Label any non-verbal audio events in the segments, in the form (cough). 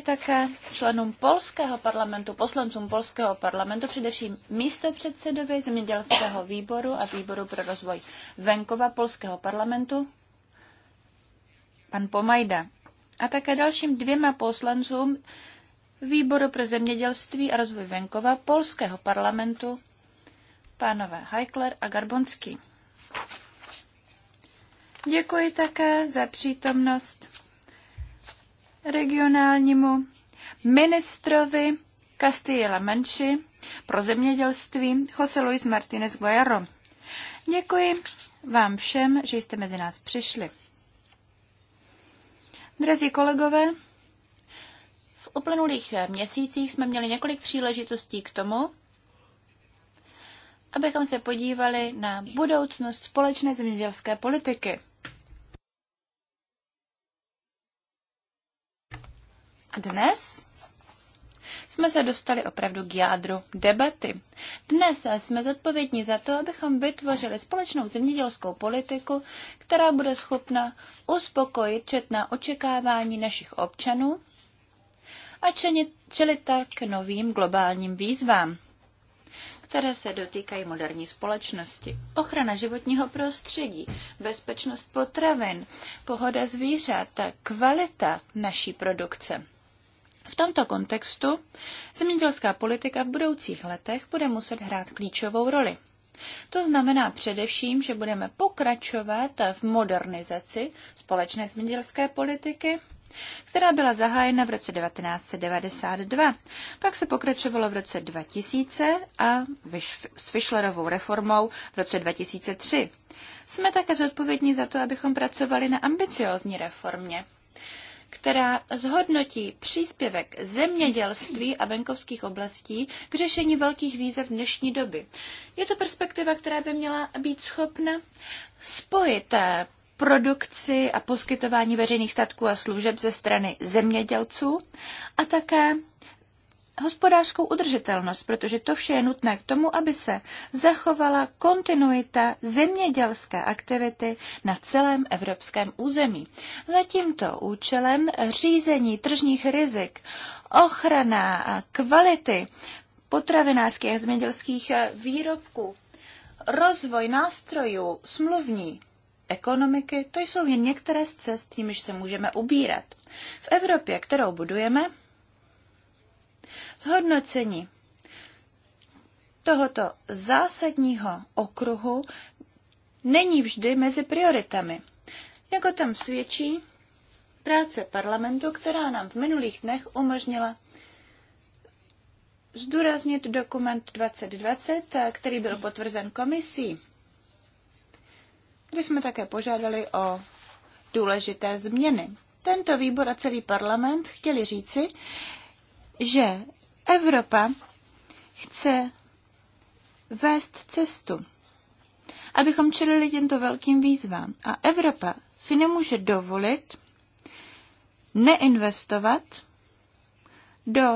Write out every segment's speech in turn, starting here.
i také členům polského parlamentu, poslancům polského parlamentu, především místopředsedovi zemědělského výboru a výboru pro rozvoj venkova polského parlamentu, pan Pomajda, a také dalším dvěma poslancům výboru pro zemědělství a rozvoj venkova polského parlamentu, pánové Heikler a Garbonský. Děkuji také za přítomnost regionálnímu ministrovi Castilla Manchi pro zemědělství Jose Luis Martínez Guayaro. Děkuji vám všem, že jste mezi nás přišli. Drazí kolegové, v uplynulých měsících jsme měli několik příležitostí k tomu, abychom se podívali na budoucnost společné zemědělské politiky. Dnes jsme se dostali opravdu k jádru debaty. Dnes jsme zodpovědní za to, abychom vytvořili společnou zemědělskou politiku, která bude schopna uspokojit četná očekávání našich občanů a čelit tak novým globálním výzvám které se dotýkají moderní společnosti. Ochrana životního prostředí, bezpečnost potravin, pohoda zvířat, kvalita naší produkce. V tomto kontextu zemědělská politika v budoucích letech bude muset hrát klíčovou roli. To znamená především, že budeme pokračovat v modernizaci společné zemědělské politiky, která byla zahájena v roce 1992. Pak se pokračovalo v roce 2000 a s Fischlerovou reformou v roce 2003. Jsme také zodpovědní za to, abychom pracovali na ambiciozní reformě která zhodnotí příspěvek zemědělství a venkovských oblastí k řešení velkých výzev dnešní doby. Je to perspektiva, která by měla být schopna spojit eh, produkci a poskytování veřejných statků a služeb ze strany zemědělců a také hospodářskou udržitelnost, protože to vše je nutné k tomu, aby se zachovala kontinuita zemědělské aktivity na celém evropském území. Za tímto účelem řízení tržních rizik, ochrana a kvality potravinářských a zemědělských výrobků, rozvoj nástrojů smluvní ekonomiky, to jsou jen některé z cest, jimiž se můžeme ubírat. V Evropě, kterou budujeme, Zhodnocení tohoto zásadního okruhu není vždy mezi prioritami. Jak o tom svědčí práce parlamentu, která nám v minulých dnech umožnila zdůraznit dokument 2020, který byl potvrzen komisí, kdy jsme také požádali o důležité změny. Tento výbor a celý parlament chtěli říci, že Evropa chce vést cestu, abychom čelili těmto velkým výzvám. A Evropa si nemůže dovolit neinvestovat do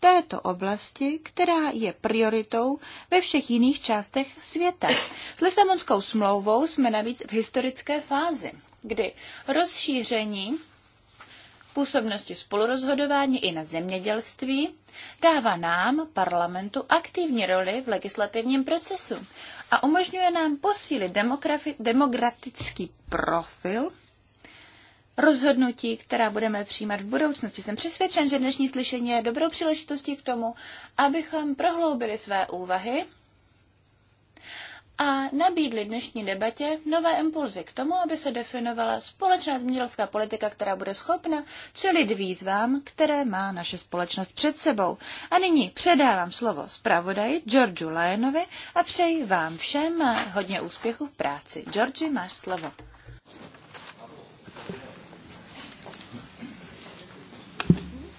této oblasti, která je prioritou ve všech jiných částech světa. S Lisabonskou smlouvou jsme navíc v historické fázi, kdy rozšíření působnosti spolurozhodování i na zemědělství dává nám, parlamentu, aktivní roli v legislativním procesu a umožňuje nám posílit demokratický profil rozhodnutí, která budeme přijímat v budoucnosti. Jsem přesvědčen, že dnešní slyšení je dobrou příležitostí k tomu, abychom prohloubili své úvahy a nabídli dnešní debatě nové impulzy k tomu, aby se definovala společná zemědělská politika, která bude schopna čelit výzvám, které má naše společnost před sebou. A nyní předávám slovo zpravodaji Georgiu Lajenovi a přeji vám všem hodně úspěchu v práci. Georgi, máš slovo.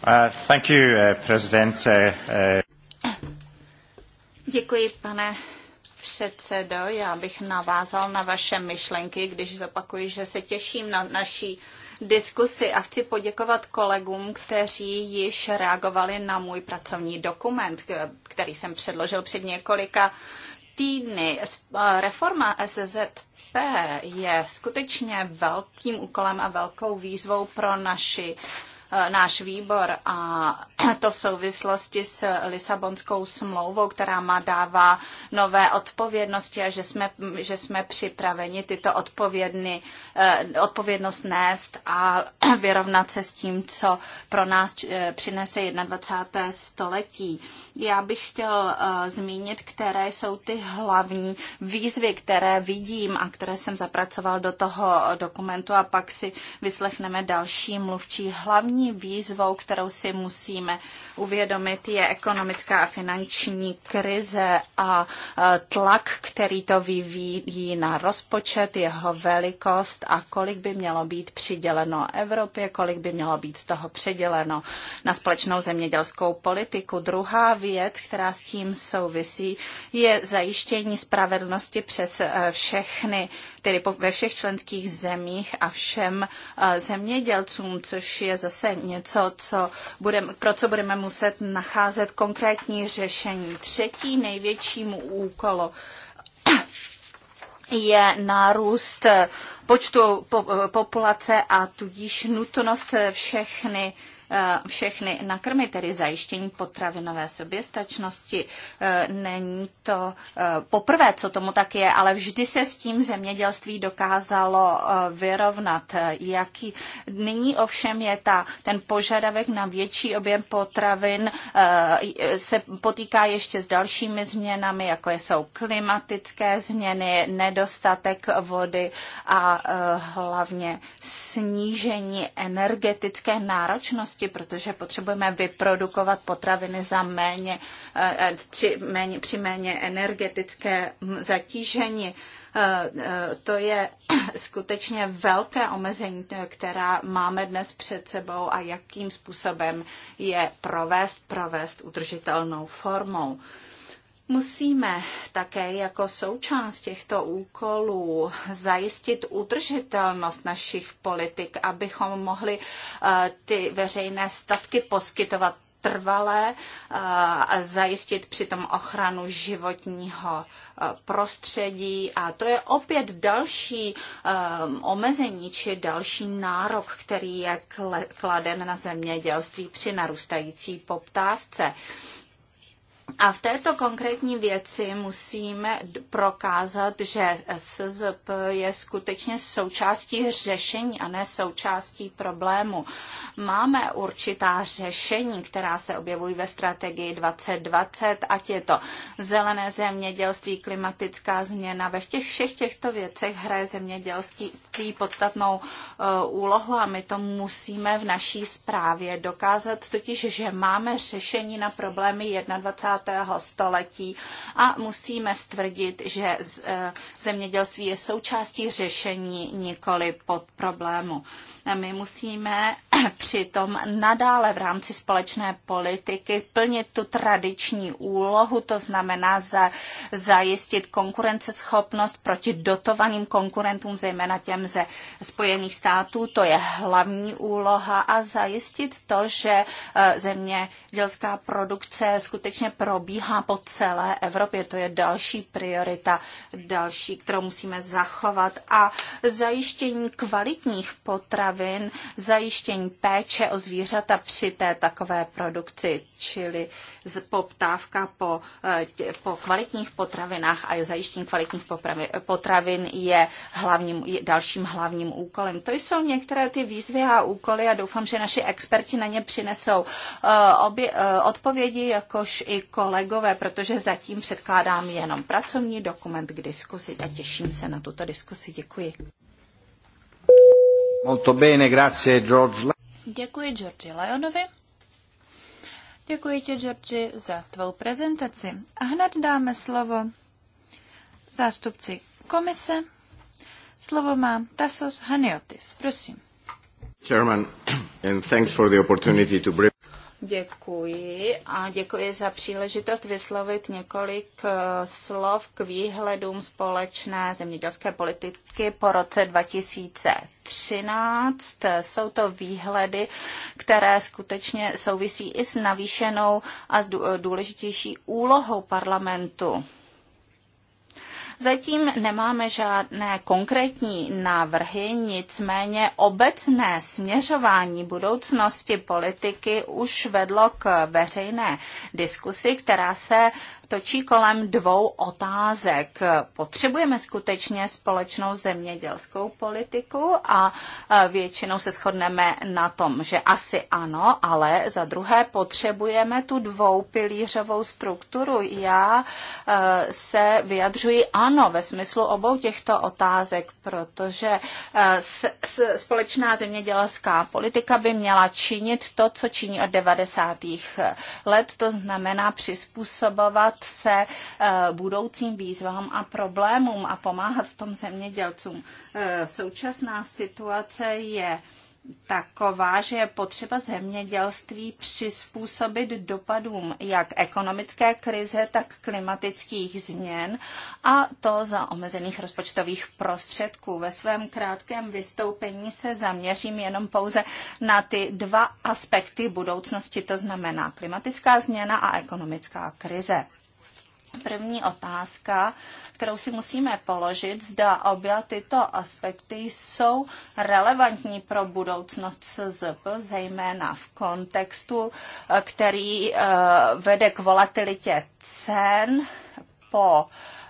Uh, thank you, uh, Uh, uh... Děkuji, pane předsedo, já bych navázal na vaše myšlenky, když zopakuji, že se těším na naší diskusi a chci poděkovat kolegům, kteří již reagovali na můj pracovní dokument, který jsem předložil před několika týdny. Reforma SZP je skutečně velkým úkolem a velkou výzvou pro naši Eh, náš výbor a (clears throat) to v souvislosti s Lisabonskou smlouvou, která má dává nové odpovědnosti a že jsme, že jsme připraveni tyto odpovědny, eh, odpovědnost nést a (clears throat) vyrovnat se s tím, co pro nás eh, přinese 21. století. Já bych chtěl zmínit, které jsou ty hlavní výzvy, které vidím a které jsem zapracoval do toho dokumentu a pak si vyslechneme další mluvčí. Hlavní první výzvou, kterou si musíme uvědomit, je ekonomická a finanční krize a tlak, který to vyvíjí na rozpočet, jeho velikost a kolik by mělo být přiděleno Evropě, kolik by mělo být z toho předěleno na společnou zemědělskou politiku. Druhá věc, která s tím souvisí, je zajištění spravedlnosti přes e, všechny, tedy ve všech členských zemích a všem e, zemědělcům, což je zase zase něco, co budem, pro co budeme muset nacházet konkrétní řešení. Třetí největšímu úkolu je nárůst počtu populace a tudíž nutnost všechny uh, Eh, všechny nakrmit, tedy zajištění potravinové soběstačnosti. Eh, není to eh, poprvé, co tomu tak je, ale vždy se s tím zemědělství dokázalo vyrovnat. Jaký nyní ovšem je ta, ten požadavek na větší objem potravin se potýká ještě s dalšími změnami, jako jsou klimatické změny, nedostatek vody a hlavně snížení energetické náročnosti oblasti, protože potřebujeme vyprodukovat potraviny za méně, při eh, méně, při méně energetické zatížení eh, eh, to je (clears throat) skutečně velké omezení, která máme dnes před sebou a jakým způsobem je provést, provést udržitelnou formou. Musíme také jako součást těchto úkolů zajistit udržitelnost našich politik, abychom mohli eh, ty veřejné statky poskytovat trvalé eh, a zajistit přitom ochranu životního eh, prostředí. A to je opět další omezení či další nárok, který je kladen na zemědělství při narůstající poptávce. A v této konkrétní věci musíme prokázat, že SZP je skutečně součástí řešení a ne součástí problému. Máme určitá řešení, která se objevují ve strategii 2020, ať je to zelené zemědělství, klimatická změna. Ve těch všech těchto věcech hraje zemědělství podstatnou uh, úlohu a my to musíme v naší zprávě dokázat, totiž, že máme řešení na problémy 21 století a musíme stvrdit, že eh, zemědělství je součástí řešení, nikoli pod problému. My musíme (clears throat) přitom nadále v rámci společné politiky plnit tu tradiční úlohu, to znamená za, zajistit konkurenceschopnost proti dotovaným konkurentům, zejména těm ze Spojených států, to je hlavní úloha a zajistit to, že e, zemědělská produkce skutečně probíhá po celé Evropě, to je další priorita, další, kterou musíme zachovat a zajištění kvalitních potravin, zajištění péče o zvířata při té takové produkci, čili poptávka po, eh, po kvalitních potravinách a zajištění kvalitních eh, potravin je hlavním, dalším hlavním úkolem. To jsou některé ty výzvy a úkoly a doufám, že naši experti na ně přinesou eh, obě, odpovědi, jakož i kolegové, protože zatím předkládám jenom pracovní dokument k diskuzi a těším se na tuto diskusi. Děkuji. Molto bene, grazie George. Děkuji Georgi Lajonovi. Děkuji ti, Georgi, za tvou prezentaci. A hned dáme slovo zástupci komise. Slovo má Tasos Haniotis. Prosím. Chairman, and thanks for the opportunity to bring... Děkuji a děkuji za příležitost vyslovit několik eh, slov k výhledům společné zemědělské politiky po roce 2013. Jsou to výhledy, které skutečně souvisí i s navýšenou a s důležitější úlohou parlamentu Zatím nemáme žádné konkrétní návrhy, nicméně obecné směřování budoucnosti politiky už vedlo k veřejné diskusi, která se točí kolem dvou otázek. Potřebujeme skutečně společnou zemědělskou politiku a e, většinou se shodneme na tom, že asi ano, ale za druhé potřebujeme tu dvoupilířovou strukturu. Já e, se vyjadřuji ano ve smyslu obou těchto otázek, protože e, společná zemědělská politika by měla činit to, co činí od 90. let, to znamená přizpůsobovat věnovat se eh, budoucím výzvám a problémům a pomáhat v tom zemědělcům. Eh, současná situace je taková, že je potřeba zemědělství přizpůsobit dopadům jak ekonomické krize, tak klimatických změn a to za omezených rozpočtových prostředků. Ve svém krátkém vystoupení se zaměřím jenom pouze na ty dva aspekty budoucnosti, to znamená klimatická změna a ekonomická krize. První otázka, kterou si musíme položit, zda obě tyto aspekty jsou relevantní pro budoucnost SZP, zejména v kontextu, eh, který eh, vede k volatilitě cen po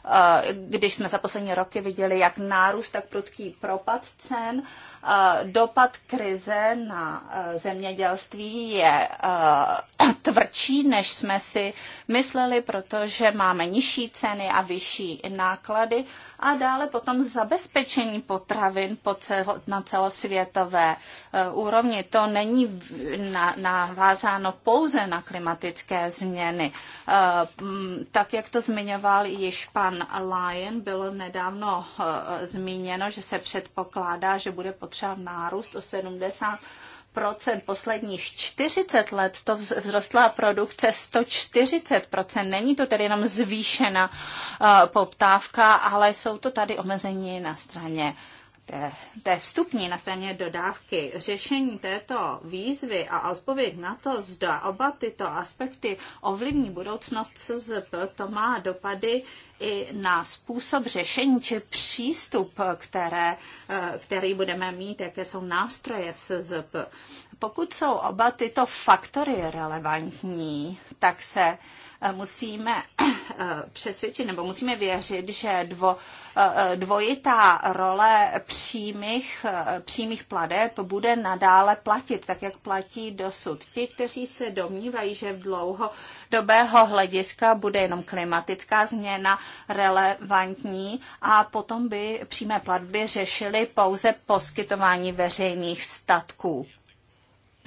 eh, když jsme za poslední roky viděli jak nárůst, tak prudký propad cen Eh, dopad krize na eh, zemědělství je eh, (clears throat) tvrdší, než jsme si mysleli, protože máme nižší ceny a vyšší náklady a dále potom zabezpečení potravin po celo, na celosvětové úrovni. To není navázáno pouze na klimatické změny. Tak, jak to zmiňoval již pan Lyon, bylo nedávno zmíněno, že se předpokládá, že bude potřeba třeba nárůst o 70 procent posledních 40 let to vzrostla produkce 140 Není to tedy jenom zvýšena eh, poptávka, ale jsou to tady omezení na straně té, té vstupní na straně dodávky, řešení této výzvy a odpověď na to, zda oba tyto aspekty ovlivní budoucnost CZP, to má dopady i na způsob řešení či přístup, které, eh, který budeme mít, jaké jsou nástroje SZP. Pokud jsou oba tyto faktory relevantní, tak se eh, musíme Eh, přesvědčit, nebo musíme věřit, že dvo, eh, eh, dvojitá role přímých, přímých pladeb bude nadále platit, tak jak platí dosud. Ti, kteří se domnívají, že v dlouhodobého hlediska bude jenom klimatická změna relevantní a potom by přímé platby řešily pouze poskytování veřejných statků.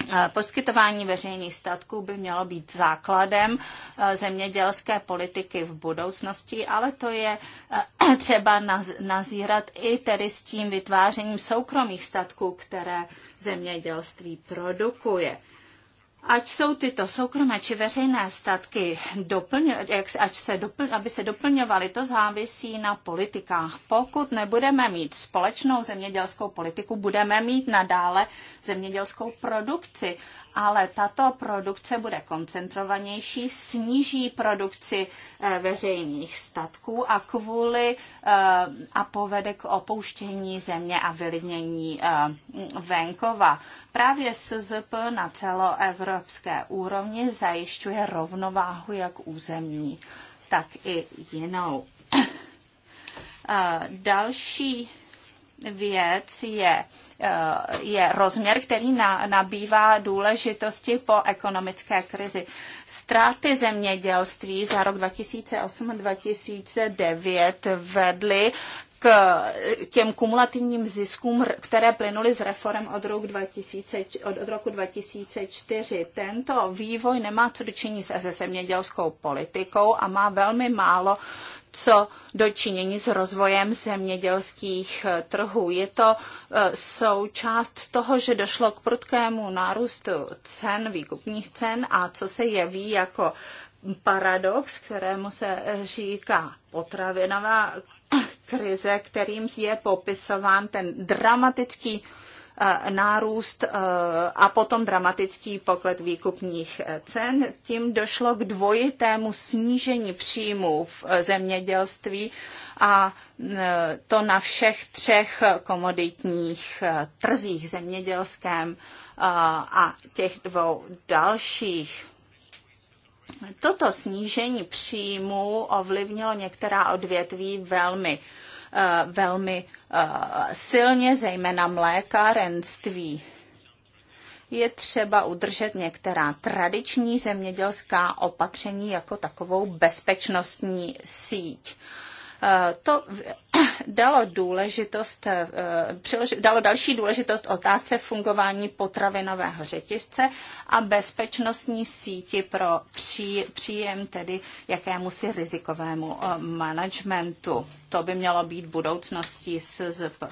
Eh, poskytování veřejných statků by mělo být základem eh, zemědělské politiky v budoucnosti, ale to je eh, (clears throat) třeba nazírat i tedy s tím vytvářením soukromých statků, které zemědělství produkuje ať jsou tyto soukromé či veřejné statky, ať se dopl, aby se doplňovaly, to závisí na politikách. Pokud nebudeme mít společnou zemědělskou politiku, budeme mít nadále zemědělskou produkci ale tato produkce bude koncentrovanější, sníží produkci eh, veřejných statků a kvůli eh, a povede k opouštění země a vylidnění eh, venkova. Právě SZP na celoevropské úrovni zajišťuje rovnováhu jak územní, tak i jinou. Další věc je eh, je rozměr, který na, nabývá důležitosti po ekonomické krizi. Ztráty zemědělství za rok 2008 2009 vedly k těm kumulativním ziskům, které plynuly z reform od roku, 2000, od roku 2004. Tento vývoj nemá co dočinit se zemědělskou politikou a má velmi málo co dočinění s rozvojem zemědělských eh, trhů. Je to eh, součást toho, že došlo k prudkému nárůstu cen, výkupních cen a co se jeví jako paradox, kterému se eh, říká potravinová (coughs) krize, kterým je popisován ten dramatický nárůst eh, a potom dramatický poklet výkupních eh, cen. Tím došlo k dvojitému snížení příjmů v eh, zemědělství a to na všech třech komoditních trzích zemědělském a těch dvou dalších. Toto snížení příjmů ovlivnilo některá odvětví velmi Eh, velmi eh, silně, zejména mlékárenství je třeba udržet některá tradiční zemědělská opatření jako takovou bezpečnostní síť. To (clears throat) dalo důležitost, eh, dalo další důležitost otázce fungování potravinového řetězce a bezpečnostní síti pro příjem, tedy jakémusi rizikovému eh, managementu. To by mělo být budoucností SZP.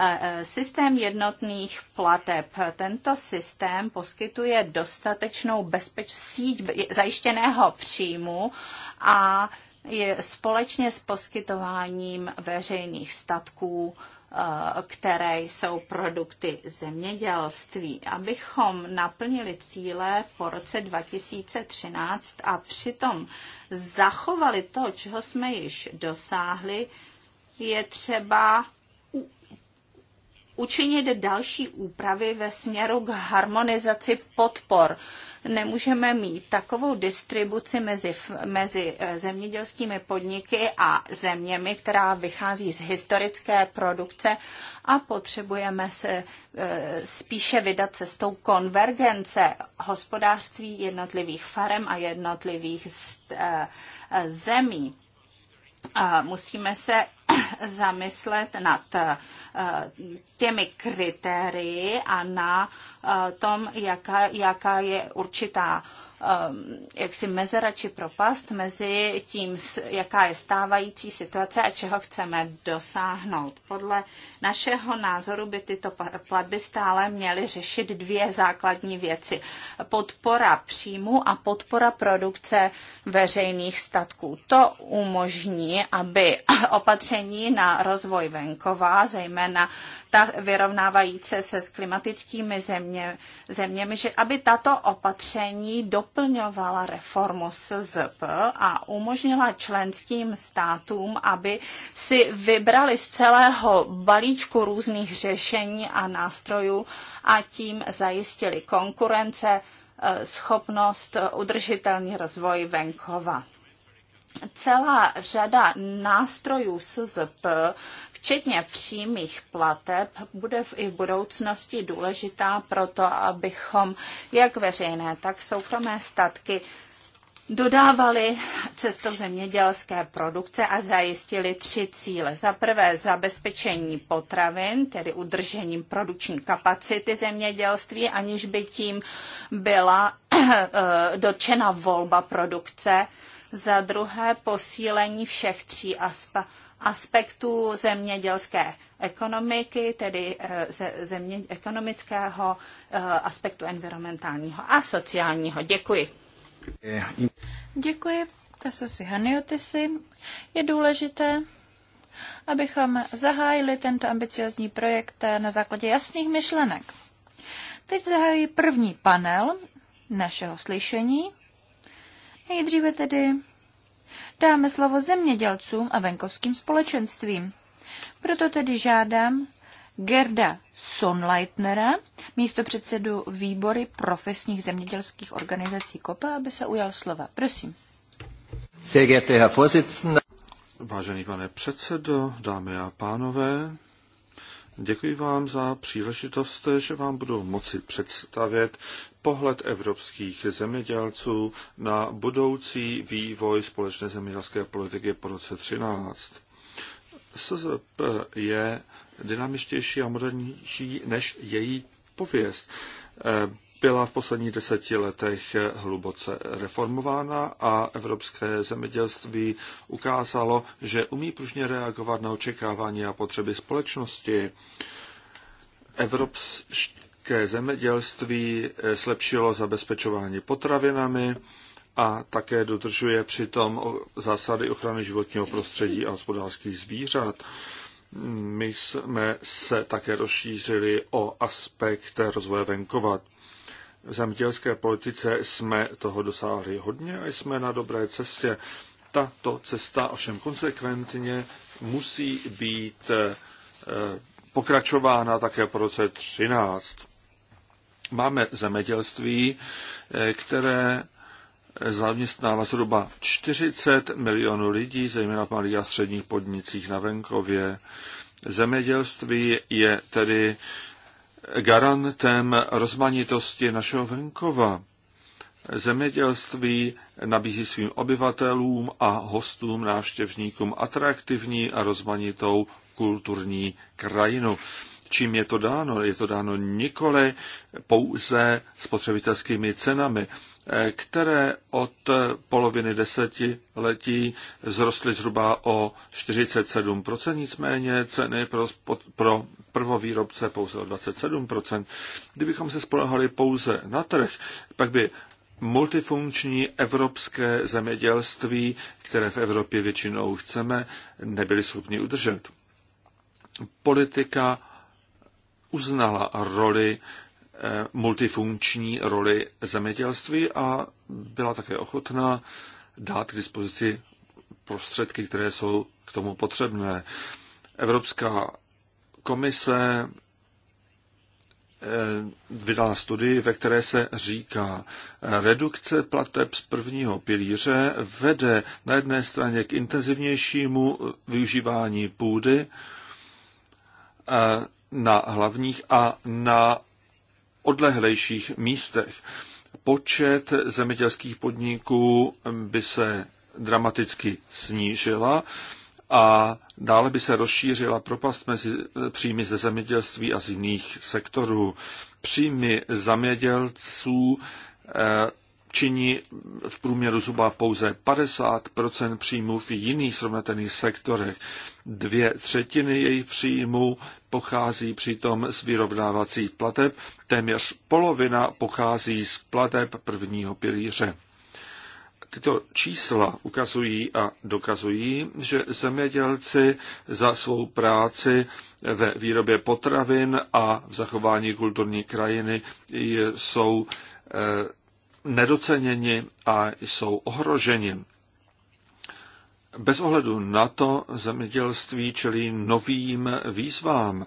Eh, systém jednotných plateb. Tento systém poskytuje dostatečnou bezpeč, síť zajištěného příjmu a je společně s poskytováním veřejných statků eh, které jsou produkty zemědělství. Abychom naplnili cíle po roce 2013 a přitom zachovali to, čeho jsme již dosáhli, je třeba učinit další úpravy ve směru k harmonizaci podpor. Nemůžeme mít takovou distribuci mezi, mezi eh, zemědělskými podniky a zeměmi, která vychází z historické produkce a potřebujeme se eh, spíše vydat cestou konvergence hospodářství jednotlivých farem a jednotlivých eh, zemí musíme se (clears throat) zamyslet nad eh, těmi kritérii a na eh, tom, jaká, jaká je určitá Um, jaksi mezera či propast mezi tím, jaká je stávající situace a čeho chceme dosáhnout. Podle našeho názoru by tyto platby stále měly řešit dvě základní věci. Podpora příjmu a podpora produkce veřejných statků. To umožní, aby (coughs) opatření na rozvoj venkova, zejména ta vyrovnávající se s klimatickými země, zeměmi, že aby tato opatření do doplňovala reformu SZP a umožnila členským státům, aby si vybrali z celého balíčku různých řešení a nástrojů a tím zajistili konkurence, eh, schopnost, eh, udržitelný rozvoj venkova celá řada nástrojů SZP, včetně přímých plateb, bude v i v budoucnosti důležitá pro to, abychom jak veřejné, tak soukromé statky dodávali cestou zemědělské produkce a zajistili tři cíle. Za prvé zabezpečení potravin, tedy udržením produkční kapacity zemědělství, aniž by tím byla (clears throat) dotčena volba produkce. Za druhé posílení všech tří aspektů aspektů zemědělské ekonomiky, tedy eh, země, ekonomického eh, aspektu environmentálního a sociálního. Děkuji. Děkuji, Tasosi Haniotisi. Je důležité, abychom zahájili tento ambiciozní projekt eh, na základě jasných myšlenek. Teď zahájí první panel našeho slyšení. Nejdříve tedy dáme slovo zemědělcům a venkovským společenstvím. Proto tedy žádám Gerda Sonleitnera, místo předsedu výbory profesních zemědělských organizací KOPA, aby se ujal slova. Prosím. Vážený pane předsedo, dámy a pánové, Děkuji vám za příležitost, že vám budu moci představit pohled evropských zemědělců na budoucí vývoj společné zemědělské politiky po roce 13. SZP je dynamičtější a modernější než její pověst byla v posledních deseti letech hluboce reformována a evropské zemědělství ukázalo, že umí pružně reagovat na očekávání a potřeby společnosti. Evropské zemědělství zlepšilo zabezpečování potravinami a také dodržuje přitom zásady ochrany životního prostředí a hospodářských zvířat. My jsme se také rozšířili o aspekt rozvoje venkova v zemědělské politice jsme toho dosáhli hodně a jsme na dobré cestě. Tato cesta ovšem konsekventně musí být eh, pokračována také po roce 13. Máme zemědělství, eh, které zaměstnává zhruba 40 milionů lidí, zejména v malých a středních podnicích na venkově. Zemědělství je tedy garantem rozmanitosti našeho venkova. Zemědělství nabízí svým obyvatelům a hostům, návštěvníkům atraktivní a rozmanitou kulturní krajinu. Čím je to dáno? Je to dáno nikoli pouze spotřebitelskými cenami, které od poloviny desetiletí zrostly zhruba o 47%, nicméně ceny pro, pro prvovýrobce pouze o 27%. Kdybychom se spolehali pouze na trh, pak by multifunkční evropské zemědělství, které v Evropě většinou chceme, nebyli schopni udržet. Politika uznala roli Eh, multifunkční roli zemědělství a byla také ochotná dát k dispozici prostředky, které jsou k tomu potřebné. Evropská komise eh, vydala studii, ve které se říká, redukce plateb z prvního pilíře vede na jedné straně k intenzivnějšímu využívání půdy eh, na hlavních a na odlehlejších místech. Počet zemědělských podniků by se dramaticky snížila a dále by se rozšířila propast mezi příjmy ze zemědělství a z jiných sektorů. Příjmy zemědělců eh, činí v průměru zhruba pouze 50 příjmů v jiných srovnatelných sektorech. Dvě třetiny jejich příjmů pochází přitom z vyrovnávacích plateb, téměř polovina pochází z plateb prvního pilíře. Tyto čísla ukazují a dokazují, že zemědělci za svou práci ve výrobě potravin a v zachování kulturní krajiny jsou eh, nedoceněni a jsou ohroženi. Bez ohledu na to zemědělství čelí novým výzvám.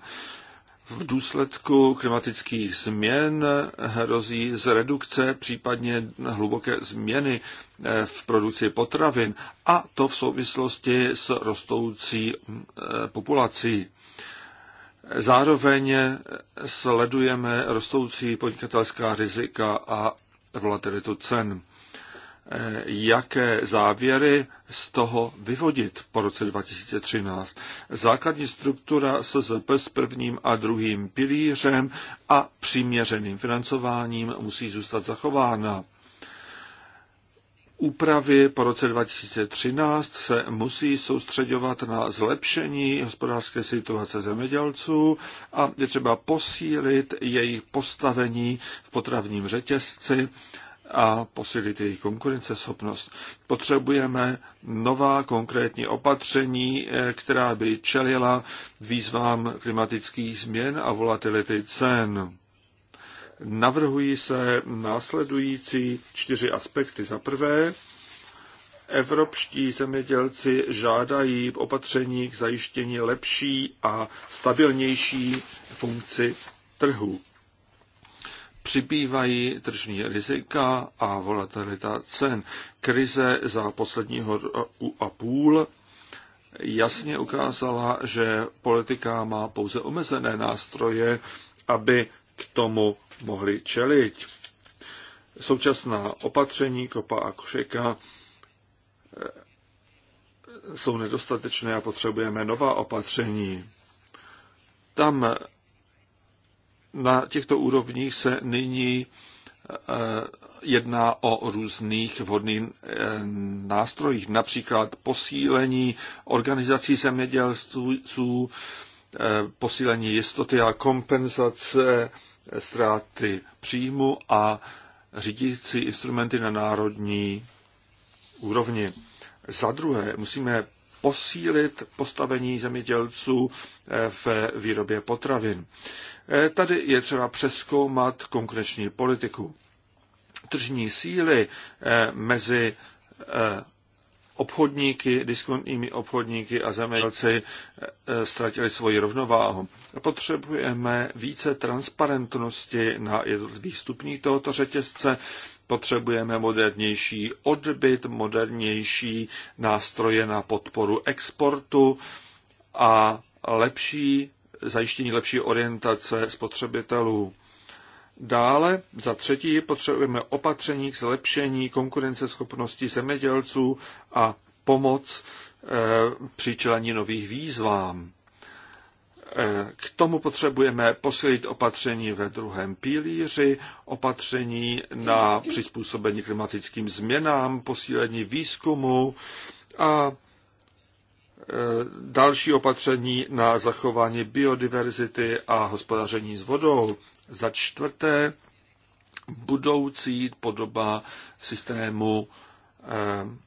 V důsledku klimatických změn hrozí zredukce, případně hluboké změny eh, v produkci potravin, a to v souvislosti s rostoucí eh, populací. Zároveň eh, sledujeme rostoucí podnikatelská rizika a volatilitu cen. Eh, jaké závěry z toho vyvodit po roce 2013? Základní struktura SZP s prvním a druhým pilířem a přiměřeným financováním musí zůstat zachována Úpravy po roce 2013 se musí soustředovat na zlepšení hospodářské situace zemědělců a je třeba posílit jejich postavení v potravním řetězci a posílit jejich konkurenceschopnost. Potřebujeme nová konkrétní opatření, eh, která by čelila výzvám klimatických změn a volatility cen navrhují se následující čtyři aspekty. Za prvé, evropští zemědělci žádají opatření k zajištění lepší a stabilnější funkci trhu. Přibývají tržní rizika a volatilita cen. Krize za posledního a půl jasně ukázala, že politika má pouze omezené nástroje, aby k tomu mohli čelit. Současná opatření kopa a košeka eh, jsou nedostatečné a potřebujeme nová opatření. Tam eh, na těchto úrovních se nyní eh, jedná o různých vhodných nástrojích, například posílení organizací zemědělců, posílení jistoty a kompenzace ztráty příjmu a řídící instrumenty na národní úrovni. Za druhé, musíme posílit postavení zemědělců eh, v výrobě potravin. Eh, tady je třeba přeskoumat konkurenční politiku. Tržní síly eh, mezi obchodníky, diskontními obchodníky a zemědělci ztratili svoji rovnováhu. Potřebujeme více transparentnosti na jednotlivých stupních tohoto řetězce, potřebujeme modernější odbyt, modernější nástroje na podporu exportu a lepší zajištění lepší orientace spotřebitelů. Dále za třetí potřebujeme opatření k zlepšení konkurenceschopnosti zemědělců a pomoc e, při čelení nových výzvám. Eh, k tomu potřebujeme posílit opatření ve druhém pilíři, opatření na přizpůsobení klimatickým změnám, posílení výzkumu a eh, další opatření na zachování biodiverzity a hospodaření s vodou. Za čtvrté, budoucí podoba systému eh,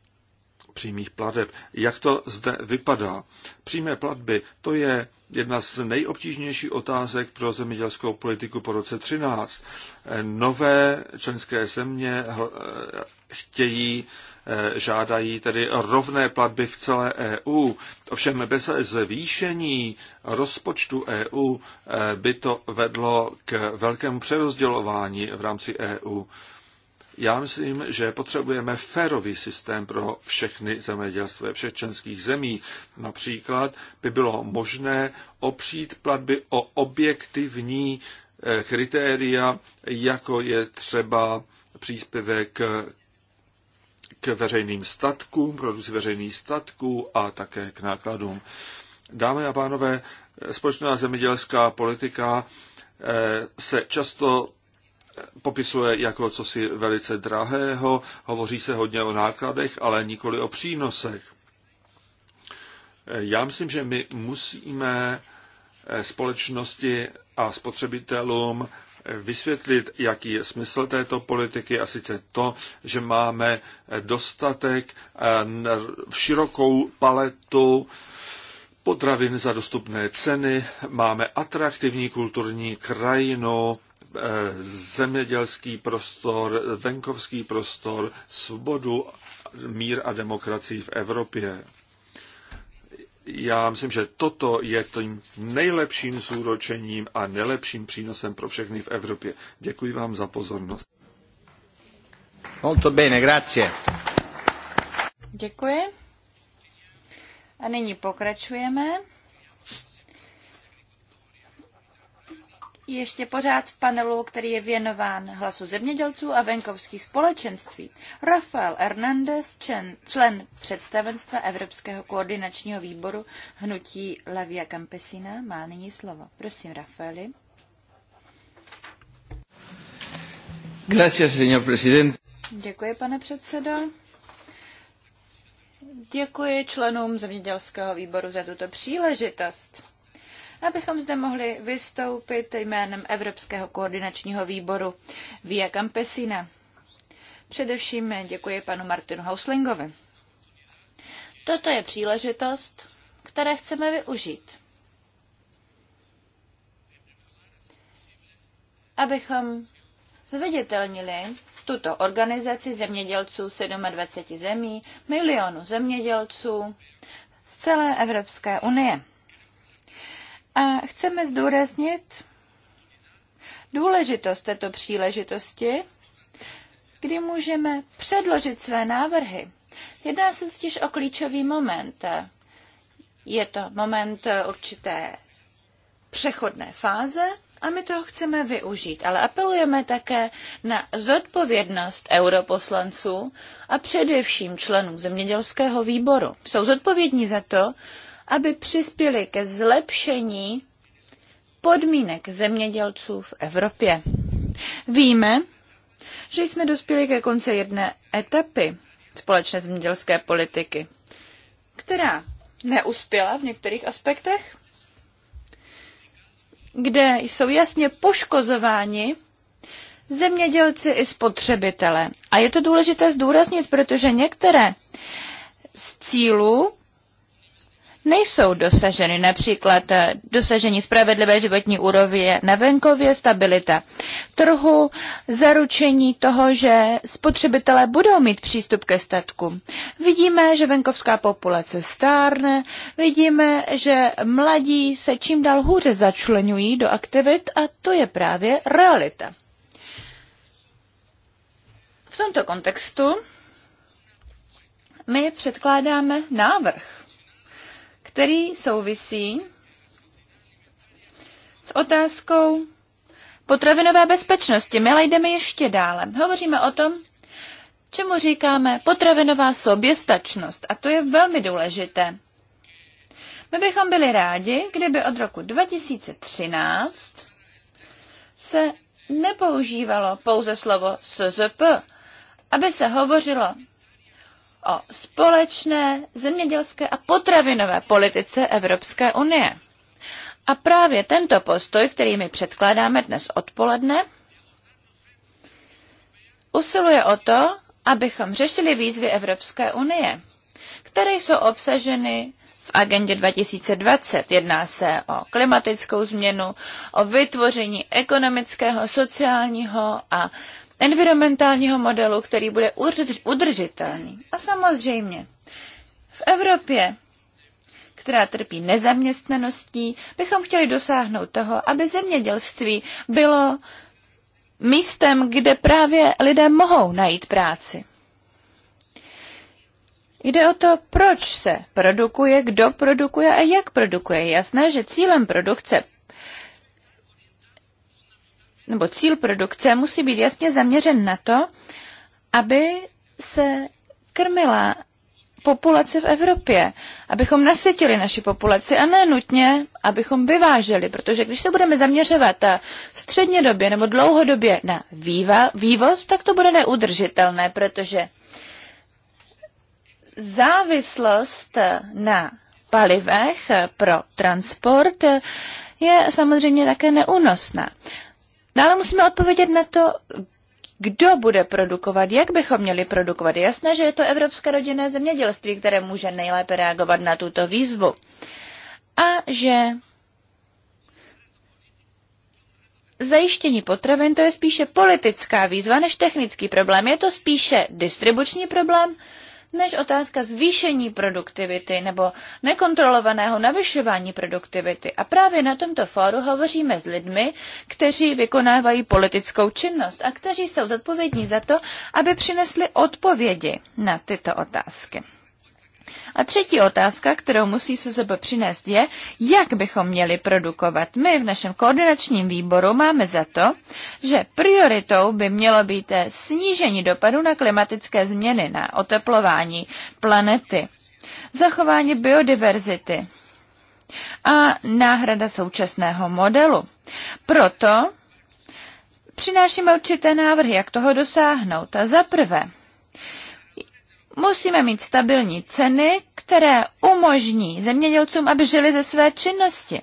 přímých plateb. Jak to zde vypadá? Přímé platby, to je jedna z nejobtížnějších otázek pro zemědělskou politiku po roce 13. Nové členské země eh, chtějí, eh, žádají tedy rovné platby v celé EU. Ovšem bez zvýšení rozpočtu EU eh, by to vedlo k velkému přerozdělování v rámci EU. Já myslím, že potřebujeme férový systém pro všechny zemědělství všech členských zemí. Například by bylo možné opřít platby o objektivní eh, kritéria, jako je třeba příspěvek k veřejným statkům, produkci veřejných statků a také k nákladům. Dámy a pánové, eh, společná zemědělská politika eh, se často popisuje jako cosi velice drahého, hovoří se hodně o nákladech, ale nikoli o přínosech. Já myslím, že my musíme eh, společnosti a spotřebitelům vysvětlit, jaký je smysl této politiky a sice to, že máme eh, dostatek eh, v širokou paletu potravin za dostupné ceny, máme atraktivní kulturní krajinu, zemědělský prostor, venkovský prostor, svobodu, mír a demokracii v Evropě. Já myslím, že toto je tím nejlepším zúročením a nejlepším přínosem pro všechny v Evropě. Děkuji vám za pozornost. Molto bene, grazie. Děkuji. A nyní pokračujeme. ještě pořád v panelu, který je věnován hlasu zemědělců a venkovských společenství. Rafael Hernández, člen, člen představenstva Evropského koordinačního výboru hnutí Lavia Campesina, má nyní slovo. Prosím, Rafaeli. Gracias, señor presidente. Děkuji, pane předsedo. Děkuji členům zemědělského výboru za tuto příležitost abychom zde mohli vystoupit jménem Evropského koordinačního výboru Via Campesina. Především děkuji panu Martinu Hauslingovi. Toto je příležitost, které chceme využít. Abychom zviditelnili tuto organizaci zemědělců 27 zemí, milionu zemědělců z celé Evropské unie. A chceme zdůraznit důležitost této příležitosti, kdy můžeme předložit své návrhy. Jedná se totiž o klíčový moment. Je to moment určité přechodné fáze a my toho chceme využít, ale apelujeme také na zodpovědnost europoslanců a především členů zemědělského výboru. Jsou zodpovědní za to, aby přispěli ke zlepšení podmínek zemědělců v Evropě. Víme, že jsme dospěli ke konci jedné etapy společné zemědělské politiky, která neuspěla v některých aspektech, kde jsou jasně poškozováni zemědělci i spotřebitele. A je to důležité zdůraznit, protože některé z cílů nejsou dosaženy. Například eh, dosažení spravedlivé životní úrovně na venkově, stabilita trhu, zaručení toho, že spotřebitelé budou mít přístup ke statku. Vidíme, že venkovská populace stárne, vidíme, že mladí se čím dál hůře začlenují do aktivit a to je právě realita. V tomto kontextu my předkládáme návrh který souvisí s otázkou potravinové bezpečnosti. My ale jdeme ještě dále. Hovoříme o tom, čemu říkáme potravinová soběstačnost a to je velmi důležité. My bychom byli rádi, kdyby od roku 2013 se nepoužívalo pouze slovo SZP, aby se hovořilo o společné zemědělské a potravinové politice Evropské unie. A právě tento postoj, který my předkládáme dnes odpoledne, usiluje o to, abychom řešili výzvy Evropské unie, které jsou obsaženy v agendě 2020. Jedná se o klimatickou změnu, o vytvoření ekonomického, sociálního a environmentálního modelu, který bude udržitelný. A samozřejmě v Evropě, která trpí nezaměstnaností, bychom chtěli dosáhnout toho, aby zemědělství bylo místem, kde právě lidé mohou najít práci. Jde o to, proč se produkuje, kdo produkuje a jak produkuje. jasné, že cílem produkce nebo cíl produkce musí být jasně zaměřen na to, aby se krmila populace v Evropě, abychom nasytili naši populaci a ne nutně, abychom vyváželi, protože když se budeme zaměřovat v střednědobě nebo dlouhodobě na výva, vývoz, tak to bude neudržitelné, protože závislost na palivech pro transport je samozřejmě také neúnosná. No, ale musíme odpovědět na to, kdo bude produkovat, jak bychom měli produkovat. Je jasné, že je to evropské rodinné zemědělství, které může nejlépe reagovat na tuto výzvu. A že zajištění potravin to je spíše politická výzva než technický problém. Je to spíše distribuční problém než otázka zvýšení produktivity nebo nekontrolovaného navyšování produktivity. A právě na tomto fóru hovoříme s lidmi, kteří vykonávají politickou činnost a kteří jsou zodpovědní za to, aby přinesli odpovědi na tyto otázky. A třetí otázka, kterou musí SZB přinést, je, jak bychom měli produkovat. My v našem koordinačním výboru máme za to, že prioritou by mělo být snížení dopadu na klimatické změny, na oteplování planety, zachování biodiverzity a náhrada současného modelu. Proto přinášíme určité návrhy, jak toho dosáhnout. A za prvé, musíme mít stabilní ceny, které umožní zemědělcům, aby žili ze své činnosti.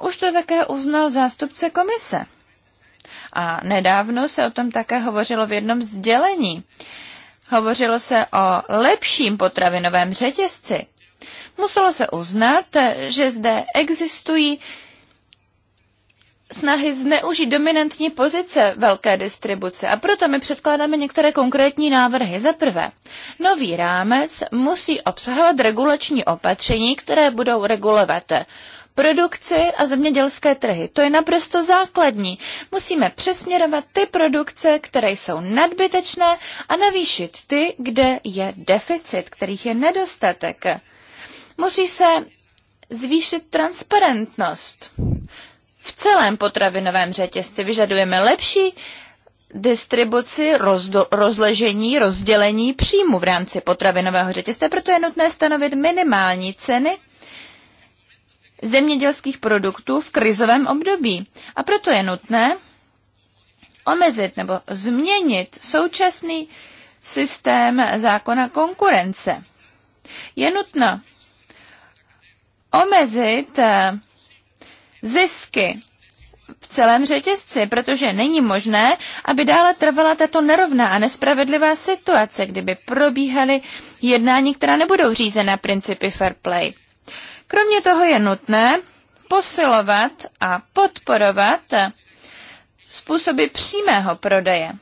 Už to také uznal zástupce komise. A nedávno se o tom také hovořilo v jednom sdělení. Hovořilo se o lepším potravinovém řetězci. Muselo se uznat, že zde existují snahy zneužít dominantní pozice velké distribuce a proto my předkládáme některé konkrétní návrhy. Za prvé, nový rámec musí obsahovat regulační opatření, které budou regulovat produkci a zemědělské trhy. To je naprosto základní. Musíme přesměrovat ty produkce, které jsou nadbytečné a navýšit ty, kde je deficit, kterých je nedostatek. Musí se zvýšit transparentnost v celém potravinovém řetězci. Vyžadujeme lepší distribuci, rozdo, rozležení, rozdělení příjmu v rámci potravinového řetězce, proto je nutné stanovit minimální ceny zemědělských produktů v krizovém období. A proto je nutné omezit nebo změnit současný systém zákona konkurence. Je nutno omezit eh, zisky v celém řetězci, protože není možné, aby dále trvala tato nerovná a nespravedlivá situace, kdyby probíhaly jednání, která nebudou řízena principy fair play. Kromě toho je nutné posilovat a podporovat způsoby přímého prodeje.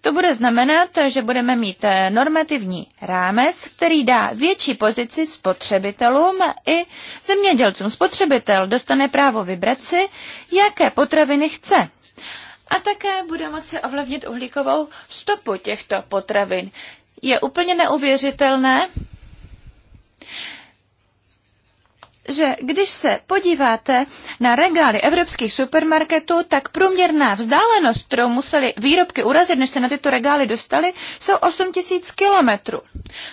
To bude znamenat, že budeme mít eh, normativní rámec, který dá větší pozici spotřebitelům i zemědělcům. Spotřebitel dostane právo vybrat si, jaké potraviny chce. A také bude moci ovlivnit uhlíkovou stopu těchto potravin. Je úplně neuvěřitelné, že když se podíváte na regály evropských supermarketů, tak průměrná vzdálenost, kterou museli výrobky urazit, než se na tyto regály dostali, jsou 8000 kilometrů.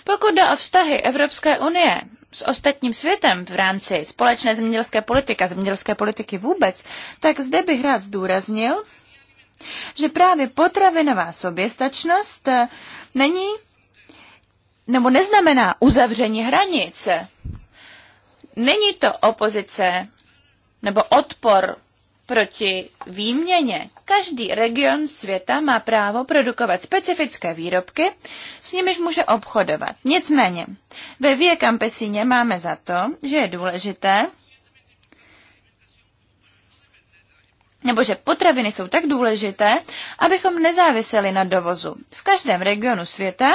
Pokud jde o vztahy Evropské unie s ostatním světem v rámci společné zemědělské politiky a zemědělské politiky vůbec, tak zde bych rád zdůraznil, že právě potravinová soběstačnost eh, není nebo neznamená uzavření hranice Není to opozice nebo odpor proti výměně. Každý region světa má právo produkovat specifické výrobky, s nimiž může obchodovat. Nicméně, ve Via Campesíně máme za to, že je důležité, nebo že potraviny jsou tak důležité, abychom nezáviseli na dovozu. V každém regionu světa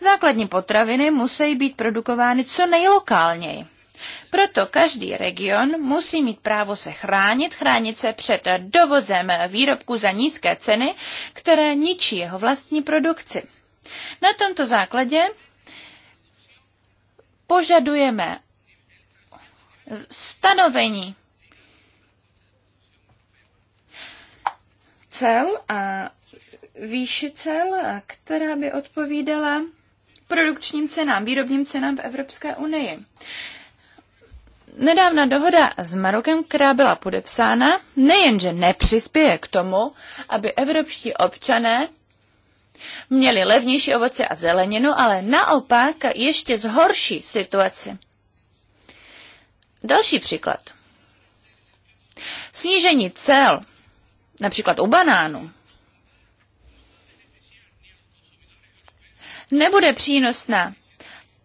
základní potraviny musí být produkovány co nejlokálněji. Proto každý region musí mít právo se chránit, chránit se před dovozem výrobků za nízké ceny, které ničí jeho vlastní produkci. Na tomto základě požadujeme stanovení cel a výši cel, která by odpovídala produkčním cenám, výrobním cenám v Evropské unii nedávna dohoda s Marokem, která byla podepsána, nejenže nepřispěje k tomu, aby evropští občané měli levnější ovoce a zeleninu, ale naopak ještě zhorší situaci. Další příklad. Snížení cel, například u banánů, nebude přínosná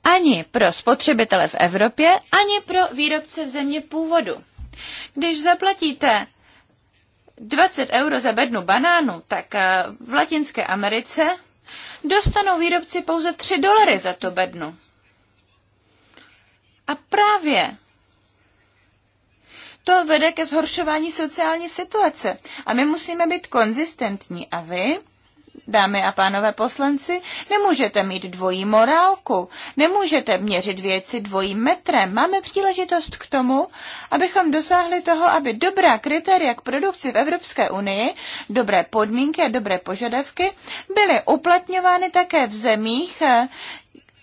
ani pro spotřebitele v Evropě, ani pro výrobce v země původu. Když zaplatíte 20 euro za bednu banánu, tak eh, v Latinské Americe dostanou výrobci pouze 3 dolary za to bednu. A právě to vede ke zhoršování sociální situace. A my musíme být konzistentní. A vy, dámy a pánové poslanci, nemůžete mít dvojí morálku, nemůžete měřit věci dvojím metrem. Máme příležitost k tomu, abychom dosáhli toho, aby dobrá kritéria k produkci v Evropské unii, dobré podmínky a dobré požadavky byly uplatňovány také v zemích, eh,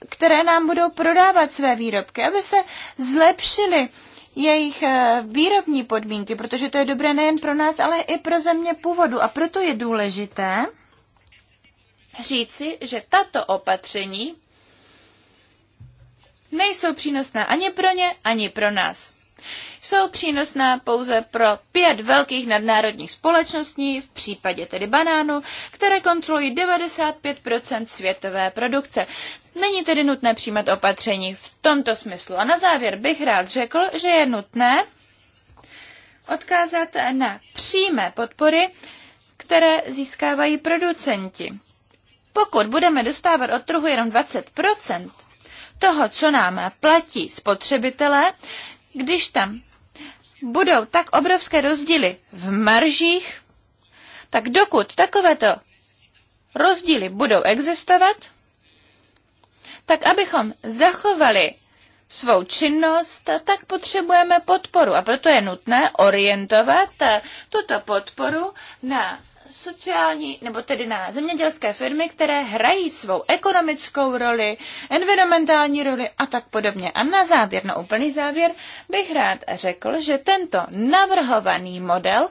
které nám budou prodávat své výrobky, aby se zlepšily jejich eh, výrobní podmínky, protože to je dobré nejen pro nás, ale i pro země původu. A proto je důležité, říci, že tato opatření nejsou přínosná ani pro ně, ani pro nás. Jsou přínosná pouze pro pět velkých nadnárodních společností, v případě tedy banánu, které kontrolují 95 světové produkce. Není tedy nutné přijímat opatření v tomto smyslu. A na závěr bych rád řekl, že je nutné odkázat na přímé podpory, které získávají producenti. Pokud budeme dostávat od trhu jenom 20 toho, co nám platí spotřebitelé, když tam budou tak obrovské rozdíly v maržích, tak dokud takovéto rozdíly budou existovat, tak abychom zachovali svou činnost, tak potřebujeme podporu. A proto je nutné orientovat tuto podporu na sociální, nebo tedy na zemědělské firmy, které hrají svou ekonomickou roli, environmentální roli a tak podobně. A na závěr, na úplný závěr, bych rád řekl, že tento navrhovaný model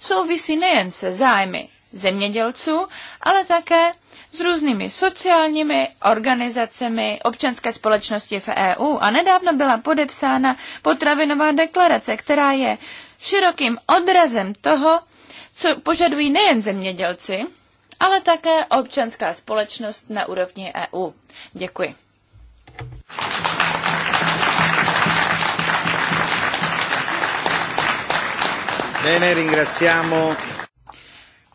souvisí nejen se zájmy zemědělců, ale také s různými sociálními organizacemi občanské společnosti v EU. A nedávno byla podepsána potravinová deklarace, která je širokým odrazem toho, co požadují nejen zemědělci, ale také občanská společnost na úrovni EU. Děkuji. Bene, ringraziamo.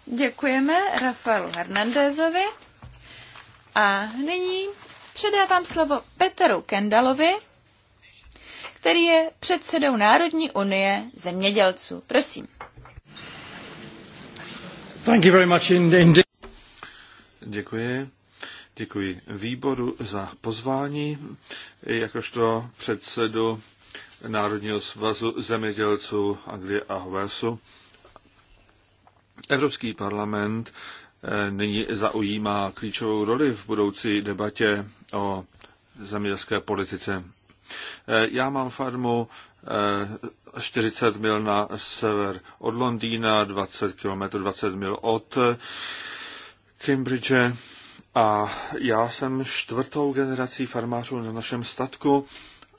Děkujeme Rafaelu Hernandezovi. A nyní předávám slovo Peteru Kendalovi, který je předsedou Národní unie zemědělců. Prosím. Děkuji. Děkuji výboru za pozvání, jakožto předsedu Národního svazu zemědělců Anglie a Walesu. Evropský parlament eh, nyní zaujímá klíčovou roli v budoucí debatě o zemědělské politice. Eh, já mám farmu 40 eh, mil na sever od Londýna, 20 km, 20 mil od eh, Cambridge. A já jsem čtvrtou generací farmářů na našem statku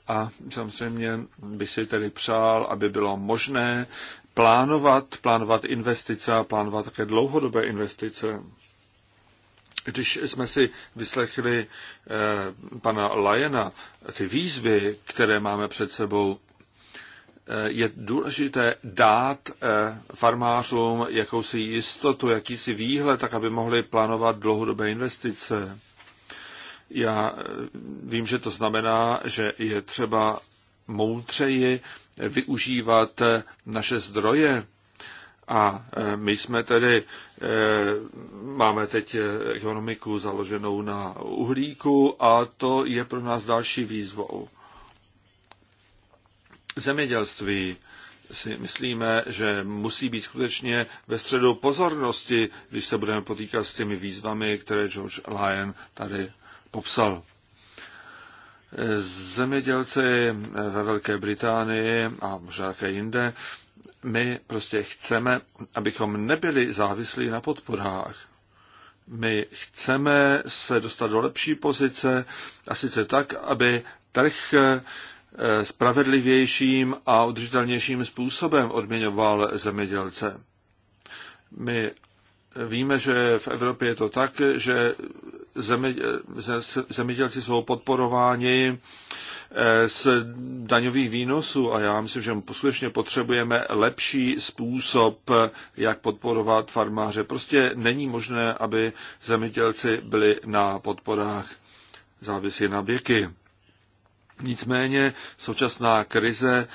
a samozřejmě by si tedy přál, aby bylo možné plánovat, plánovat investice a plánovat také dlouhodobé investice. Když jsme si vyslechli eh, pana Lajena, ty výzvy, které máme před sebou, je důležité dát eh, farmářům jakousi jistotu, jakýsi výhled, tak aby mohli plánovat dlouhodobé investice. Já eh, vím, že to znamená, že je třeba moudřeji využívat eh, naše zdroje. A my jsme tedy, máme teď ekonomiku založenou na uhlíku a to je pro nás další výzvou zemědělství si myslíme, že musí být skutečně ve středu pozornosti, když se budeme potýkat s těmi výzvami, které George Lyon tady popsal. Zemědělci ve Velké Británii a možná také jinde, my prostě chceme, abychom nebyli závislí na podporách. My chceme se dostat do lepší pozice a sice tak, aby trh Eh, spravedlivějším a udržitelnějším způsobem odměňoval zemědělce. My víme, že v Evropě je to tak, že eh, zemědělci jsou podporováni eh, z daňových výnosů a já myslím, že skutečně potřebujeme lepší způsob, jak podporovat farmáře. Prostě není možné, aby zemědělci byli na podporách závisí na věky. Nicméně současná krize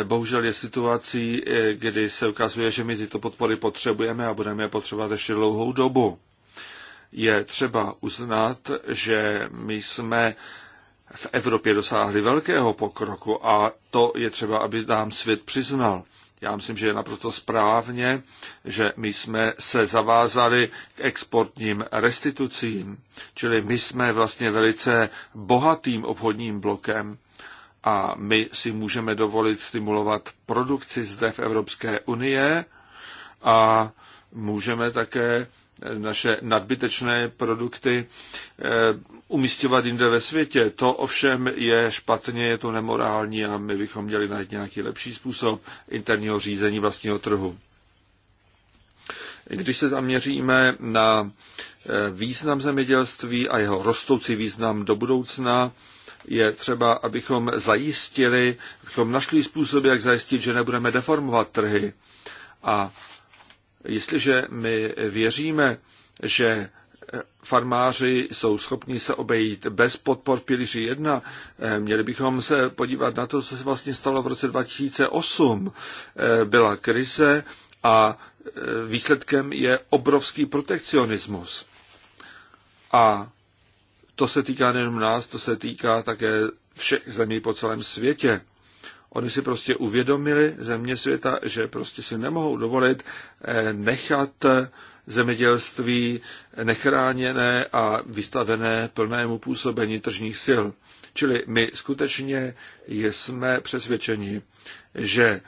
eh, bohužel je situací, eh, kdy se ukazuje, že my tyto podpory potřebujeme a budeme je potřebovat ještě dlouhou dobu. Je třeba uznat, že my jsme v Evropě dosáhli velkého pokroku a to je třeba, aby nám svět přiznal. Já myslím, že je naprosto správně, že my jsme se zavázali k exportním restitucím, čili my jsme vlastně velice bohatým obchodním blokem a my si můžeme dovolit stimulovat produkci zde v Evropské unie a můžeme také naše nadbytečné produkty eh, umístěvat jinde ve světě. To ovšem je špatně, je to nemorální a my bychom měli najít nějaký lepší způsob interního řízení vlastního trhu. Když se zaměříme na eh, význam zemědělství a jeho rostoucí význam do budoucna, je třeba, abychom zajistili, abychom našli způsob, jak zajistit, že nebudeme deformovat trhy. A jestliže my věříme, že farmáři jsou schopni se obejít bez podpor v pilíři 1. Eh, měli bychom se podívat na to, co se vlastně stalo v roce 2008. Eh, byla krize a eh, výsledkem je obrovský protekcionismus. A to se týká nejen nás, to se týká také všech zemí po celém světě. Oni si prostě uvědomili země světa, že prostě si nemohou dovolit nechat zemědělství nechráněné a vystavené plnému působení tržních sil. Čili my skutečně jsme přesvědčeni, že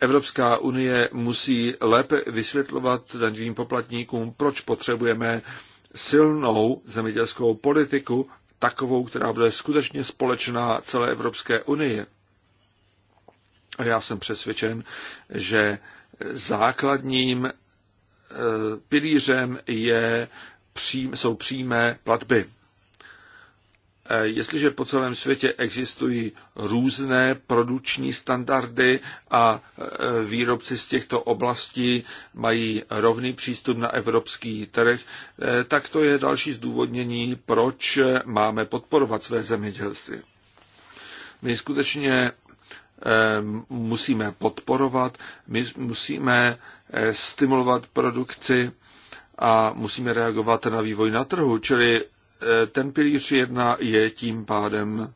Evropská unie musí lépe vysvětlovat daňovým poplatníkům, proč potřebujeme silnou zemědělskou politiku, takovou, která bude skutečně společná celé Evropské unie. A já jsem přesvědčen, že základním Eh, pilířem je, jsou přímé platby. Eh, jestliže po celém světě existují různé produční standardy a eh, výrobci z těchto oblastí mají rovný přístup na evropský trh, tak to je další zdůvodnění, proč máme podporovat své zemědělství. My skutečně Eh, musíme podporovat, my musíme eh, stimulovat produkci a musíme reagovat na vývoj na trhu, čili eh, ten pilíř jedna je tím pádem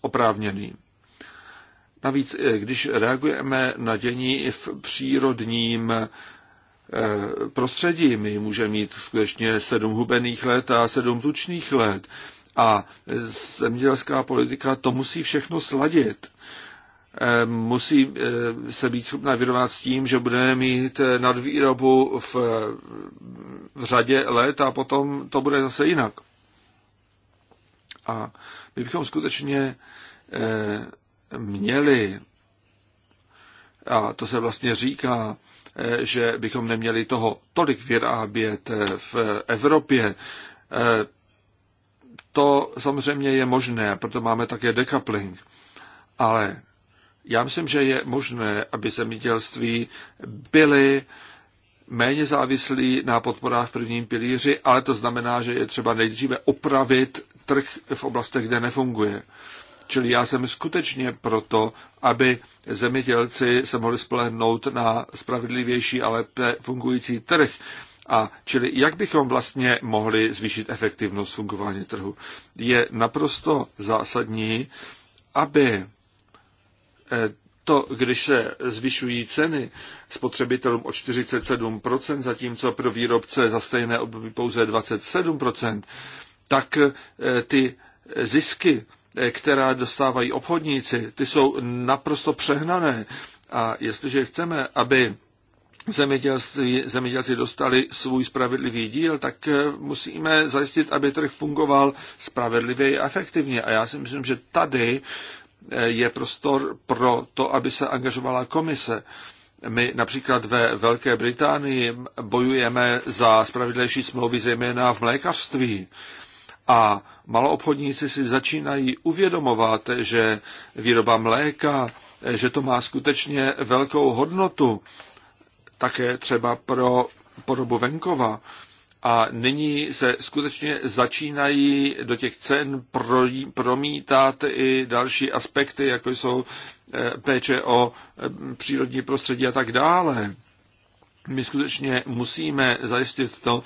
oprávněný. Navíc, když reagujeme na dění v přírodním prostředí, my můžeme mít skutečně sedm hubených let a sedm tučných let. A zemědělská politika to musí všechno sladit musí eh, se být schopna vyrovnat s tím, že budeme mít eh, nadvýrobu v, v řadě let a potom to bude zase jinak. A my bychom skutečně eh, měli, a to se vlastně říká, že bychom neměli toho tolik vyrábět v Evropě, to samozřejmě je možné, proto máme také decoupling. Ale já myslím, že je možné, aby zemědělství byly méně závislí na podporách v prvním pilíři, ale to znamená, že je třeba nejdříve opravit trh v oblastech, kde nefunguje. Čili já jsem skutečně proto, aby zemědělci se mohli spolehnout na spravedlivější a lépe fungující trh. A čili jak bychom vlastně mohli zvýšit efektivnost fungování trhu? Je naprosto zásadní, aby Eh, to, když se zvyšují ceny spotřebitelům o 47%, zatímco pro výrobce za stejné období pouze 27%, tak eh, ty zisky, eh, která dostávají obchodníci, ty jsou naprosto přehnané. A jestliže chceme, aby zemědělci dostali svůj spravedlivý díl, tak musíme zajistit, aby trh fungoval spravedlivě a efektivně. A já si myslím, že tady je prostor pro to, aby se angažovala komise. My například ve Velké Británii bojujeme za spravedlnější smlouvy, zejména v mlékařství. A maloobchodníci si začínají uvědomovat, že výroba mléka, že to má skutečně velkou hodnotu, také třeba pro podobu venkova. A nyní se skutečně začínají do těch cen promítat i další aspekty, jako jsou eh, péče o eh, přírodní prostředí a tak dále. My skutečně musíme zajistit to,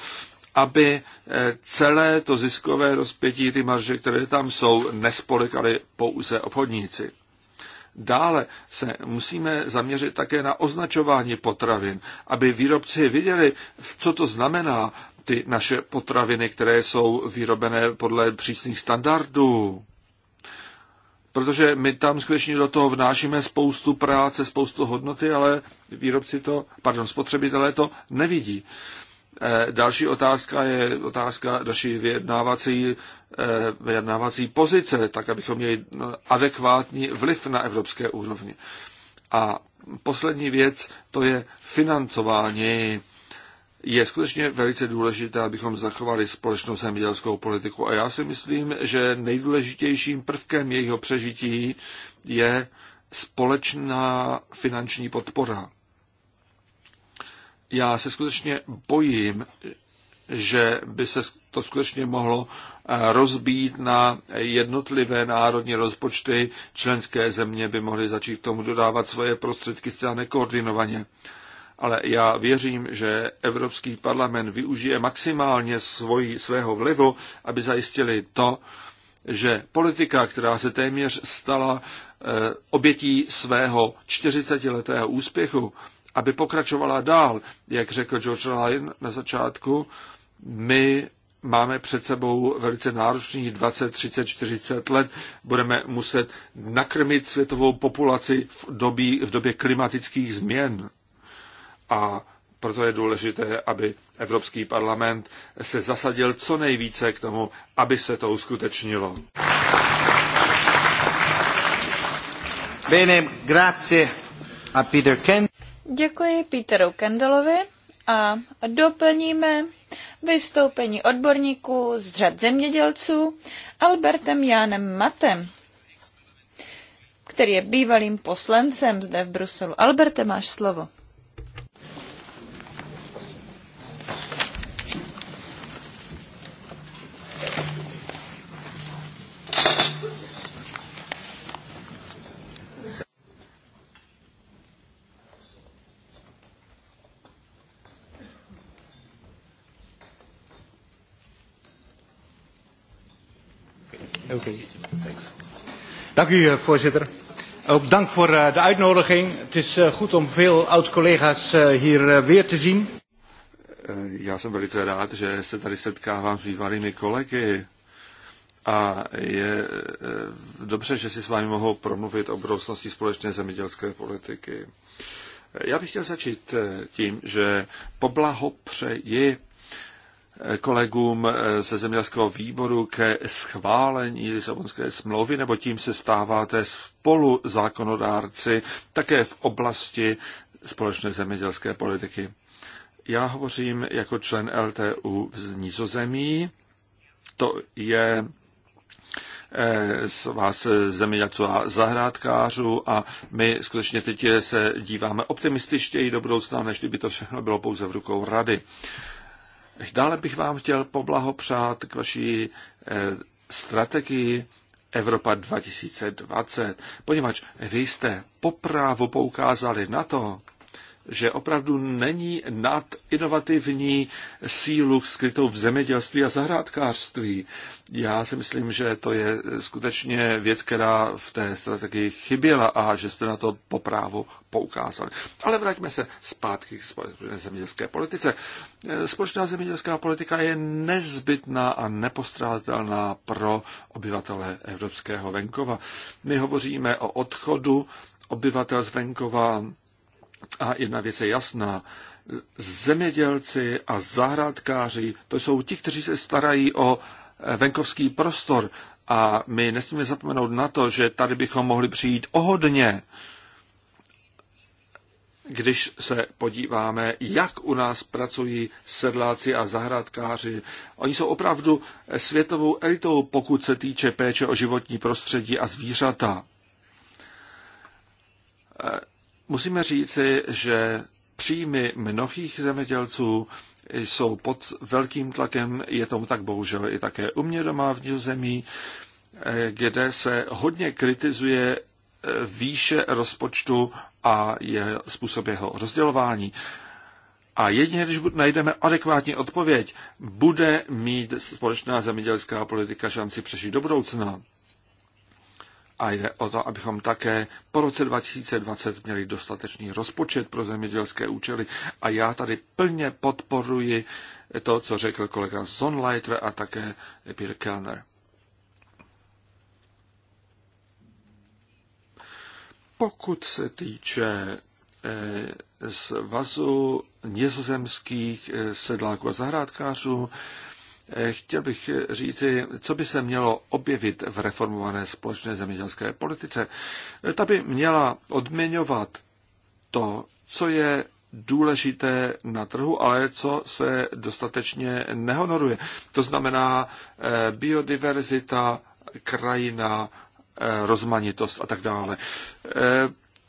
aby eh, celé to ziskové rozpětí, ty marže, které tam jsou, nespolikaly pouze obchodníci. Dále se musíme zaměřit také na označování potravin, aby výrobci viděli, co to znamená ty naše potraviny, které jsou vyrobené podle přísných standardů. Protože my tam skutečně do toho vnášíme spoustu práce, spoustu hodnoty, ale výrobci to, pardon, spotřebitelé to nevidí. Eh, další otázka je otázka naší vyjednávací, eh, vyjednávací pozice, tak abychom měli no, adekvátní vliv na evropské úrovni. A poslední věc, to je financování je skutečně velice důležité, abychom zachovali společnou zemědělskou politiku. A já si myslím, že nejdůležitějším prvkem jejího přežití je společná finanční podpora. Já se skutečně bojím, že by se to skutečně mohlo eh, rozbít na jednotlivé národní rozpočty. Členské země by mohly začít k tomu dodávat svoje prostředky zcela nekoordinovaně ale já věřím, že Evropský parlament využije maximálně svoji, svého vlivu, aby zajistili to, že politika, která se téměř stala eh, obětí svého 40-letého úspěchu, aby pokračovala dál, jak řekl George Lyon na začátku, my máme před sebou velice náročných 20, 30, 40 let. Budeme muset nakrmit světovou populaci v, dobí, v době klimatických změn a proto je důležité, aby Evropský parlament se zasadil co nejvíce k tomu, aby se to uskutečnilo. Bene, grazie a Peter Kent. Děkuji Peteru Kendallovi a doplníme vystoupení odborníků z řad zemědělců Albertem Jánem Matem, který je bývalým poslancem zde v Bruselu. Alberte, máš slovo. Okay. Dank u, eh, voorzitter. Ook dank voor eh, de uitnodiging. Het is eh, goed om veel oud-collega's hier weer te zien. Já jsem velice rád, že se tady setkávám s bývalými kolegy a je dobře, že si s vámi mohou promluvit o budoucnosti společné zemědělské politiky. Já bych chtěl začít tím, že poblahopřeji kolegům eh, ze zemědělského výboru ke schválení Lisabonské smlouvy, nebo tím se stáváte spolu zákonodárci také v oblasti společné zemědělské politiky. Já hovořím jako člen LTU z Nizozemí. To je eh, z vás eh, zemědělců a zahrádkářů a my skutečně teď se díváme optimističtěji do budoucna, než kdyby to všechno bylo pouze v rukou rady. Dále bych vám chtěl poblahopřát k vaší eh, strategii Evropa 2020, poněvadž vy jste poprávu poukázali na to, že opravdu není nad inovativní sílu skrytou v zemědělství a zahrádkářství. Já si myslím, že to je skutečně věc, která v té strategii chyběla a že jste na to poprávu poukázali. Ale vraťme se zpátky k společné zemědělské politice. Společná zemědělská politika je nezbytná a nepostradatelná pro obyvatele evropského venkova. My hovoříme o odchodu obyvatel z venkova a jedna věc je jasná. Zemědělci a zahrádkáři, to jsou ti, kteří se starají o eh, venkovský prostor. A my nesmíme zapomenout na to, že tady bychom mohli přijít ohodně, když se podíváme, jak u nás pracují sedláci a zahrádkáři. Oni jsou opravdu eh, světovou elitou, pokud se týče péče o životní prostředí a zvířata eh, Musíme říci, že příjmy mnohých zemědělců jsou pod velkým tlakem, je tomu tak bohužel i také u mě doma v zemí, kde se hodně kritizuje výše rozpočtu a je způsob jeho rozdělování. A jedině, když najdeme adekvátní odpověď, bude mít společná zemědělská politika šanci přežít do budoucna a jde o to, abychom také po roce 2020 měli dostatečný rozpočet pro zemědělské účely. A já tady plně podporuji to, co řekl kolega Zonleiter a také Pierre Kellner. Pokud se týče eh, svazu nězozemských eh, sedláků a zahrádkářů, Eh, chtěl bych eh, říci, co by se mělo objevit v reformované společné zemědělské politice. Eh, ta by měla odměňovat to, co je důležité na trhu, ale co se dostatečně nehonoruje. To znamená biodiverzita, krajina, rozmanitost a tak dále.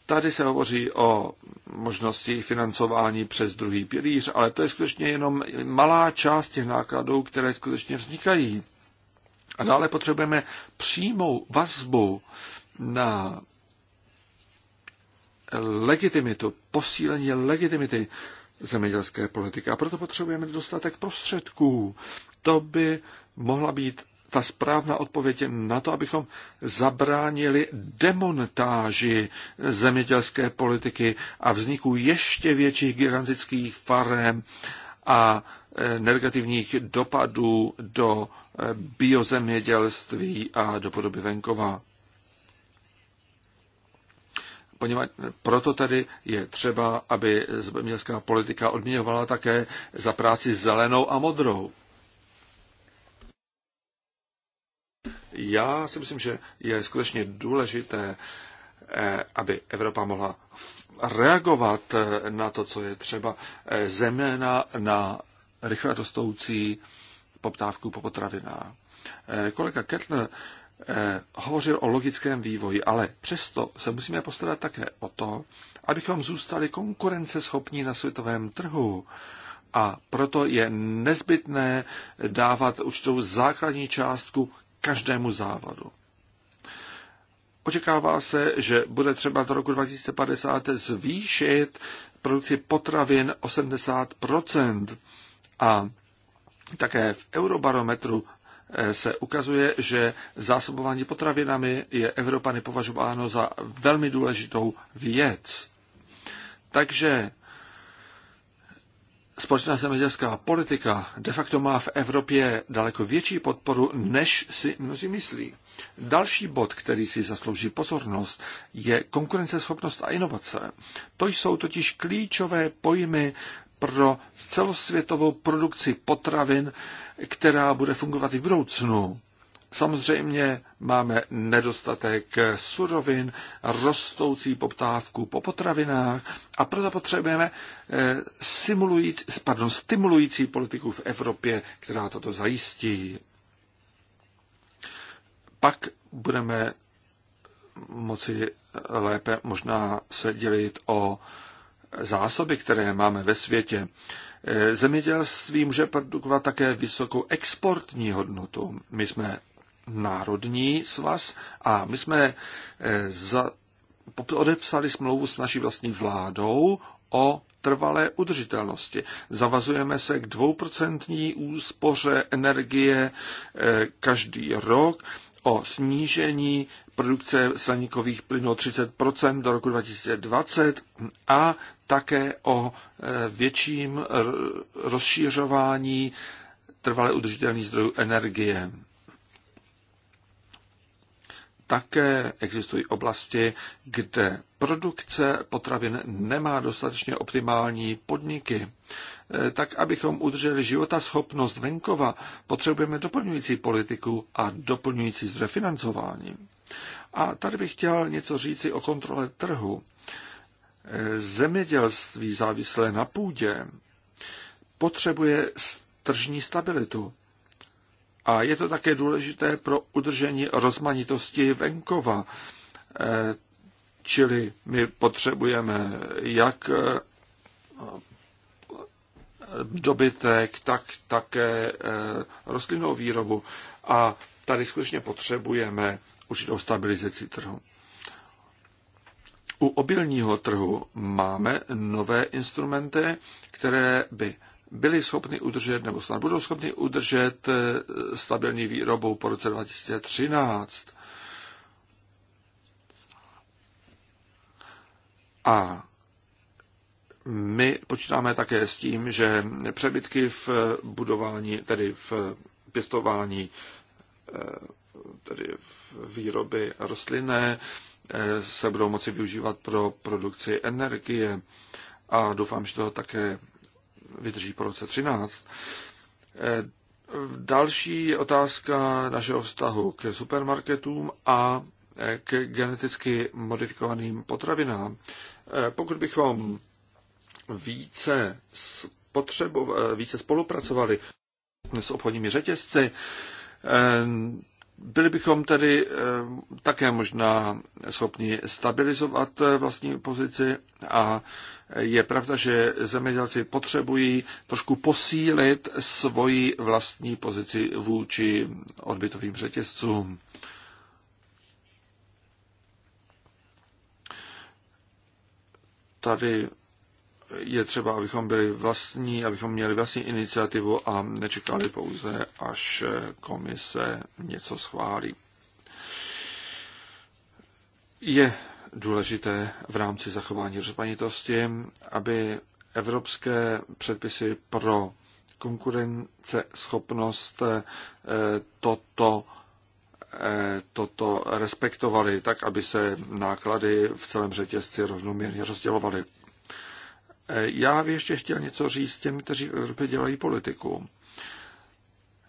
Tady se hovoří o možnosti financování přes druhý pilíř, ale to je skutečně jenom malá část těch nákladů, které skutečně vznikají. A dále potřebujeme přímou vazbu na legitimitu, posílení legitimity zemědělské politiky. A proto potřebujeme dostatek prostředků. To by mohla být ta správná odpověď je na to, abychom zabránili demontáži zemědělské politiky a vzniku ještě větších gigantických farem a e, negativních dopadů do e, biozemědělství a do podoby venkova. Poněvadž proto tedy je třeba, aby zemědělská politika odměňovala také za práci zelenou a modrou. Já si myslím, že je skutečně důležité, eh, aby Evropa mohla reagovat eh, na to, co je třeba, eh, zejména na rychle rostoucí poptávku po potravinách. Kolega Kettner hovořil o logickém vývoji, ale přesto se musíme postarat také o to, abychom zůstali konkurenceschopní na světovém trhu. A proto je nezbytné dávat určitou základní částku každému závodu. Očekává se, že bude třeba do roku 2050 zvýšit produkci potravin 80 a také v Eurobarometru eh, se ukazuje, že zásobování potravinami je Evropany považováno za velmi důležitou věc. Takže společná zemědělská politika de facto má v Evropě daleko větší podporu, než si mnozí myslí. Další bod, který si zaslouží pozornost, je konkurenceschopnost a inovace. To jsou totiž klíčové pojmy pro celosvětovou produkci potravin, která bude fungovat i v budoucnu. Samozřejmě máme nedostatek surovin, rostoucí poptávku po potravinách a proto potřebujeme eh, simulující, pardon, stimulující politiku v Evropě, která toto zajistí. Pak budeme moci lépe možná se dělit o zásoby, které máme ve světě. Eh, zemědělství může produkovat také vysokou exportní hodnotu. My jsme národní svaz a my jsme eh, za, odepsali smlouvu s naší vlastní vládou o trvalé udržitelnosti. Zavazujeme se k dvouprocentní úspoře energie eh, každý rok, o snížení produkce sleníkových plynů o 30 do roku 2020 a také o eh, větším rozšířování trvalé udržitelných zdrojů energie také existují oblasti, kde produkce potravin nemá dostatečně optimální podniky. Eh, tak, abychom udrželi života schopnost venkova, potřebujeme doplňující politiku a doplňující zdroje financování. A tady bych chtěl něco říci o kontrole trhu. Eh, zemědělství závislé na půdě potřebuje tržní stabilitu. A je to také důležité pro udržení rozmanitosti venkova. E, čili my potřebujeme jak e, dobytek, tak také e, rostlinnou výrobu. A tady skutečně potřebujeme určitou stabilizaci trhu. U obilního trhu máme nové instrumenty, které by byli schopni udržet, nebo snad budou schopni udržet eh, stabilní výrobu po roce 2013. A my počítáme také s tím, že přebytky v budování, tedy v pěstování, eh, tedy v výroby rostlinné, eh, se budou moci využívat pro produkci energie a doufám, že to také vydrží po roce 13. Eh, další otázka našeho vztahu k supermarketům a eh, k geneticky modifikovaným potravinám. Eh, pokud bychom více, spotřebo, více spolupracovali s obchodními řetězci, byli bychom tedy eh, také možná schopni stabilizovat eh, vlastní pozici a je pravda, že zemědělci potřebují trošku posílit svoji vlastní pozici vůči odbytovým řetězcům. Tady je třeba, abychom byli vlastní, abychom měli vlastní iniciativu a nečekali pouze, až komise něco schválí. Je důležité v rámci zachování rozmanitosti, aby evropské předpisy pro konkurenceschopnost eh, toto eh, toto respektovali, tak aby se náklady v celém řetězci rovnoměrně rozdělovaly. Eh, já bych ještě chtěl něco říct těm, kteří v Evropě dělají politiku.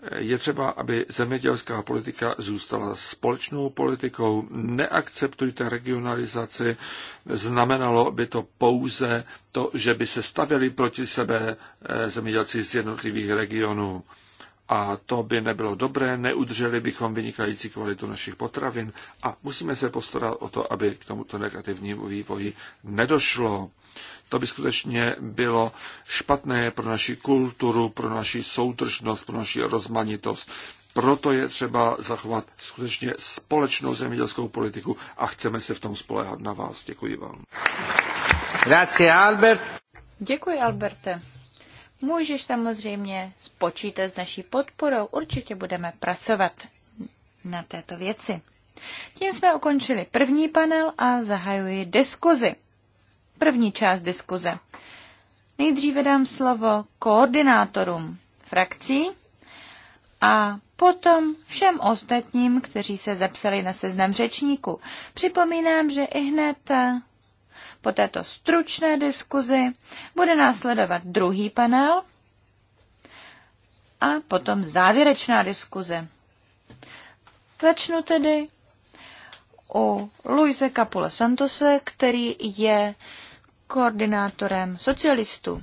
Eh, je třeba, aby zemědělská politika zůstala společnou politikou. Neakceptujte regionalizaci. Znamenalo by to pouze to, že by se stavili proti sebe eh, zemědělci z jednotlivých regionů. A to by nebylo dobré, neudrželi bychom vynikající kvalitu našich potravin a musíme se postarat o to, aby k tomuto negativnímu vývoji nedošlo. To by skutečně bylo špatné pro naši kulturu, pro naši soudržnost, pro naši rozmanitost. Proto je třeba zachovat skutečně společnou zemědělskou politiku a chceme se v tom spolehat na vás. Děkuji vám. Grazie, Albert. Děkuji, Alberte. Můžeš samozřejmě spočítat s naší podporou, určitě budeme pracovat na této věci. Tím jsme ukončili první panel a zahajuji diskuzi první část diskuze. Nejdříve dám slovo koordinátorům frakcí a potom všem ostatním, kteří se zapsali na seznam řečníků. Připomínám, že i hned eh, po této stručné diskuzi bude následovat druhý panel a potom závěrečná diskuze. Začnu tedy u Luise Capula Santose, který je uh, koordinátorem socialistů.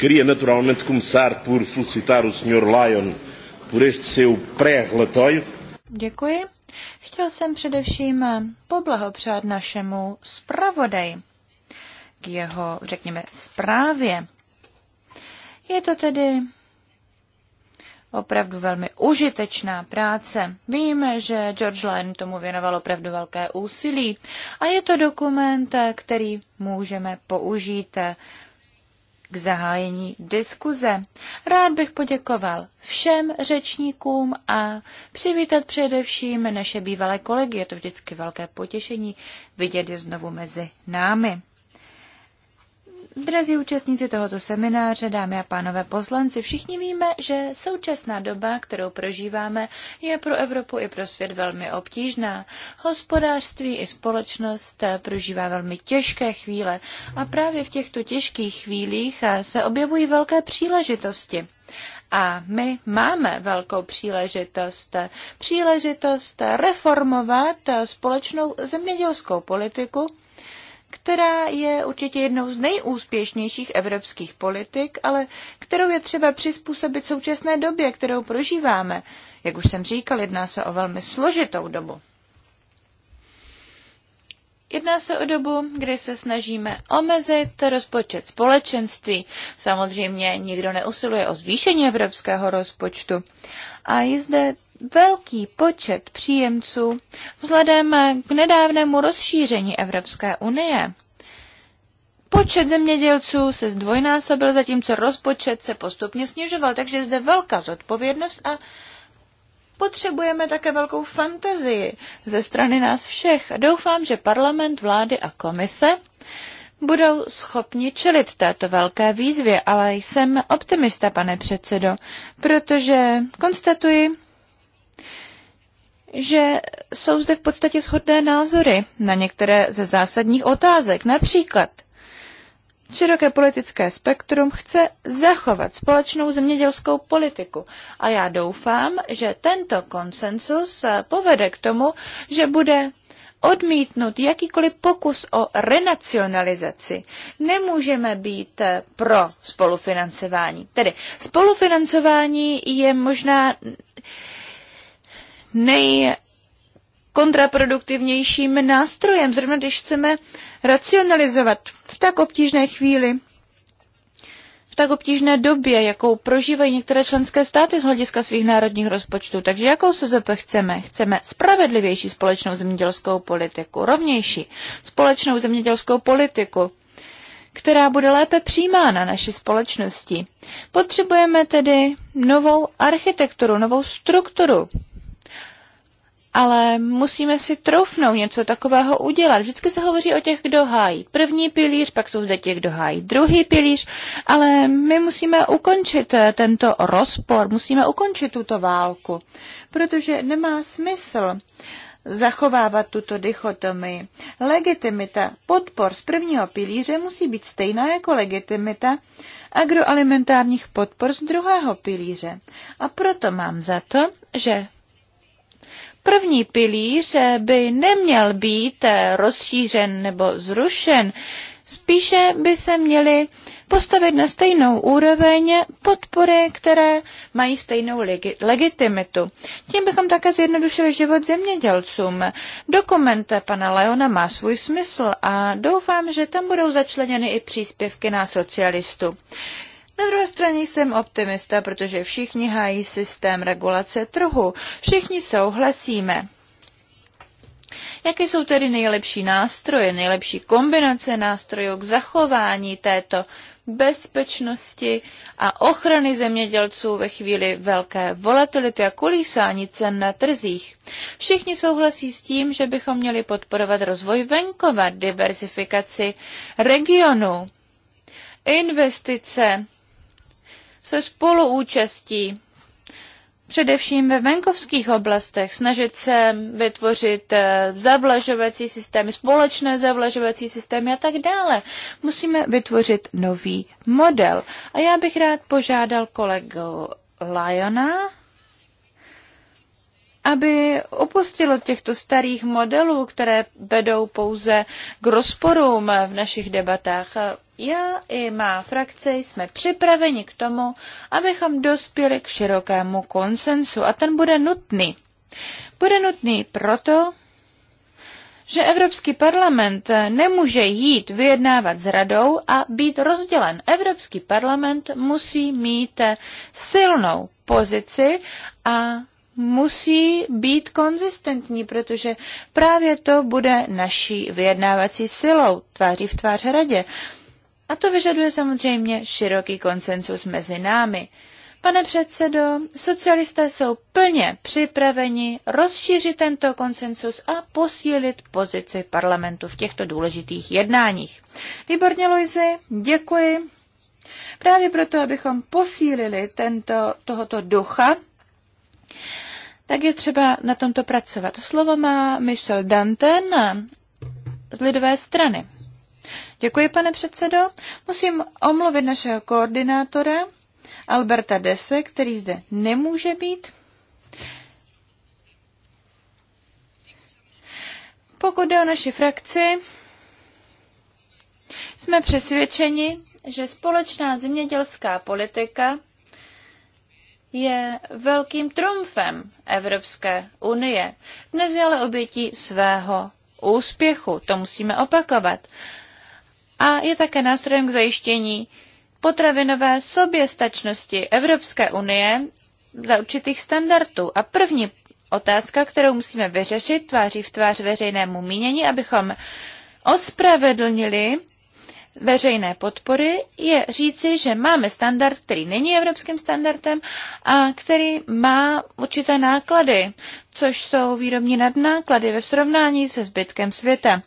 Queria naturalmente começar por felicitar o Sr. Lyon por este seu pré-relatório. Děkuji. Chtěl jsem především poblahopřát našemu zpravodaji k jeho, řekněme, zprávě. Je to tedy opravdu velmi užitečná práce. Víme, že George Lyon tomu věnoval opravdu velké úsilí a je to dokument, který můžeme použít k zahájení diskuze. Rád bych poděkoval všem řečníkům a přivítat především naše bývalé kolegy. Je to vždycky velké potěšení vidět je znovu mezi námi. Drazí účastníci tohoto semináře, dámy a pánové poslanci, všichni víme, že současná doba, kterou prožíváme, je pro Evropu i pro svět velmi obtížná. Hospodářství i společnost eh, prožívá velmi těžké chvíle a právě v těchto těžkých chvílích eh, se objevují velké příležitosti. A my máme velkou příležitost. Eh, příležitost reformovat společnou zemědělskou politiku, která je určitě jednou z nejúspěšnějších evropských politik, ale kterou je třeba přizpůsobit současné době, kterou prožíváme. Jak už jsem říkal, jedná se o velmi složitou dobu. Jedná se o dobu, kdy se snažíme omezit rozpočet společenství. Samozřejmě nikdo neusiluje o zvýšení evropského rozpočtu. A je zde velký počet příjemců vzhledem k nedávnému rozšíření Evropské unie. Počet zemědělců se zdvojnásobil, zatímco rozpočet se postupně snižoval, takže je zde velká zodpovědnost a potřebujeme také velkou fantazii ze strany nás všech. Doufám, že parlament, vlády a komise budou schopni čelit této velké výzvě, ale jsem optimista, pane předsedo, protože konstatuji, že jsou zde v podstatě shodné názory na některé ze zásadních otázek. Například široké politické spektrum chce zachovat společnou zemědělskou politiku. A já doufám, že tento konsensus povede k tomu, že bude odmítnut jakýkoliv pokus o renacionalizaci. Nemůžeme být pro spolufinancování. Tedy spolufinancování je možná nej kontraproduktivnějším nástrojem, zrovna když chceme racionalizovat v tak obtížné chvíli, v tak obtížné době, jakou prožívají některé členské státy z hlediska svých národních rozpočtů. Takže jakou SZP chceme? Chceme spravedlivější společnou zemědělskou politiku, rovnější společnou zemědělskou politiku, která bude lépe přijímána naší společnosti. Potřebujeme tedy novou architekturu, novou strukturu ale musíme si troufnout něco takového udělat. Vždycky se hovoří o těch, kdo hájí první pilíř, pak jsou zde těch, kdo hájí druhý pilíř, ale my musíme ukončit eh, tento rozpor, musíme ukončit tuto válku, protože nemá smysl zachovávat tuto dichotomii. Legitimita podpor z prvního pilíře musí být stejná jako legitimita agroalimentárních podpor z druhého pilíře. A proto mám za to, že První pilíř by neměl být rozšířen nebo zrušen, spíše by se měly postavit na stejnou úroveň podpory, které mají stejnou legi- legitimitu. Tím bychom také zjednodušili život zemědělcům. Dokument pana Leona má svůj smysl a doufám, že tam budou začleněny i příspěvky na socialistu. Na druhé straně jsem optimista, protože všichni hájí systém regulace trhu. Všichni souhlasíme. Jaké jsou tedy nejlepší nástroje, nejlepší kombinace nástrojů k zachování této bezpečnosti a ochrany zemědělců ve chvíli velké volatility a kulísání cen na trzích. Všichni souhlasí s tím, že bychom měli podporovat rozvoj venkova, diversifikaci regionu, investice se spoluúčastí, především ve venkovských oblastech, snažit se vytvořit eh, zavlažovací systémy, společné zavlažovací systémy a tak dále. Musíme vytvořit nový model. A já bych rád požádal kolegu Liona, aby opustil těchto starých modelů, které vedou pouze k rozporům v našich debatách. Já i má frakce jsme připraveni k tomu, abychom dospěli k širokému konsensu a ten bude nutný. Bude nutný proto, že Evropský parlament nemůže jít vyjednávat s radou a být rozdělen. Evropský parlament musí mít silnou pozici a musí být konzistentní, protože právě to bude naší vyjednávací silou tváří v tvář radě. A to vyžaduje samozřejmě široký konsensus mezi námi. Pane předsedo, socialisté jsou plně připraveni rozšířit tento konsensus a posílit pozici parlamentu v těchto důležitých jednáních. Výborně, Luizy, děkuji. Právě proto, abychom posílili tento, tohoto ducha, tak je třeba na tomto pracovat. Slovo má Michel Danten z lidové strany. Děkuji, pane předsedo. Musím omluvit našeho koordinátora Alberta Dese, který zde nemůže být. Pokud jde o naši frakci, jsme přesvědčeni, že společná zemědělská politika je velkým trumfem Evropské unie. Dnes je ale obětí svého úspěchu, to musíme opakovat a je také nástrojem k zajištění potravinové soběstačnosti Evropské unie za určitých standardů. A první otázka, kterou musíme vyřešit tváří v tvář veřejnému mínění, abychom ospravedlnili veřejné podpory je říci, že máme standard, který není evropským standardem a který má určité náklady, což jsou výrobní nadnáklady ve srovnání se zbytkem světa.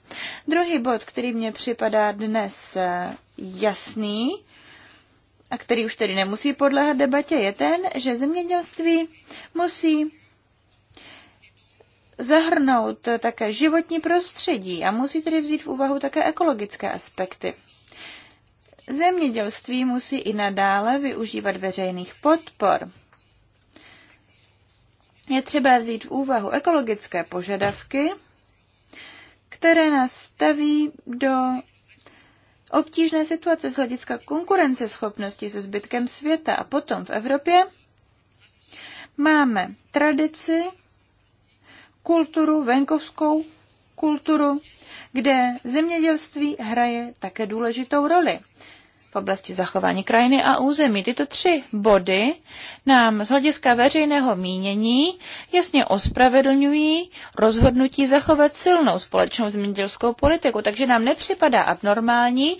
Druhý bod, který mně připadá dnes eh, jasný, a který už tedy nemusí podléhat debatě, je ten, že zemědělství musí zahrnout také životní prostředí a musí tedy vzít v úvahu také ekologické aspekty. Zemědělství musí i nadále využívat veřejných podpor. Je třeba vzít v úvahu ekologické požadavky, které nás staví do obtížné situace z hlediska konkurenceschopnosti se zbytkem světa a potom v Evropě máme tradici, kulturu, venkovskou kulturu, kde zemědělství hraje také důležitou roli v oblasti zachování krajiny a území. Tyto tři body nám z hlediska veřejného mínění jasně ospravedlňují rozhodnutí zachovat silnou společnou zemědělskou politiku, takže nám nepřipadá abnormální,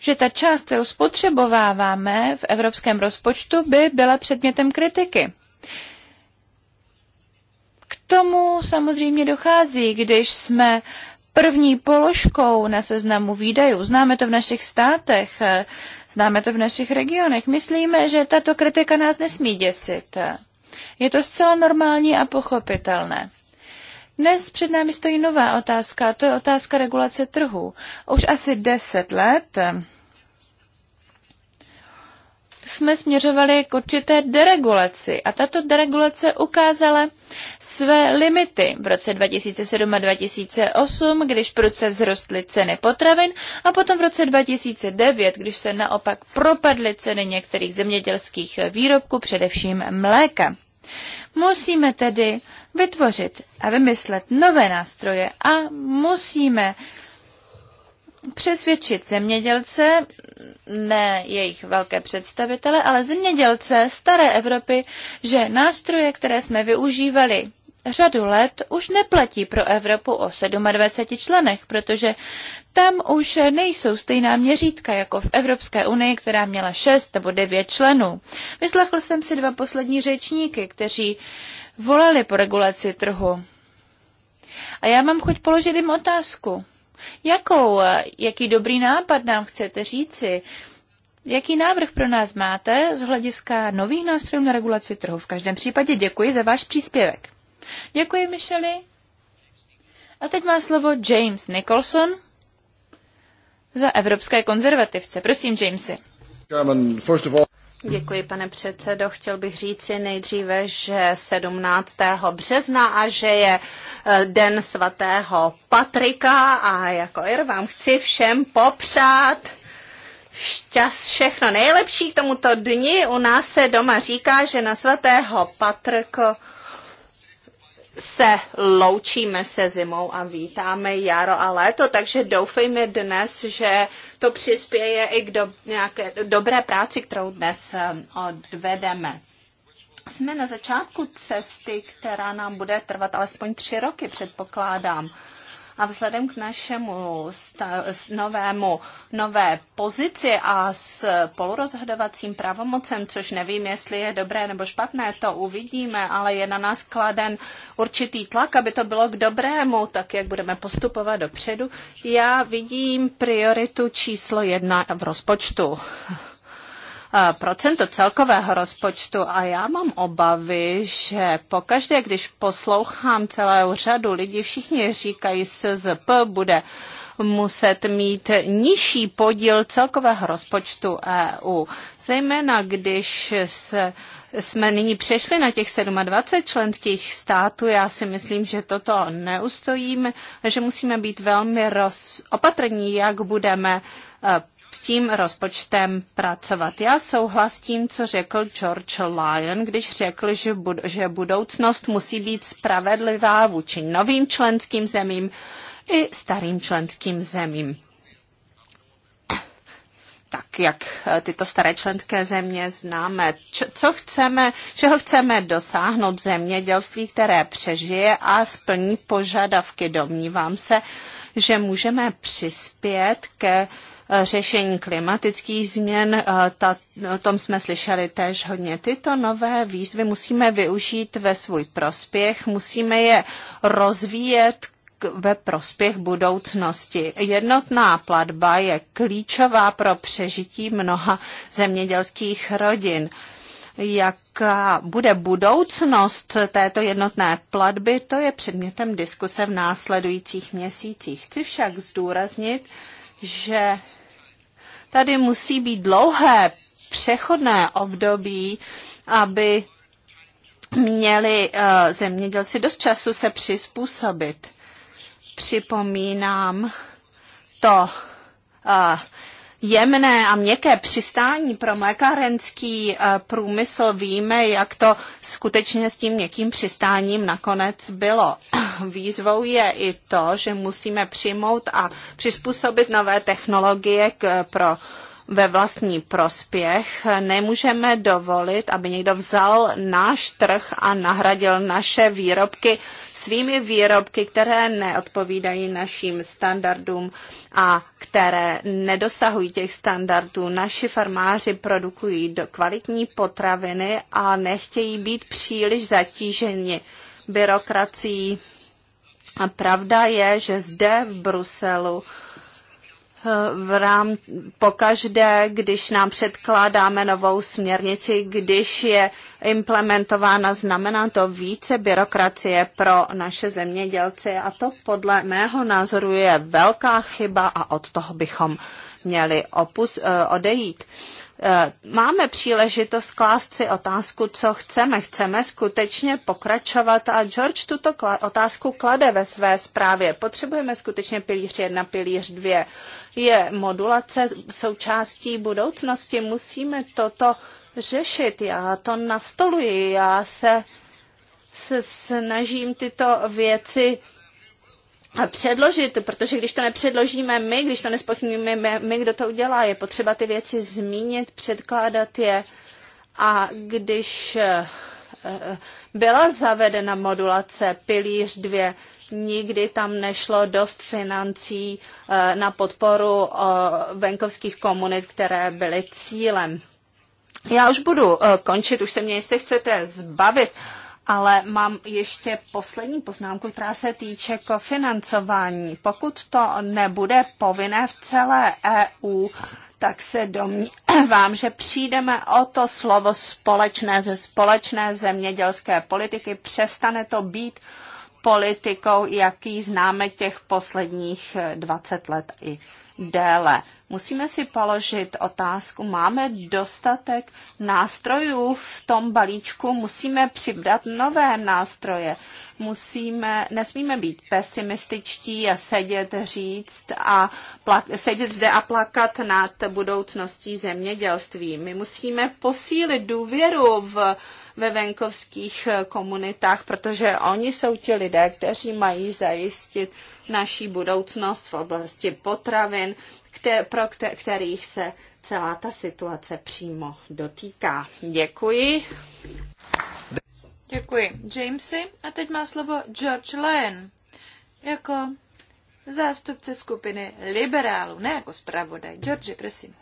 že ta část, kterou spotřebováváme v evropském rozpočtu, by byla předmětem kritiky. K tomu samozřejmě dochází, když jsme uh, první položkou na seznamu výdajů. Známe to v našich státech, eh, známe to v našich regionech. Myslíme, že tato kritika nás nesmí děsit. Je to zcela normální a pochopitelné. Dnes před námi stojí nová otázka, to je otázka regulace trhu. Už asi deset let jsme směřovali k určité deregulaci a tato deregulace ukázala své limity v roce 2007 a 2008, když proces zrostly ceny potravin a potom v roce 2009, když se naopak propadly ceny některých zemědělských výrobků, především mléka. Musíme tedy vytvořit a vymyslet nové nástroje a musíme přesvědčit zemědělce, ne jejich velké představitele, ale zemědělce staré Evropy, že nástroje, které jsme využívali řadu let, už neplatí pro Evropu o 27 členech, protože tam už nejsou stejná měřítka jako v Evropské unii, která měla 6 nebo 9 členů. Vyslechl jsem si dva poslední řečníky, kteří volali po regulaci trhu. A já mám chuť položit jim otázku. Jakou, eh, jaký dobrý nápad nám chcete říci? Jaký návrh pro nás máte z hlediska nových nástrojů na regulaci trhu? V každém případě děkuji za váš příspěvek. Děkuji, Michely. A teď má slovo James Nicholson za evropské konzervativce. Prosím, Jamesy. Děkuji, pane předsedo. Chtěl bych říci nejdříve, že 17. března a že je eh, den svatého Patrika a jako Ir vám chci všem popřát šťast, všechno nejlepší k tomuto dni. U nás se doma říká, že na svatého Patrko se loučíme se zimou a vítáme jaro a léto, takže doufejme dnes, že to přispěje i k do, nějaké dobré práci, kterou dnes um, odvedeme. Jsme na začátku cesty, která nám bude trvat alespoň tři roky, předpokládám. A vzhledem k našemu novému, nové pozici a s polurozhodovacím pravomocem, což nevím, jestli je dobré nebo špatné, to uvidíme, ale je na nás kladen určitý tlak, aby to bylo k dobrému, tak jak budeme postupovat dopředu. Já vidím prioritu číslo jedna v rozpočtu procento celkového rozpočtu a já mám obavy, že pokaždé, když poslouchám celou řadu lidí, všichni říkají, SZP bude muset mít nižší podíl celkového rozpočtu EU. Zejména když se, jsme nyní přešli na těch 27 členských států, já si myslím, že toto neustojíme, že musíme být velmi roz, opatrní, jak budeme eh, s tím rozpočtem pracovat. Já souhlasím, co řekl George Lyon, když řekl, že, bud- že budoucnost musí být spravedlivá vůči novým členským zemím i starým členským zemím tak, jak eh, tyto staré členské země známe. co chceme, čeho chceme dosáhnout zemědělství, které přežije a splní požadavky. Domnívám se, že můžeme přispět ke uh, řešení klimatických změn. Eh, ta, o tom jsme slyšeli též hodně. Tyto nové výzvy musíme využít ve svůj prospěch, musíme je rozvíjet ve prospěch budoucnosti. Jednotná platba je klíčová pro přežití mnoha zemědělských rodin jaká bude budoucnost této jednotné platby, to je předmětem diskuse v následujících měsících. Chci však zdůraznit, že Tady musí být dlouhé přechodné období, aby měli eh, zemědělci dost času se přizpůsobit. Připomínám to eh, jemné a měkké přistání pro mlékárenský eh, průmysl. Víme, jak to skutečně s tím měkkým přistáním nakonec bylo. (clears throat) Výzvou je i to, že musíme přijmout a přizpůsobit nové technologie k, eh, pro ve vlastní prospěch. Nemůžeme dovolit, aby někdo vzal náš trh a nahradil naše výrobky svými výrobky, které neodpovídají našim standardům a které nedosahují těch standardů. Naši farmáři produkují do kvalitní potraviny a nechtějí být příliš zatíženi byrokracií. A pravda je, že zde v Bruselu v rám, pokaždé, když nám předkládáme novou směrnici, když je implementována, znamená to více byrokracie pro naše zemědělce a to podle mého názoru je velká chyba a od toho bychom měli opus, eh, odejít. Eh, máme příležitost klást si otázku, co chceme. Chceme skutečně pokračovat a George tuto otázku klade ve své zprávě. Potřebujeme skutečně pilíř 1, pilíř 2. Je modulace součástí budoucnosti. Musíme toto řešit. Já to nastoluji. Já se se snažím tyto věci předložit, protože když to nepředložíme my, když to nespochybníme my, my, kdo to udělá, je potřeba ty věci zmínit, předkládat je a když eh, eh, byla zavedena modulace pilíř 2, nikdy tam nešlo dost financí eh, na podporu venkovských komunit, které byly cílem. Já už budu končit, už se mě jistě chcete zbavit ale mám ještě poslední poznámku, která se týče kofinancování. Pokud to nebude povinné v celé EU, tak se domnívám, že přijdeme o to slovo společné ze společné zemědělské politiky. Přestane to být politikou, jaký známe těch posledních 20 eh, let i déle. Musíme si položit otázku, máme dostatek nástrojů v tom balíčku, musíme přibrat nové nástroje. Musíme, nesmíme být pesimističtí a sedět říct a plak, sedět zde a plakat nad budoucností zemědělství. My musíme posílit důvěru v ve venkovských eh, komunitách, protože oni jsou ti lidé, kteří mají zajistit naší budoucnost v oblasti potravin, kter- pro kter- kterých se celá ta situace přímo dotýká. Děkuji. Děkuji Jamesy a teď má slovo George Lane jako zástupce skupiny liberálů, ne jako zpravodaj. George, prosím.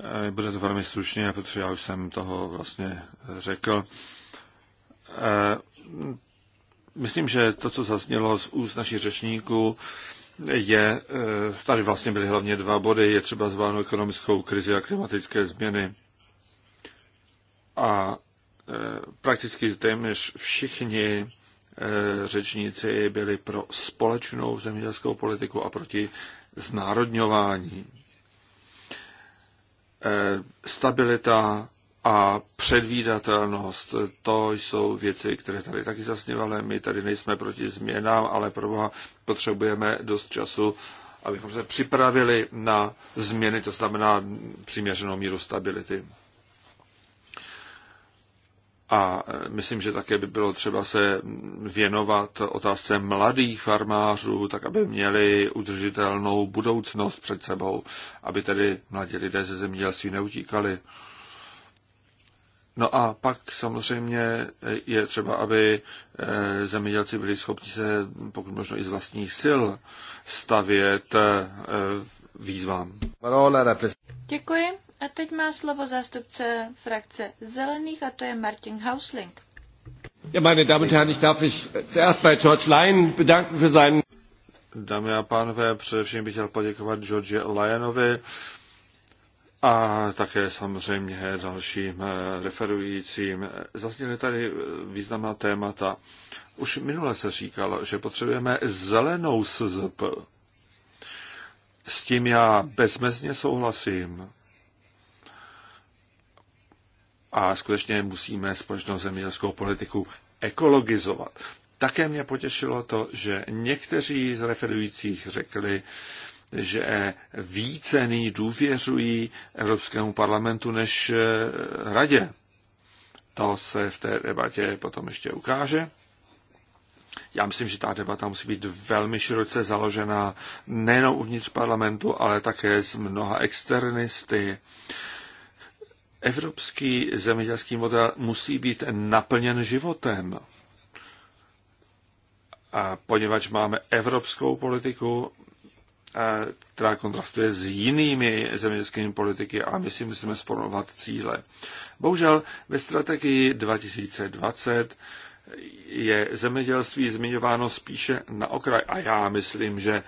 Eh, bude to velmi stručně, protože já už jsem toho vlastně eh, řekl. Eh, myslím, že to, co zaznělo z úst našich řečníků, je, tady vlastně byly hlavně dva body, je třeba zváno ekonomickou krizi a klimatické změny. A prakticky téměř všichni řečníci byli pro společnou zemědělskou politiku a proti znárodňování. Eh, stabilita a předvídatelnost, to jsou věci, které tady taky zasněvaly. My tady nejsme proti změnám, ale proboha potřebujeme dost času, abychom se připravili na změny, to znamená přiměřenou míru stability. A myslím, že také by bylo třeba se věnovat otázce mladých farmářů, tak aby měli udržitelnou budoucnost před sebou, aby tedy mladí lidé ze zemědělství neutíkali. No a pak samozřejmě je třeba, aby eh, zemědělci byli schopni se, pokud možno i z vlastních sil, stavět eh, výzvám. Děkuji. A teď má slovo zástupce frakce Zelených a to je Martin Hausling. Ja, meine Damen und Herren, ich darf mich zuerst bei George Lyon bedanken für seinen... Dámy a pánové, především bych chtěl poděkovat George Lyonovi a také samozřejmě dalším eh, referujícím. Zazněly tady významná témata. Už minule se říkalo, že potřebujeme zelenou SZP. S tím já bezmezně souhlasím a skutečně musíme společnou zemědělskou politiku ekologizovat. Také mě potěšilo to, že někteří z referujících řekli, že více ní důvěřují Evropskému parlamentu než eh, radě. To se v té debatě potom ještě ukáže. Já myslím, že ta debata musí být velmi široce založená nejen uvnitř parlamentu, ale také s mnoha externisty, Evropský zemědělský model musí být naplněn životem. A poněvadž máme evropskou politiku, která kontrastuje s jinými zemědělskými politiky a my si musíme sformovat cíle. Bohužel ve strategii 2020 je zemědělství zmiňováno spíše na okraj a já myslím, že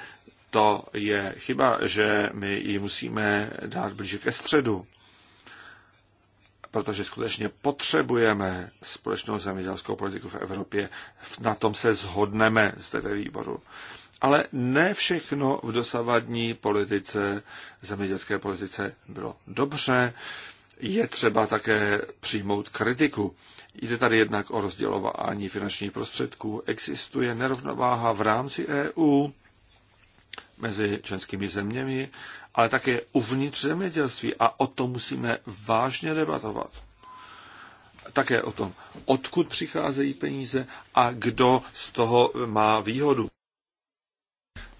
to je chyba, že my ji musíme dát blíže ke středu protože skutečně potřebujeme společnou zemědělskou politiku v Evropě. Na tom se zhodneme zde ve výboru. Ale ne všechno v dosavadní politice, zemědělské politice bylo dobře. Je třeba také přijmout kritiku. Jde tady jednak o rozdělování finančních prostředků. Existuje nerovnováha v rámci EU mezi členskými zeměmi ale také uvnitř zemědělství a o tom musíme vážně debatovat. Také o tom, odkud přicházejí peníze a kdo z toho má výhodu.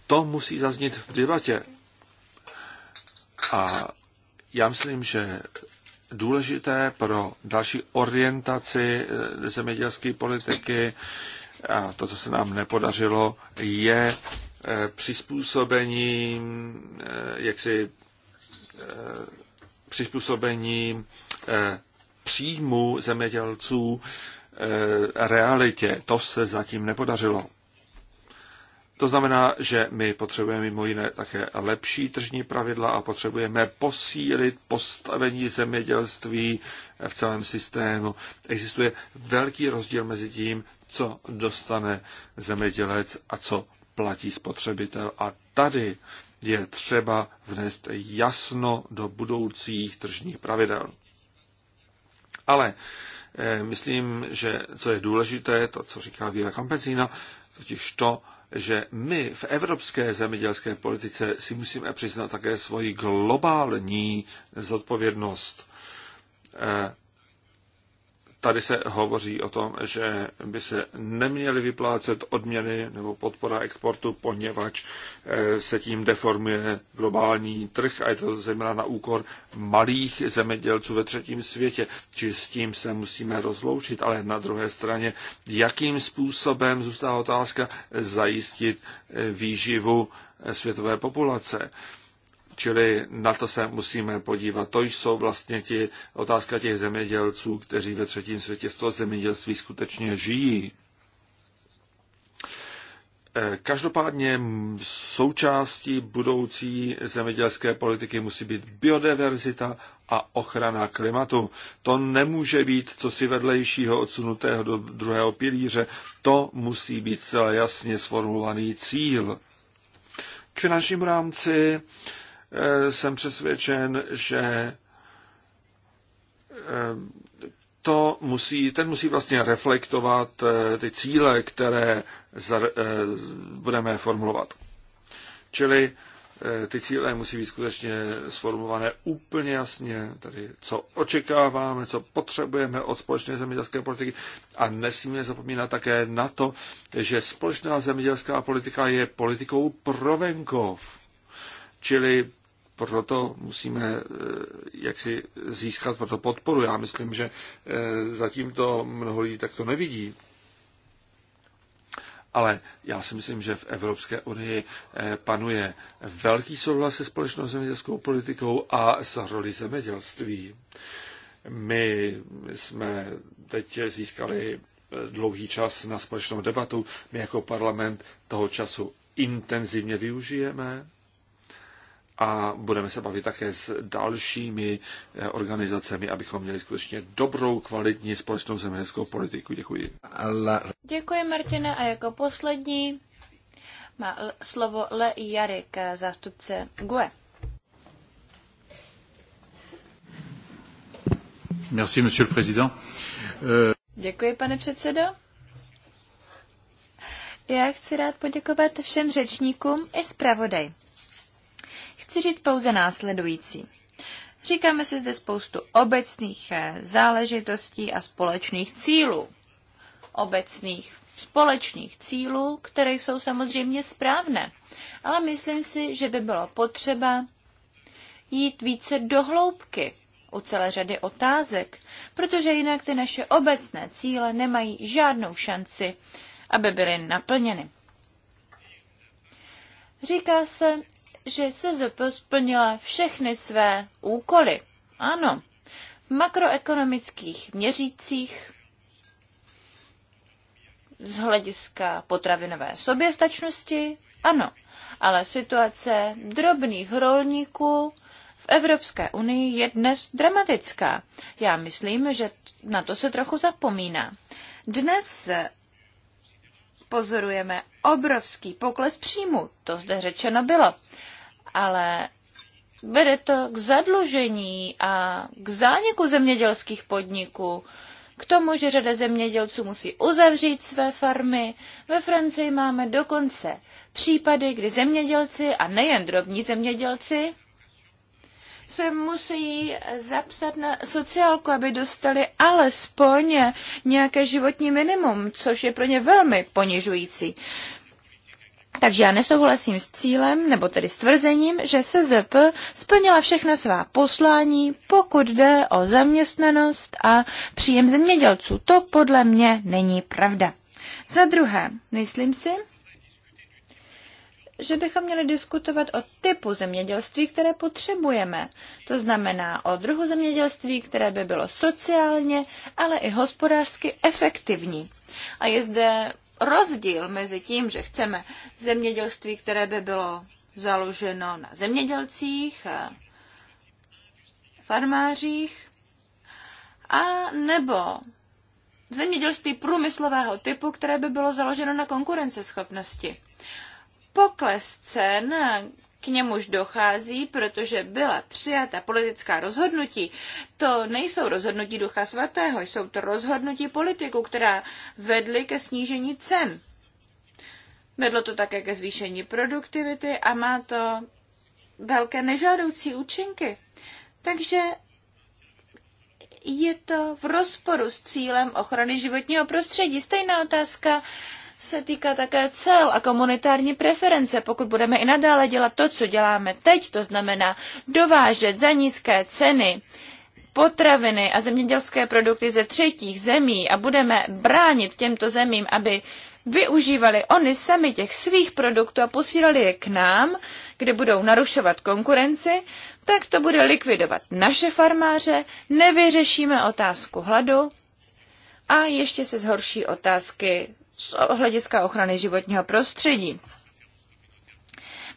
To musí zaznít v debatě. A já myslím, že důležité pro další orientaci eh, zemědělské politiky, a to, co se nám nepodařilo, je Eh, přizpůsobení, eh, jaksi eh, přizpůsobení příjmu zemědělců realitě. To se zatím nepodařilo. To znamená, že my potřebujeme mimo jiné také lepší tržní pravidla a potřebujeme posílit postavení zemědělství v celém systému. Existuje velký rozdíl mezi tím, co dostane zemědělec a co platí spotřebitel. A tady je třeba vnést jasno do budoucích tržních pravidel. Ale eh, myslím, že co je důležité, to, co říká Víra Kampecína, totiž to, že my v evropské zemědělské politice si musíme přiznat také svoji globální zodpovědnost. Eh, Tady se hovoří o tom, že by se neměly vyplácet odměny nebo podpora exportu, poněvadž eh, se tím deformuje globální trh a je to zejména na úkor malých zemědělců ve třetím světě. Či s tím se musíme rozloučit, ale na druhé straně, jakým způsobem zůstává otázka zajistit eh, výživu eh, světové populace. Čili na to se musíme podívat. To jsou vlastně ti, otázka těch zemědělců, kteří ve třetím světě z toho zemědělství skutečně žijí. Eh, každopádně součástí budoucí zemědělské politiky musí být biodiverzita a ochrana klimatu. To nemůže být co si vedlejšího odsunutého do druhého pilíře. To musí být celé jasně sformulovaný cíl. K finančním rámci Eh, jsem přesvědčen, že eh, to musí, ten musí vlastně reflektovat eh, ty cíle, které budeme formulovat. Čili ty cíle musí být skutečně sformované úplně jasně, tedy co očekáváme, co potřebujeme od společné zemědělské politiky a nesmíme zapomínat také na to, že společná zemědělská politika je politikou pro venkov. Čili proto musíme eh, jaksi získat proto podporu. Já myslím, že eh, zatím to mnoho lidí takto nevidí. Ale já si myslím, že v Evropské unii eh, panuje velký souhlas se společnou zemědělskou politikou a s roli zemědělství. My jsme teď získali dlouhý čas na společnou debatu. My jako parlament toho času intenzivně využijeme a budeme se bavit také s dalšími eh, organizacemi, abychom měli skutečně dobrou, kvalitní společnou zemědělskou politiku. Děkuji. Děkuji, Martina. A jako poslední má slovo Le Jarek, eh, zástupce GUE. Merci, monsieur le président. Euh, Děkuji, pane předsedo. Já chci rád poděkovat všem řečníkům i zpravodaj chci říct pouze následující. Říkáme si zde spoustu obecných eh, záležitostí a společných cílů. Obecných společných cílů, které jsou samozřejmě správné. Ale myslím si, že by bylo potřeba jít více do hloubky u celé řady otázek, protože jinak ty naše obecné cíle nemají žádnou šanci, aby byly naplněny. Říká se, že SZP splnila všechny své úkoly. Ano, v makroekonomických měřících z hlediska potravinové soběstačnosti, ano, ale situace drobných rolníků v Evropské unii je dnes dramatická. Já myslím, že na to se trochu zapomíná. Dnes pozorujeme obrovský pokles příjmu, to zde řečeno bylo ale vede to k zadlužení a k zániku zemědělských podniků, k tomu, že řada zemědělců musí uzavřít své farmy. Ve Francii máme dokonce případy, kdy zemědělci, a nejen drobní zemědělci, se musí zapsat na sociálku, aby dostali alespoň nějaké životní minimum, což je pro ně velmi ponižující. Takže já nesouhlasím s cílem, nebo tedy s tvrzením, že SZP splnila všechna svá poslání, pokud jde o zaměstnanost a příjem zemědělců. To podle mě není pravda. Za druhé, myslím si, že bychom měli diskutovat o typu zemědělství, které potřebujeme. To znamená o druhu zemědělství, které by bylo sociálně, ale i hospodářsky efektivní. A je zde rozdíl mezi tím, že chceme zemědělství, které by bylo založeno na zemědělcích, farmářích, a nebo zemědělství průmyslového typu, které by bylo založeno na konkurenceschopnosti. Pokles cen, k němuž dochází, protože byla přijata politická rozhodnutí, to nejsou rozhodnutí ducha svatého, jsou to rozhodnutí politiků, která vedly ke snížení cen. Vedlo to také ke zvýšení produktivity a má to velké nežádoucí účinky. Takže je to v rozporu s cílem ochrany životního prostředí. Stejná otázka se týká také cel a komunitární preference. Pokud budeme i nadále dělat to, co děláme teď, to znamená dovážet za nízké ceny potraviny a zemědělské produkty ze třetích zemí a budeme bránit těmto zemím, aby využívali oni sami těch svých produktů a posílali je k nám, kde budou narušovat konkurenci, tak to bude likvidovat naše farmáře, nevyřešíme otázku hladu a ještě se zhorší otázky z hlediska ochrany životního prostředí.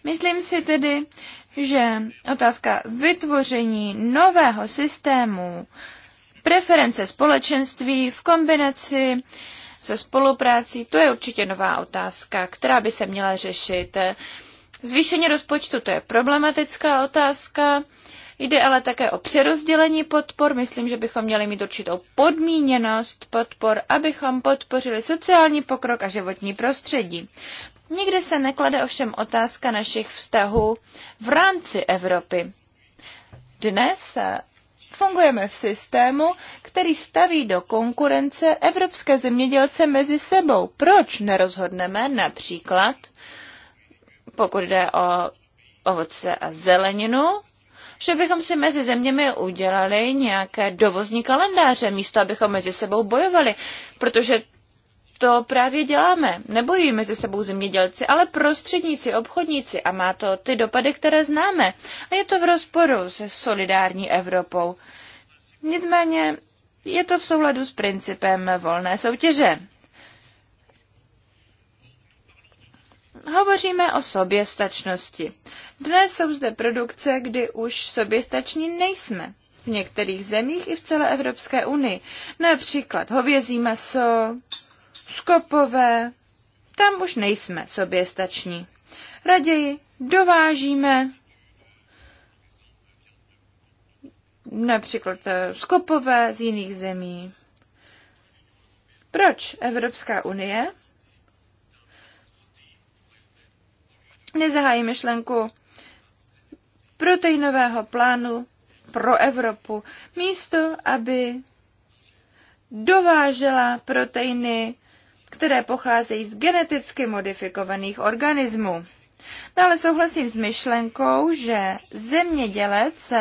Myslím si tedy, že otázka vytvoření nového systému preference společenství v kombinaci se spoluprácí, to je určitě nová otázka, která by se měla řešit. Zvýšení rozpočtu to je problematická otázka, Jde ale také o přerozdělení podpor. Myslím, že bychom měli mít určitou podmíněnost podpor, abychom podpořili sociální pokrok a životní prostředí. Nikde se neklade ovšem otázka našich vztahů v rámci Evropy. Dnes fungujeme v systému, který staví do konkurence evropské zemědělce mezi sebou. Proč nerozhodneme například, pokud jde o ovoce a zeleninu, že bychom si mezi zeměmi udělali nějaké dovozní kalendáře, místo abychom mezi sebou bojovali, protože to právě děláme. Nebojují mezi sebou zemědělci, ale prostředníci, obchodníci a má to ty dopady, které známe. A je to v rozporu se solidární Evropou. Nicméně je to v souladu s principem volné soutěže. Hovoříme o soběstačnosti. Dnes jsou zde produkce, kdy už soběstační nejsme. V některých zemích i v celé Evropské unii. Například hovězí maso, skopové. Tam už nejsme soběstační. Raději dovážíme například eh, skopové z jiných zemí. Proč Evropská unie nezahájí myšlenku proteinového plánu pro Evropu, místo aby dovážela proteiny, které pocházejí z geneticky modifikovaných organismů. Dále souhlasím s myšlenkou, že zemědělec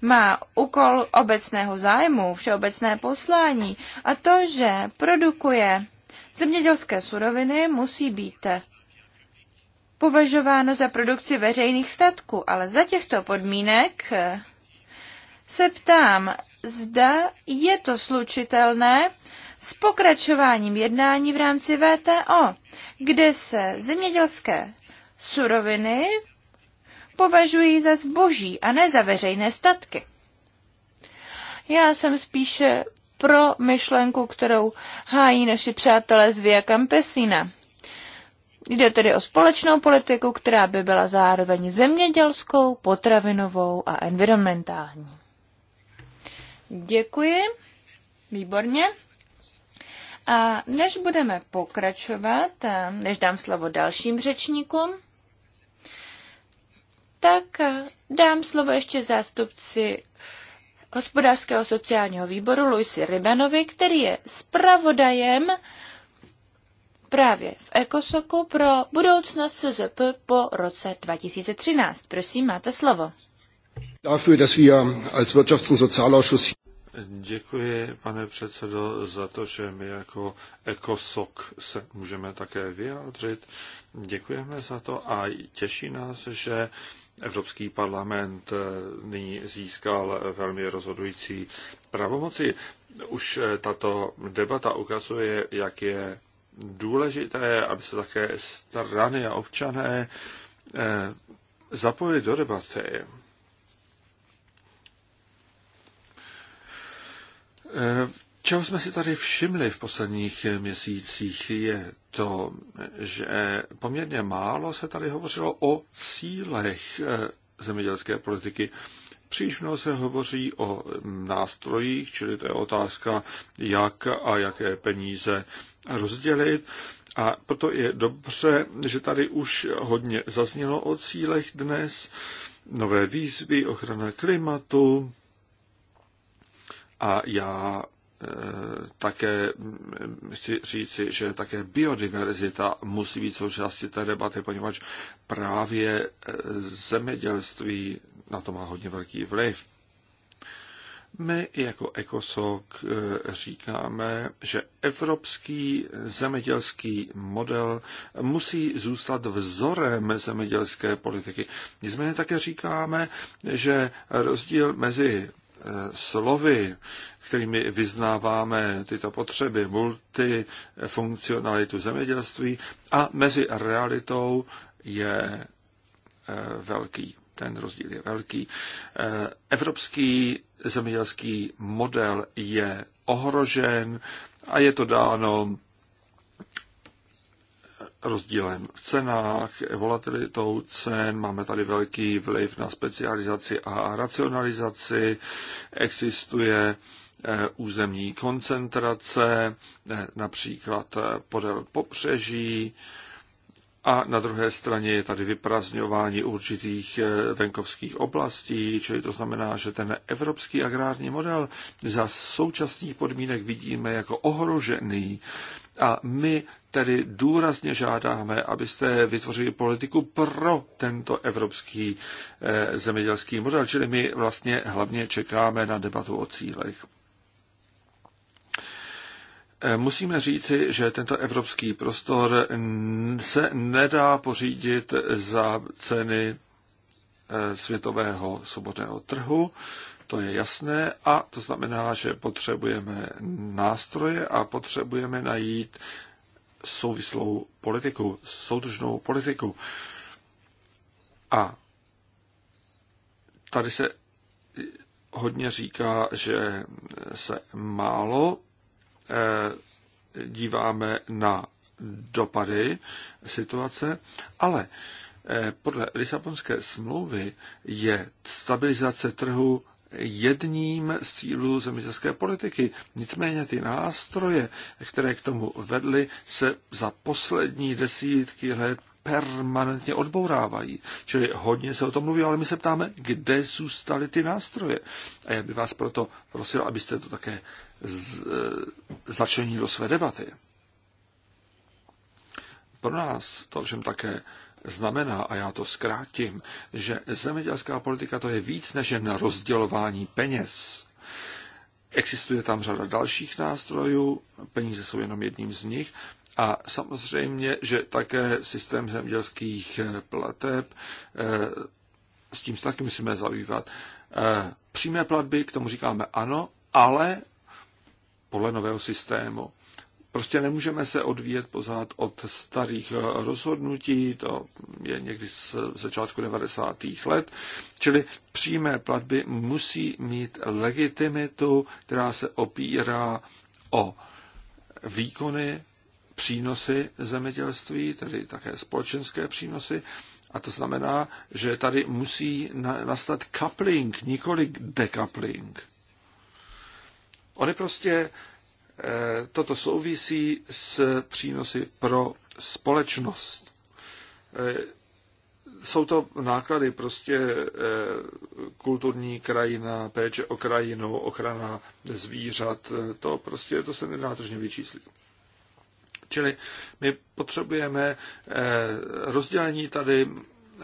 má úkol obecného zájmu, všeobecné poslání a to, že produkuje zemědělské suroviny, musí být považováno za produkci veřejných statků, ale za těchto podmínek eh, se ptám, zda je to slučitelné s pokračováním jednání v rámci VTO, kde se zemědělské suroviny považují za zboží a ne za veřejné statky. Já jsem spíše pro myšlenku, kterou hájí naši přátelé z Via Campesina – Jde tedy o společnou politiku, která by byla zároveň zemědělskou, potravinovou a environmentální. Děkuji. Výborně. A než budeme pokračovat, než dám slovo dalším řečníkům, tak dám slovo ještě zástupci hospodářského sociálního výboru Luisi Ribanovi, který je zpravodajem právě v Ekosoku pro budoucnost CZP po roce 2013. Prosím, máte slovo. Dafür, dass wir als Wirtschafts- und Sozialausschuss Děkuji, pane předsedo, za to, že my jako ekosok se můžeme také vyjádřit. Děkujeme za to a těší nás, že Evropský parlament eh, nyní získal velmi rozhodující pravomoci. Už eh, tato debata ukazuje, jak je důležité je, aby se také strany a občané eh, zapojili do debaty. Eh, čeho jsme si tady všimli v posledních měsících je to, že poměrně málo se tady hovořilo o sílech eh, zemědělské politiky. Příliš mnoho se hovoří o nástrojích, čili to je otázka, jak a jaké peníze rozdělit. A proto je dobře, že tady už hodně zaznělo o cílech dnes, nové výzvy, ochrana klimatu. A já eh, také mm, chci říci, že také biodiverzita musí být součástí té debaty, poněvadž právě eh, zemědělství na to má hodně velký vliv. My jako ECOSOC eh, říkáme, že evropský zemědělský model musí zůstat vzorem zemědělské politiky. Nicméně také říkáme, že rozdíl mezi eh, slovy, kterými vyznáváme tyto potřeby, multifunkcionalitu zemědělství a mezi realitou je eh, velký ten rozdíl je velký. Eh, evropský zemědělský model je ohrožen a je to dáno rozdílem v cenách, volatilitou cen, máme tady velký vliv na specializaci a racionalizaci, existuje eh, územní koncentrace, eh, například podél popřeží, a na druhé straně je tady vyprazňování určitých eh, venkovských oblastí, čili to znamená, že ten evropský agrární model za současných podmínek vidíme jako ohrožený. A my tedy důrazně žádáme, abyste vytvořili politiku pro tento evropský eh, zemědělský model, čili my vlastně hlavně čekáme na debatu o cílech. Musíme říci, že tento evropský prostor se nedá pořídit za ceny e, světového svobodného trhu, to je jasné a to znamená, že potřebujeme nástroje a potřebujeme najít souvislou politiku, soudržnou politiku. A tady se hodně říká, že se málo Eh, díváme na dopady situace, ale eh, podle Lisabonské smlouvy je stabilizace trhu jedním z cílů zemědělské politiky. Nicméně ty nástroje, které k tomu vedly, se za poslední desítky let permanentně odbourávají. Čili hodně se o tom mluví, ale my se ptáme, kde zůstaly ty nástroje. A já bych vás proto prosil, abyste to také E, začlení do své debaty. Pro nás to všem také znamená, a já to zkrátím, že zemědělská politika to je víc než jen rozdělování peněz. Existuje tam řada dalších nástrojů, peníze jsou jenom jedním z nich, a samozřejmě, že také systém zemědělských e, plateb, e, s tím se taky musíme zabývat. Přímé platby, k tomu říkáme ano, ale podle nového systému. Prostě nemůžeme se odvíjet pořád od starých rozhodnutí, to je někdy z začátku 90. let, čili přímé platby musí mít legitimitu, která se opírá o výkony, přínosy zemědělství, tedy také společenské přínosy, a to znamená, že tady musí nastat coupling, nikoli decoupling. Ony prostě eh, toto souvisí s přínosy pro společnost. Eh, jsou to náklady prostě eh, kulturní krajina, péče o krajinu, ochrana zvířat, to prostě to se nedá tržně vyčíslit. Čili my potřebujeme rozdělení tady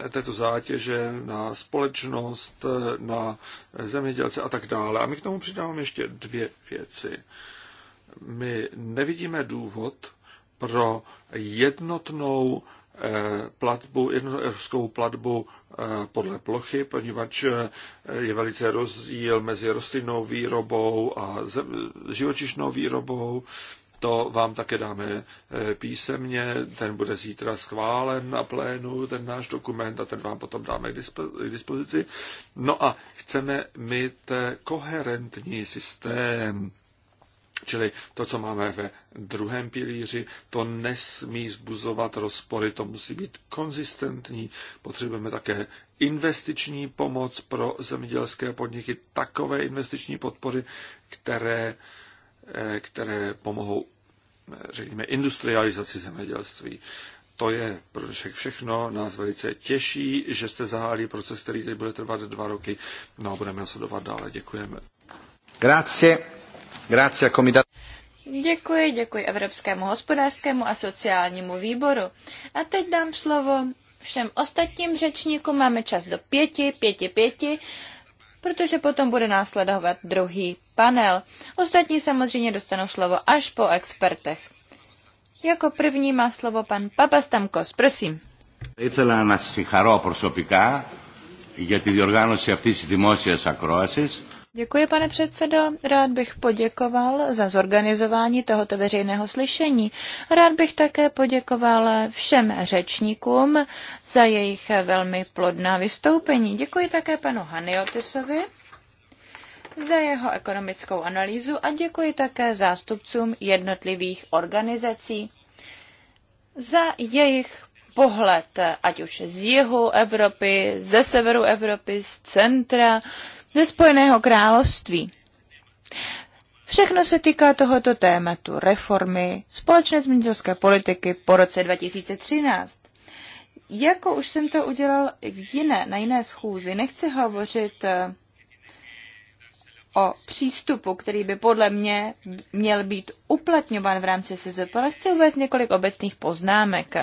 této zátěže na společnost, na zemědělce a tak dále. A my k tomu přidáváme ještě dvě věci. My nevidíme důvod pro jednotnou eh, platbu, evropskou platbu eh, podle plochy, poněvadž eh, je velice rozdíl mezi rostlinnou výrobou a živočišnou výrobou to vám také dáme eh, písemně, ten bude zítra schválen na plénu, ten náš dokument a ten vám potom dáme k, dispozici. No a chceme mít koherentní systém. Čili to, co máme ve druhém pilíři, to nesmí zbuzovat rozpory, to musí být konzistentní. Potřebujeme také investiční pomoc pro zemědělské podniky, takové investiční podpory, které Eh, které pomohou, eh, řekněme, industrializaci zemědělství. To je pro dnešek všechno. Nás velice těší, že jste zahájili proces, který teď bude trvat dva roky. No a budeme sledovat dále. Děkujeme. Grazie. Grazie, komitat. Děkuji, děkuji Evropskému hospodářskému a sociálnímu výboru. A teď dám slovo všem ostatním řečníkům. Máme čas do pěti, pěti, pěti, protože potom bude následovat druhý panel. Ostatní samozřejmě dostanou slovo až po expertech. Jako první má slovo pan Papastamkos, prosím. Ήθελα να συγχαρώ προσωπικά για τη διοργάνωση αυτής της δημόσιας ακρόασης. Děkuji, pane předsedo. Rád bych poděkoval za zorganizování tohoto veřejného slyšení. Rád bych také poděkoval všem řečníkům za jejich velmi plodná vystoupení. Děkuji také panu Haniotisovi za jeho ekonomickou analýzu a děkuji také zástupcům jednotlivých organizací za jejich pohled, ať už z jihu Evropy, ze severu Evropy, z centra, ze Spojeného království. Všechno se týká tohoto tématu reformy společné zemědělské politiky po roce 2013. Jako už jsem to udělal v jiné, na jiné schůzi, nechci hovořit eh, o přístupu, který by podle mě měl být uplatňován v rámci SZP, ale chci uvést několik obecných poznámek.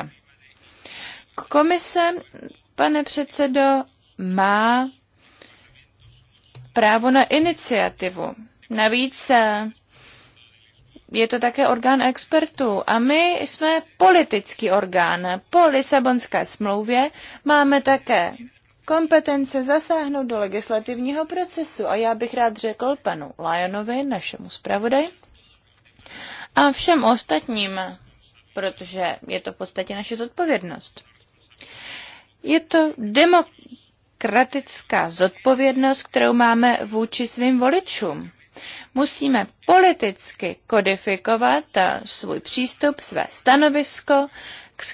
Komise, pane předsedo, má právo na iniciativu. Navíc eh, je to také orgán expertů a my jsme politický orgán. Po Lisabonské smlouvě máme také kompetence zasáhnout do legislativního procesu. A já bych rád řekl panu Lyonovi, našemu zpravodaji, a všem ostatním, protože je to v podstatě naše zodpovědnost. Je to demokratická zodpovědnost, kterou máme vůči svým voličům. Musíme politicky kodifikovat eh, svůj přístup, své stanovisko,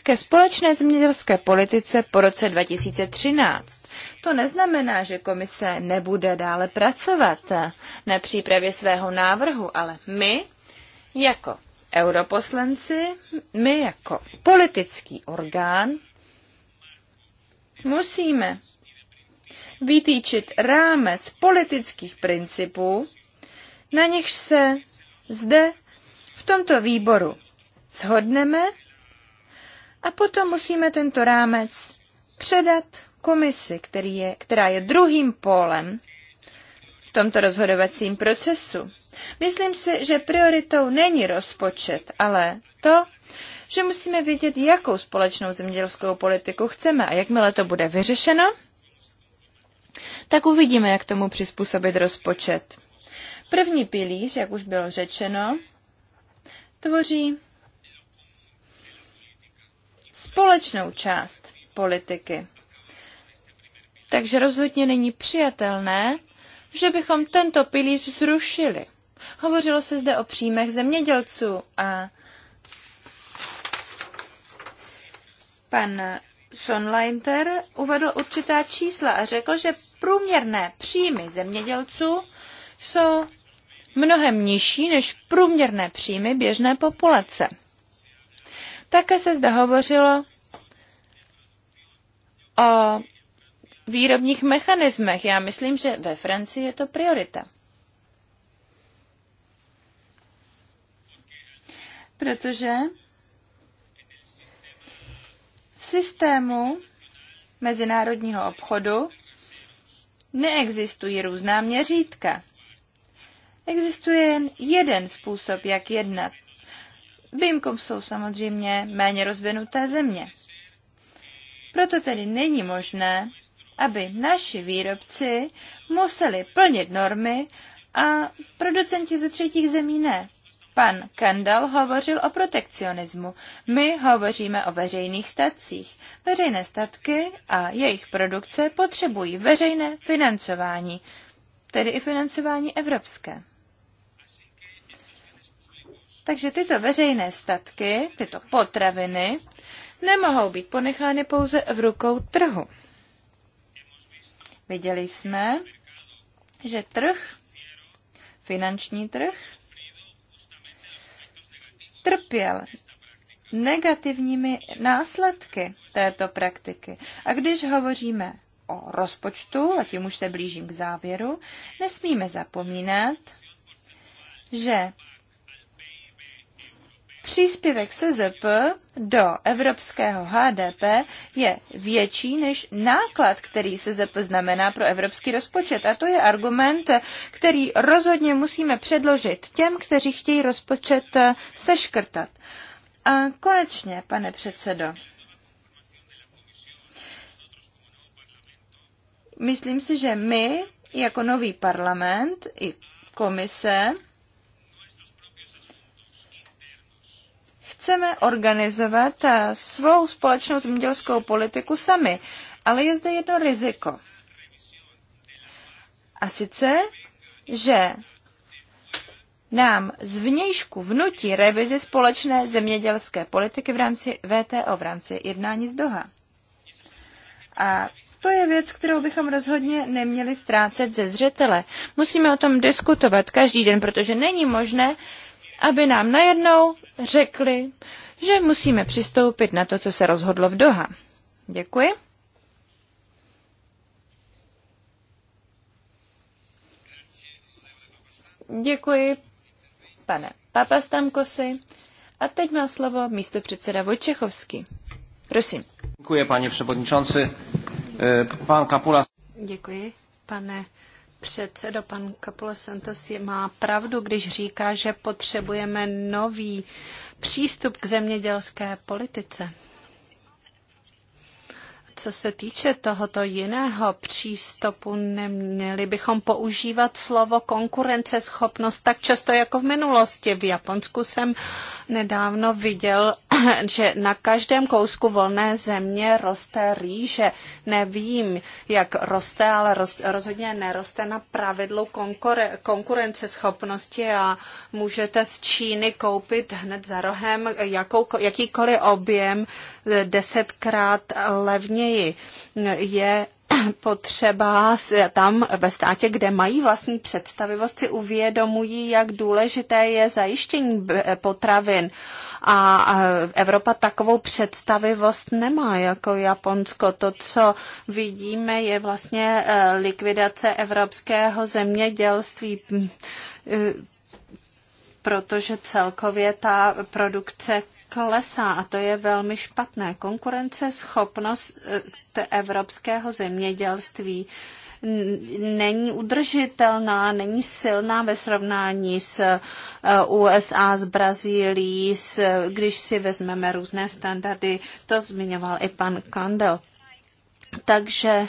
ke společné zemědělské politice po roce 2013. To neznamená, že komise nebude dále pracovat na přípravě svého návrhu, ale my jako europoslanci, my jako politický orgán musíme vytýčit rámec politických principů, na nichž se zde v tomto výboru shodneme a potom musíme tento rámec předat komisi, který je, která je druhým pólem v tomto rozhodovacím procesu. Myslím si, že prioritou není rozpočet, ale to, že musíme vědět, jakou společnou zemědělskou politiku chceme a jakmile to bude vyřešeno, tak uvidíme, jak tomu přizpůsobit rozpočet. První pilíř, jak už bylo řečeno, tvoří společnou část politiky. Takže rozhodně není přijatelné, že bychom tento pilíř zrušili. Hovořilo se zde o příjmech zemědělců a pan Sonleinter uvedl určitá čísla a řekl, že průměrné příjmy zemědělců jsou mnohem nižší než průměrné příjmy běžné populace. Také se zde hovořilo o výrobních mechanismech. Já myslím, že ve Francii je to priorita. Protože v systému mezinárodního obchodu neexistují různá měřítka. Existuje jen jeden způsob, jak jednat. Výjimkou jsou samozřejmě méně rozvinuté země. Proto tedy není možné, aby naši výrobci museli plnit normy a producenti ze třetích zemí ne. Pan Kendall hovořil o protekcionismu. My hovoříme o veřejných statcích. Veřejné statky a jejich produkce potřebují veřejné financování, tedy i financování evropské. Takže tyto veřejné statky, tyto potraviny, nemohou být ponechány pouze v rukou trhu. Viděli jsme, že trh, finanční trh, trpěl negativními následky této praktiky. A když hovoříme o rozpočtu, a tím už se blížím k závěru, nesmíme zapomínat, že Příspěvek SZP do evropského HDP je větší než náklad, který SZP znamená pro evropský rozpočet. A to je argument, který rozhodně musíme předložit těm, kteří chtějí rozpočet eh, seškrtat. A konečně, pane předsedo, myslím si, že my jako nový parlament i komise chceme organizovat eh, svou společnou zemědělskou politiku sami. Ale je zde jedno riziko. A sice, že nám zvnějšku vnutí revizi společné zemědělské politiky v rámci VTO, v rámci jednání z Doha. A to je věc, kterou bychom rozhodně neměli ztrácet ze zřetele. Musíme o tom diskutovat každý den, protože není možné, aby nám najednou řekli, že musíme přistoupit na to, co se rozhodlo v Doha. Děkuji. Děkuji, pane Papastamkosi. A teď má slovo místo předseda Vojčechovský. Prosím. Děkuji, pane předsedající. Eh, pan Kapula. Děkuji, pane předsedo, pan Kapole Santos má pravdu, když říká, že potřebujeme nový přístup k zemědělské politice. Co se týče tohoto jiného přístupu, neměli bychom používat slovo konkurenceschopnost tak často jako v minulosti. V Japonsku jsem nedávno viděl, (clears throat) že na každém kousku volné země roste rýže. Nevím, jak roste, ale roz, rozhodně neroste na pravidlu konkure, konkurenceschopnosti a můžete z Číny koupit hned za rohem jakou, jakýkoliv objem eh, desetkrát levně silněji. Je potřeba tam ve státě, kde mají vlastní představivost, si uvědomují, jak důležité je zajištění potravin. A Evropa takovou představivost nemá jako Japonsko. To, co vidíme, je vlastně e, likvidace evropského zemědělství e, protože celkově ta produkce klesá a to je velmi špatné. Konkurenceschopnost eh, evropského zemědělství není udržitelná, není silná ve srovnání s eh, USA, s Brazílií, s, když si vezmeme různé standardy. To zmiňoval i pan Kandel. Takže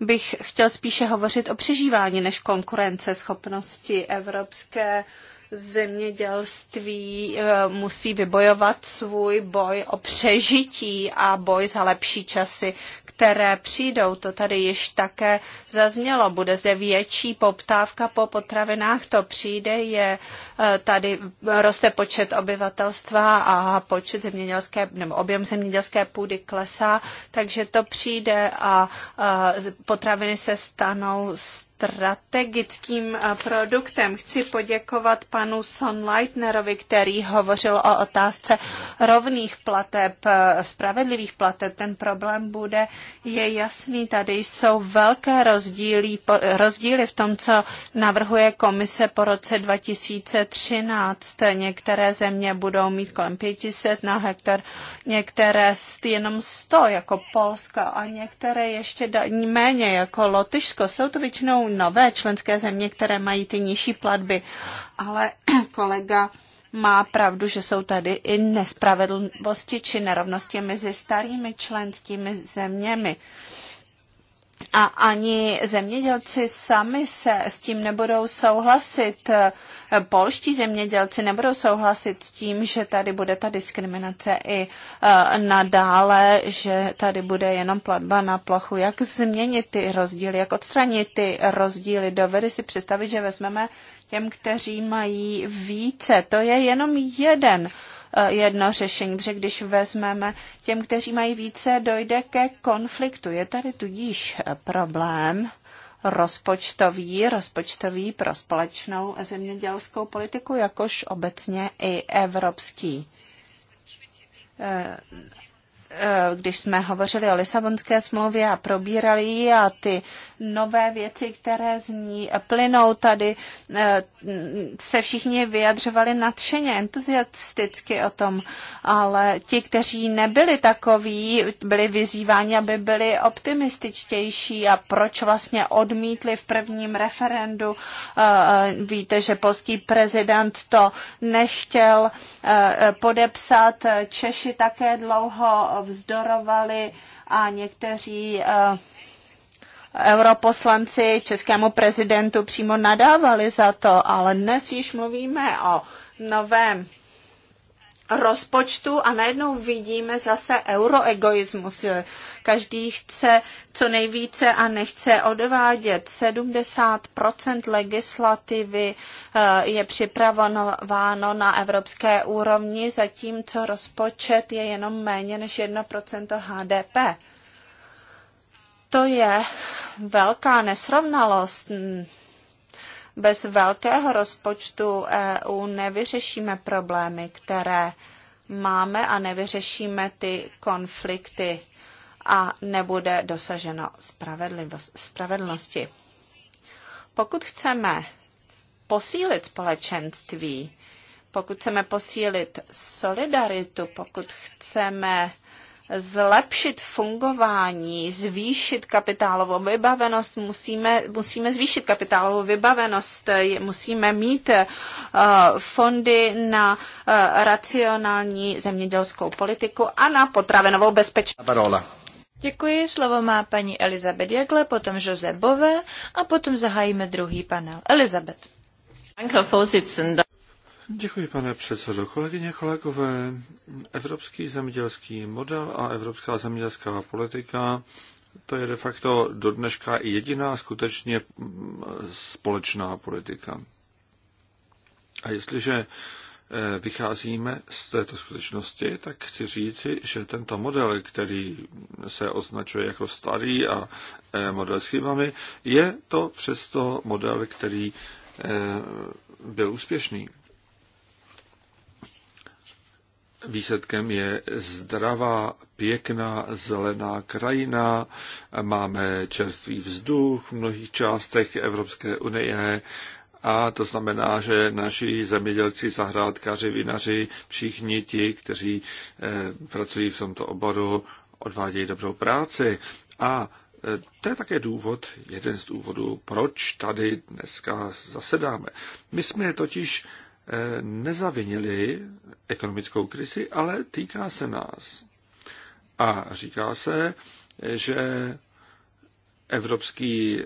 bych chtěl spíše hovořit o přežívání než konkurenceschopnosti evropské zemědělství eh, musí vybojovat svůj boj o přežití a boj za lepší časy, které přijdou. To tady již také zaznělo. Bude zde větší poptávka po potravinách, to přijde, je eh, tady roste počet obyvatelstva a počet zemědělské, nebo objem zemědělské půdy klesá, takže to přijde a eh, potraviny se stanou strategickým eh, produktem. Chci poděkovat panu Leitnerovi, který hovořil o otázce rovných plateb, eh, spravedlivých plateb. Ten problém bude, je jasný, tady jsou velké rozdíly, rozdíly v tom, co navrhuje komise po roce 2013. Některé země budou mít kolem 500 na hektar, některé jenom 100, jako Polska, a některé ještě méně, jako Lotyšsko. Jsou to většinou nové členské země, které mají ty nižší platby. Ale (clears throat) kolega má pravdu, že jsou tady i nespravedlnosti či nerovnosti mezi starými členskými zeměmi. Uh, a ani zemědělci sami se s tím nebudou souhlasit. Polští zemědělci nebudou souhlasit s tím, že tady bude ta diskriminace i e, nadále, že tady bude jenom platba na plochu. Jak změnit ty rozdíly, jak odstranit ty rozdíly? Dovedy si představit, že vezmeme těm, kteří mají více. To je jenom jeden Eh, jedno řešení, protože když vezmeme těm, kteří mají více, dojde ke konfliktu. Je tady tudíž eh, problém rozpočtový, rozpočtový pro společnou zemědělskou politiku, jakož obecně i evropský eh, Eh, když jsme hovořili o Lisabonské smlouvě a probírali ji a ty nové věci, které z ní plynou tady, eh, se všichni vyjadřovali nadšeně, entuziasticky o tom, ale ti, kteří nebyli takoví, byli vyzýváni, aby byli optimističtější a proč vlastně odmítli v prvním referendu. Eh, víte, že polský prezident to nechtěl podepsat, Češi také dlouho vzdorovali a někteří eh, europoslanci českému prezidentu přímo nadávali za to, ale dnes již mluvíme o novém rozpočtu a najednou vidíme zase euroegoismus. Každý chce co nejvíce a nechce odvádět. 70% legislativy eh, je připravováno na evropské úrovni, zatímco rozpočet je jenom méně než 1% HDP. To je velká nesrovnalost bez velkého rozpočtu EU nevyřešíme problémy, které máme a nevyřešíme ty konflikty a nebude dosaženo spravedlnosti. Pokud chceme posílit společenství, pokud chceme posílit solidaritu, pokud chceme zlepšit fungování, zvýšit kapitálovou vybavenost, musíme, musíme zvýšit kapitálovou vybavenost, musíme mít uh, fondy na uh, racionální zemědělskou politiku a na potravinovou bezpečnost. Děkuji, slovo má paní Elizabeth Jagle, potom Jose Bové a potom zahájíme druhý panel. Elizabeth. Děkuji, pane předsedo. Kolegyně, kolegové, evropský zemědělský model a evropská zemědělská politika, to je de facto do dneška jediná skutečně mm, společná politika. A jestliže eh, vycházíme z této skutečnosti, tak chci říci, že tento model, který se označuje jako starý a eh, model s chybami, je to přesto model, který eh, byl úspěšný. Výsledkem je zdravá, pěkná, zelená krajina. Máme čerstvý vzduch v mnohých částech Evropské unie a to znamená, že naši zemědělci, zahrádkáři, vinaři, všichni ti, kteří eh, pracují v tomto oboru, odvádějí dobrou práci. A eh, to je také důvod, jeden z důvodů, proč tady dneska zasedáme. My jsme totiž Eh, nezavinili ekonomickou krizi, ale týká se nás. A říká se, že evropský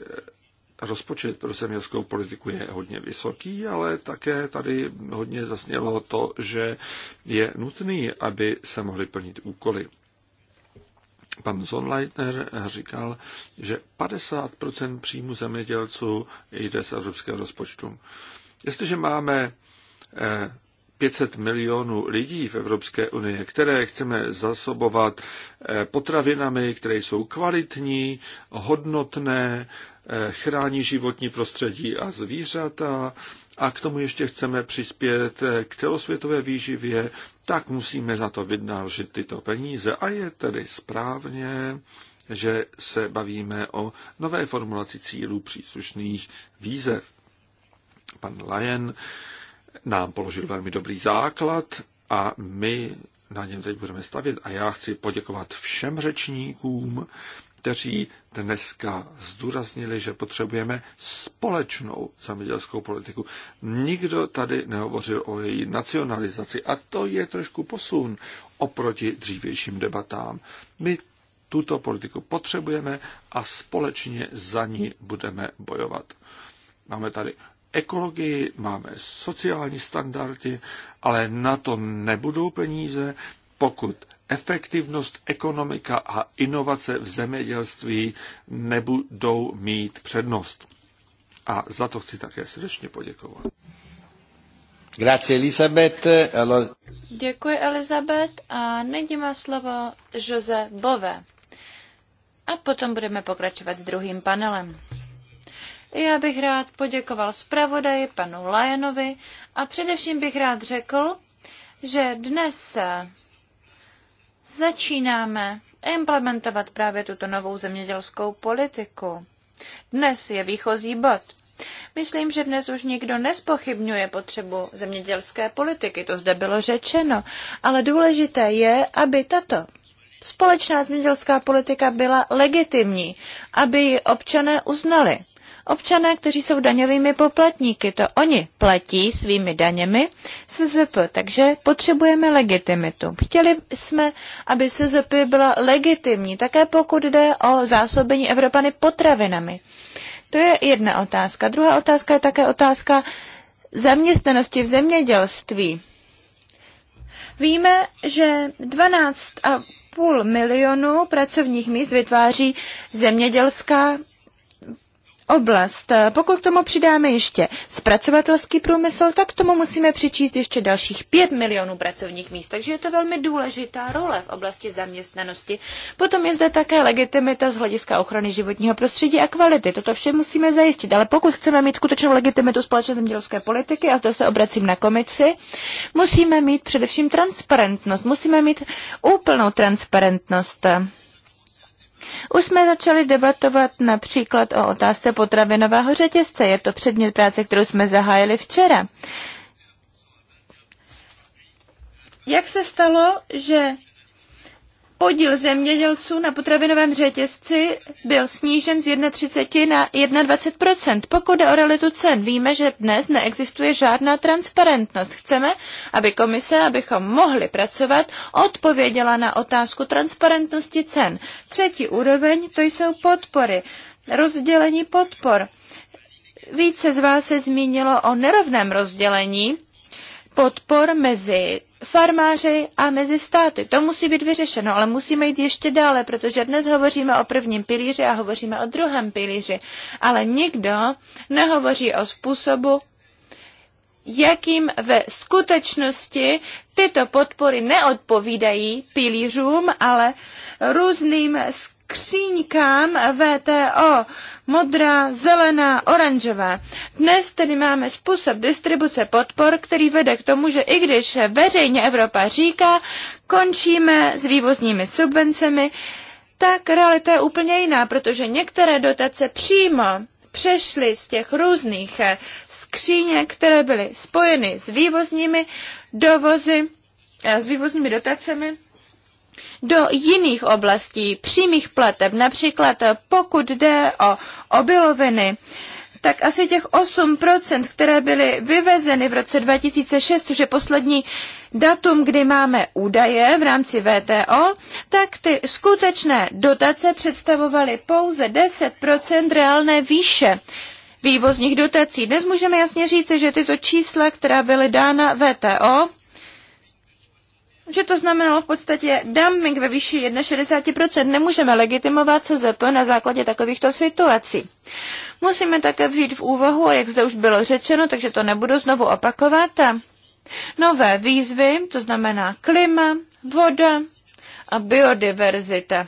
rozpočet pro zemědělskou politiku je hodně vysoký, ale také tady hodně zasnělo to, že je nutný, aby se mohly plnit úkoly. Pan Zonleitner říkal, že 50% příjmu zemědělců jde z evropského rozpočtu. Jestliže máme 500 milionů lidí v Evropské unii, které chceme zasobovat eh, potravinami, které jsou kvalitní, hodnotné, eh, chrání životní prostředí a zvířata a k tomu ještě chceme přispět eh, k celosvětové výživě, tak musíme za to vydnážit tyto peníze. A je tedy správně, že se bavíme o nové formulaci cílů příslušných výzev. Pan Lajen eh, nám položil velmi dobrý základ a my na něm teď budeme stavět. A já chci poděkovat všem řečníkům, kteří dneska zdůraznili, že potřebujeme společnou zemědělskou politiku. Nikdo tady nehovořil o její nacionalizaci a to je trošku posun oproti dřívějším debatám. My tuto politiku potřebujeme a společně za ní budeme bojovat. Máme tady ekologii, máme sociální standardy, ale na to nebudou peníze, pokud efektivnost, ekonomika a inovace v zemědělství nebudou mít přednost. A za to chci také srdečně poděkovat. Grazie Elizabeth. Děkuji Elizabeth a nyní má slovo Jose Bove. A potom budeme pokračovat s druhým panelem. Já bych rád poděkoval zpravodaji panu Lajenovi a především bych rád řekl, že dnes eh, začínáme implementovat právě tuto novou zemědělskou politiku. Dnes je výchozí bod. Myslím, že dnes už nikdo nespochybňuje potřebu zemědělské politiky, to zde bylo řečeno, ale důležité je, aby tato společná zemědělská politika byla legitimní, aby ji občané uznali. Občané, kteří jsou daňovými poplatníky, to oni platí svými daněmi SZP, takže potřebujeme legitimitu. Chtěli jsme, aby SZP byla legitimní, také pokud jde o zásobení Evropany potravinami. To je jedna otázka. Druhá otázka je také otázka zaměstnanosti v zemědělství. Víme, že 12,5 milionu pracovních míst vytváří zemědělská oblast. Pokud k tomu přidáme ještě zpracovatelský průmysl, tak k tomu musíme přičíst ještě dalších 5 milionů pracovních míst. Takže je to velmi důležitá role v oblasti zaměstnanosti. Potom je zde také legitimita z hlediska ochrany životního prostředí a kvality. Toto vše musíme zajistit. Ale pokud chceme mít skutečnou legitimitu společné zemědělské politiky, a zde se obracím na komici, musíme mít především transparentnost. Musíme mít úplnou transparentnost. Už jsme začali debatovat například o otázce potravinového řetězce. Je to předmět práce, kterou jsme zahájili včera. Jak se stalo, že podíl zemědělců na potravinovém řetězci byl snížen z 1,30 na 21 Pokud jde o realitu cen, víme, že dnes neexistuje žádná transparentnost. Chceme, aby komise, abychom mohli pracovat, odpověděla na otázku transparentnosti cen. Třetí úroveň to jsou podpory, rozdělení podpor. Více z vás se zmínilo o nerovném rozdělení podpor mezi farmáři a mezi státy. To musí být vyřešeno, ale musíme jít ještě dále, protože dnes hovoříme o prvním pilíři a hovoříme o druhém pilíři, ale nikdo nehovoří o způsobu, jakým ve skutečnosti tyto podpory neodpovídají pilířům, ale různým skříňkám VTO. Modrá, zelená, oranžová. Dnes tedy máme způsob distribuce podpor, který vede k tomu, že i když veřejně Evropa říká, končíme s vývozními subvencemi, tak realita je úplně jiná, protože některé dotace přímo přešly z těch různých eh, skříně, které byly spojeny s vývozními dovozy, eh, s vývozními dotacemi do jiných oblastí přímých plateb, například pokud jde o obiloviny, tak asi těch 8%, které byly vyvezeny v roce 2006, což je poslední datum, kdy máme údaje v rámci VTO, tak ty skutečné dotace představovaly pouze 10% reálné výše vývozních dotací. Dnes můžeme jasně říci, že tyto čísla, která byly dána VTO, že to znamenalo v podstatě dumping ve výši 61%. Nemůžeme legitimovat CZP na základě takovýchto situací. Musíme také vzít v úvahu, a jak zde už bylo řečeno, takže to nebudu znovu opakovat, nové výzvy, to znamená klima, voda a biodiverzita.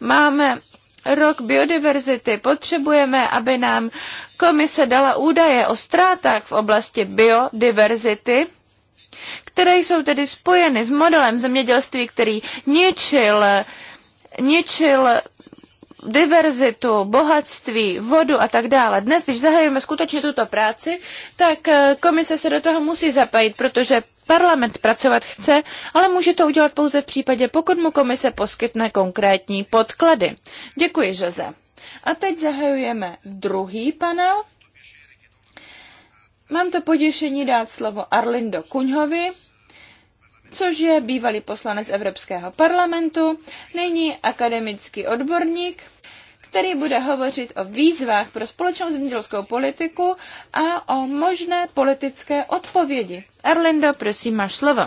Máme rok biodiverzity. Potřebujeme, aby nám komise dala údaje o ztrátách v oblasti biodiverzity které jsou tedy spojeny s modelem zemědělství, který ničil, ničil diverzitu, bohatství, vodu a tak dále. Dnes, když zahajujeme skutečně tuto práci, tak eh, komise se do toho musí zapojit, protože parlament pracovat chce, ale může to udělat pouze v případě, pokud mu komise poskytne konkrétní podklady. Děkuji, Jose. A teď zahajujeme druhý panel. Mám to poděšení dát slovo Arlindo Kuňhovi, což je bývalý poslanec Evropského parlamentu, nyní akademický odborník, který bude hovořit o výzvách pro společnou zemědělskou politiku a o možné politické odpovědi. Erlindo, prosím, máš slovo.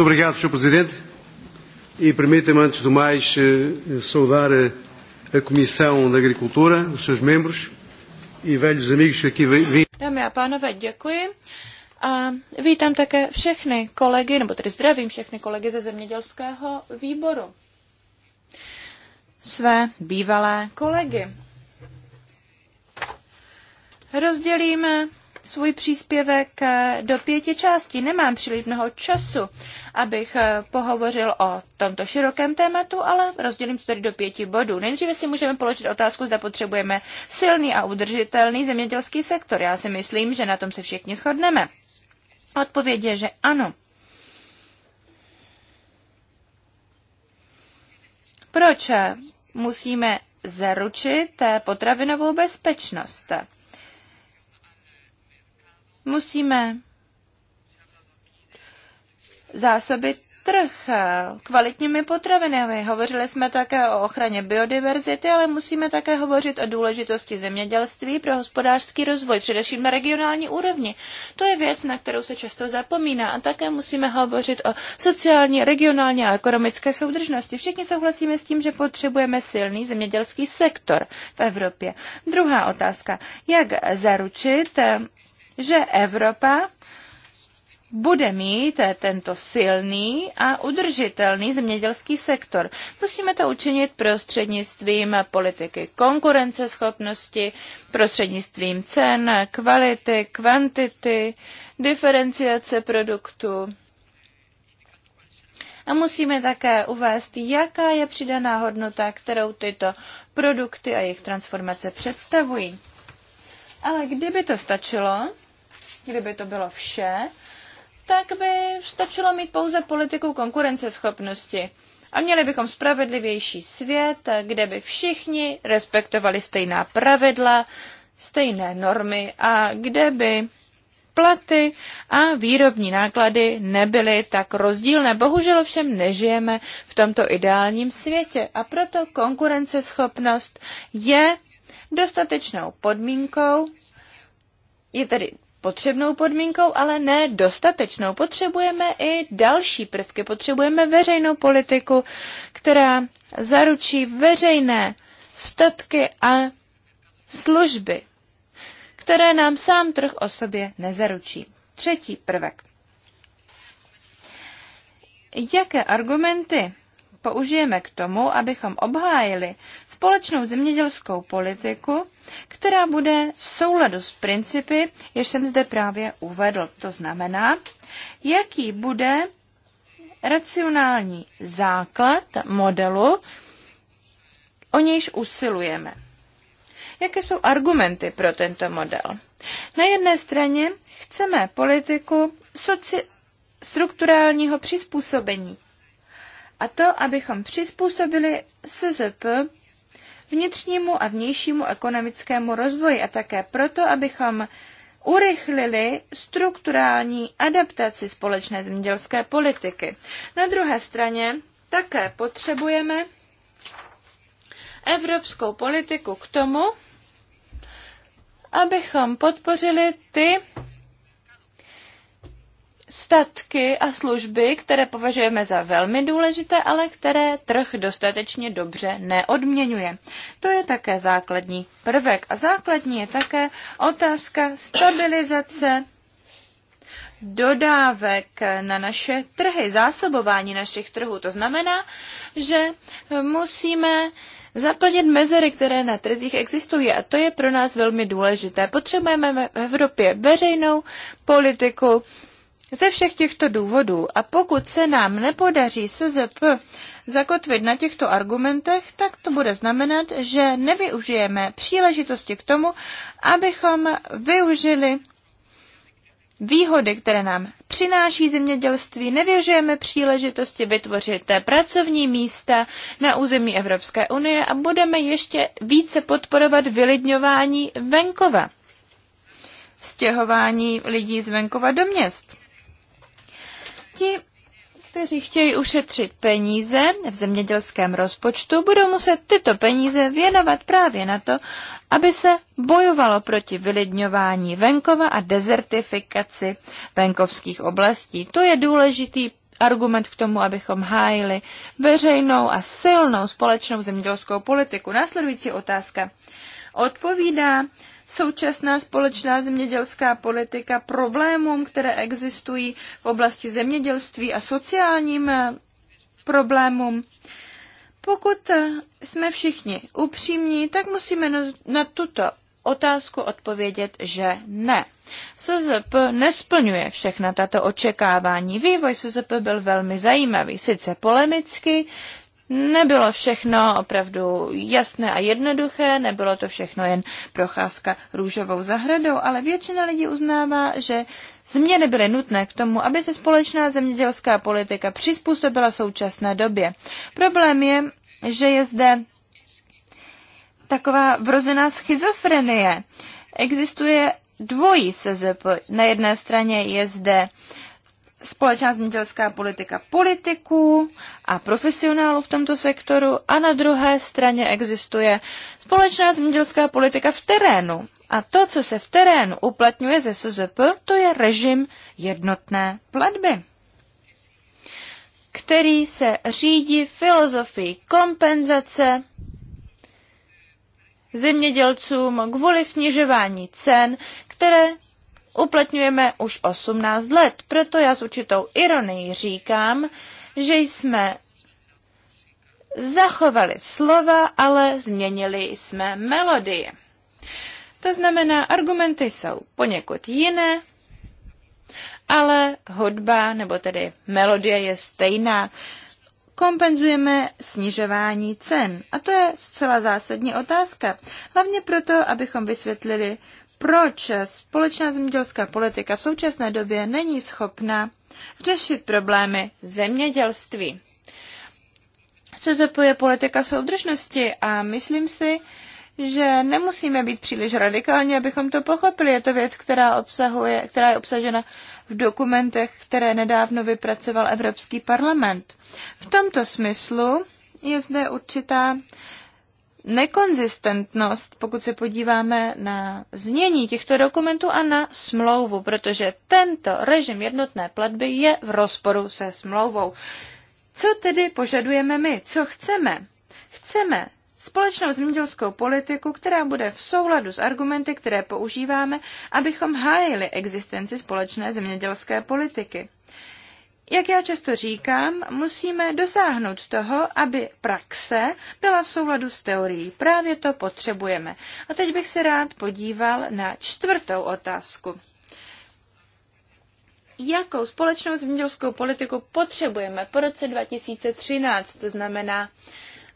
obrigado, Presidente. E permita-me, antes do mais, eh, saudar eh, a Comissão da Agricultura, os seus membros e velhos amigos que aqui vêm. Dámy a pánové, děkuji. A vítám také všechny kolegy, nebo tedy zdravím všechny kolegy ze zemědělského výboru. Své bývalé kolegy. Rozdělíme svůj příspěvek do pěti částí. Nemám příliš mnoho času, abych pohovořil o tomto širokém tématu, ale rozdělím to tady do pěti bodů. Nejdříve si můžeme položit otázku, zda potřebujeme silný a udržitelný zemědělský sektor. Já si myslím, že na tom se všichni shodneme. Odpověď je, že ano. Proč musíme zaručit potravinovou bezpečnost? Musíme zásobit trh eh, kvalitními potravinami. Hovořili jsme také o ochraně biodiverzity, ale musíme také hovořit o důležitosti zemědělství pro hospodářský rozvoj, především na regionální úrovni. To je věc, na kterou se často zapomíná. A také musíme hovořit o sociální, regionální a ekonomické soudržnosti. Všichni souhlasíme s tím, že potřebujeme silný zemědělský sektor v Evropě. Druhá otázka. Jak zaručit, eh, že Evropa bude mít tento silný a udržitelný zemědělský sektor. Musíme to učinit prostřednictvím politiky konkurenceschopnosti, prostřednictvím cen, kvality, kvantity, diferenciace produktu. A musíme také uvést, jaká je přidaná hodnota, kterou tyto produkty a jejich transformace představují. Ale kdyby to stačilo, kdyby to bylo vše, tak by stačilo mít pouze politiku konkurenceschopnosti. A měli bychom spravedlivější svět, kde by všichni respektovali stejná pravidla, stejné normy a kde by platy a výrobní náklady nebyly tak rozdílné. Bohužel všem nežijeme v tomto ideálním světě a proto konkurenceschopnost je dostatečnou podmínkou, je tedy potřebnou podmínkou, ale ne dostatečnou. Potřebujeme i další prvky. Potřebujeme veřejnou politiku, která zaručí veřejné statky a služby, které nám sám trh o sobě nezaručí. Třetí prvek. Jaké argumenty použijeme k tomu, abychom obhájili společnou zemědělskou politiku, která bude v souladu s principy, jež jsem zde právě uvedl. To znamená, jaký bude racionální základ modelu, o nějž usilujeme. Jaké jsou argumenty pro tento model? Na jedné straně chceme politiku soci- strukturálního přizpůsobení. A to, abychom přizpůsobili SZP vnitřnímu a vnějšímu ekonomickému rozvoji a také proto, abychom urychlili strukturální adaptaci společné zemědělské politiky. Na druhé straně také potřebujeme evropskou politiku k tomu, abychom podpořili ty statky a služby, které považujeme za velmi důležité, ale které trh dostatečně dobře neodměňuje. To je také základní prvek. A základní je také otázka stabilizace dodávek na naše trhy, zásobování našich trhů. To znamená, že musíme zaplnit mezery, které na trzích existují a to je pro nás velmi důležité. Potřebujeme v Evropě veřejnou politiku, ze všech těchto důvodů a pokud se nám nepodaří SZP zakotvit na těchto argumentech, tak to bude znamenat, že nevyužijeme příležitosti k tomu, abychom využili výhody, které nám přináší zemědělství, nevyužijeme příležitosti vytvořit pracovní místa na území Evropské unie a budeme ještě více podporovat vylidňování venkova, stěhování lidí z venkova do měst. Ti, kteří chtějí ušetřit peníze v zemědělském rozpočtu, budou muset tyto peníze věnovat právě na to, aby se bojovalo proti vylidňování venkova a dezertifikaci venkovských oblastí. To je důležitý argument k tomu, abychom hájili veřejnou a silnou společnou zemědělskou politiku. Následující otázka odpovídá současná společná zemědělská politika problémům, které existují v oblasti zemědělství a sociálním eh, problémům. Pokud eh, jsme všichni upřímní, tak musíme na tuto otázku odpovědět, že ne. SZP nesplňuje všechna tato očekávání. Vývoj SZP byl velmi zajímavý, sice polemicky, nebylo všechno opravdu jasné a jednoduché, nebylo to všechno jen procházka růžovou zahradou, ale většina lidí uznává, že změny byly nutné k tomu, aby se společná zemědělská politika přizpůsobila současné době. Problém je, že je zde taková vrozená schizofrenie. Existuje dvojí SZP. Na jedné straně je zde uh, společná zemědělská politika politiků a profesionálů v tomto sektoru a na druhé straně existuje společná zemědělská politika v terénu. A to, co se v terénu uplatňuje ze SZP, to je režim jednotné platby, který se řídí filozofii kompenzace zemědělcům kvůli snižování cen, které uplatňujeme už 18 let. Proto já s určitou ironií říkám, že jsme zachovali slova, ale změnili jsme melodii. To znamená, argumenty jsou poněkud jiné, ale hudba, nebo tedy melodie je stejná. Kompenzujeme snižování cen. A to je zcela zásadní otázka. Hlavně proto, abychom vysvětlili proč společná zemědělská politika v současné době není schopna řešit problémy zemědělství. Se zapoje politika soudržnosti a myslím si, že nemusíme být příliš radikální, abychom to pochopili. Je to věc, která, obsahuje, která je obsažena v dokumentech, které nedávno vypracoval Evropský parlament. V tomto smyslu je zde určitá nekonzistentnost, pokud se podíváme na znění těchto dokumentů a na smlouvu, protože tento režim jednotné platby je v rozporu se smlouvou. Co tedy požadujeme my? Co chceme? Chceme společnou zemědělskou politiku, která bude v souladu s argumenty, které používáme, abychom hájili existenci společné zemědělské politiky jak já často říkám, musíme dosáhnout toho, aby praxe byla v souladu s teorií. Právě to potřebujeme. A teď bych se rád podíval na čtvrtou otázku. Jakou společnou zemědělskou politiku potřebujeme po roce 2013, to znamená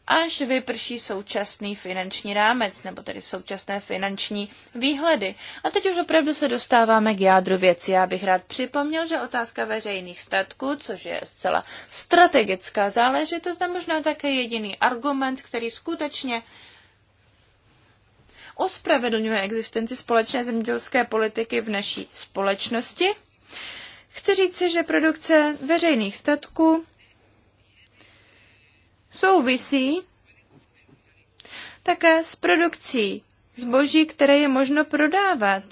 až vyprší současný finanční rámec, nebo tedy současné finanční výhledy. A teď už opravdu se dostáváme k jádru věci. Já bych rád připomněl, že otázka veřejných statků, což je zcela strategická záležitost a možná také jediný argument, který skutečně ospravedlňuje existenci společné zemědělské politiky v naší společnosti. Chci říci, že produkce veřejných statků souvisí také s produkcí zboží, které je možno prodávat.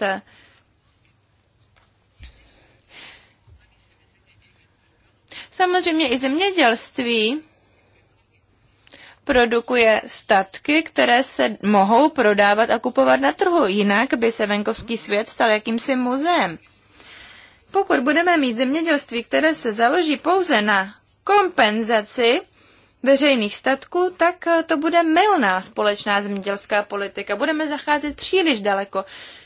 Samozřejmě i zemědělství produkuje statky, které se mohou prodávat a kupovat na trhu. Jinak by se venkovský svět stal jakýmsi muzeem. Pokud budeme mít zemědělství, které se založí pouze na kompenzaci veřejných statků, tak eh, to bude mylná společná zemědělská politika. Budeme zacházet příliš daleko.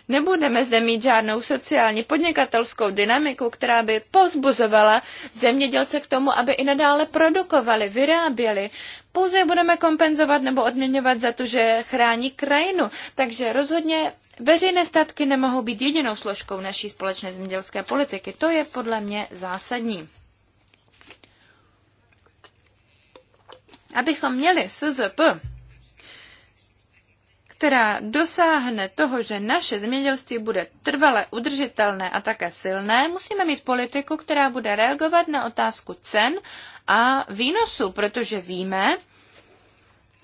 Nebudeme zde mít žádnou sociální podnikatelskou dynamiku, která by pozbuzovala zemědělce k tomu, aby i nadále produkovali, vyráběli. Pouze budeme kompenzovat nebo odměňovat za to, že chrání krajinu. Takže rozhodně veřejné statky nemohou být jedinou složkou naší společné zemědělské politiky. To je podle mě zásadní. abychom měli SZP, která dosáhne toho, že naše zemědělství bude trvale udržitelné a také silné, musíme mít politiku, která bude reagovat na otázku cen a výnosu, protože víme,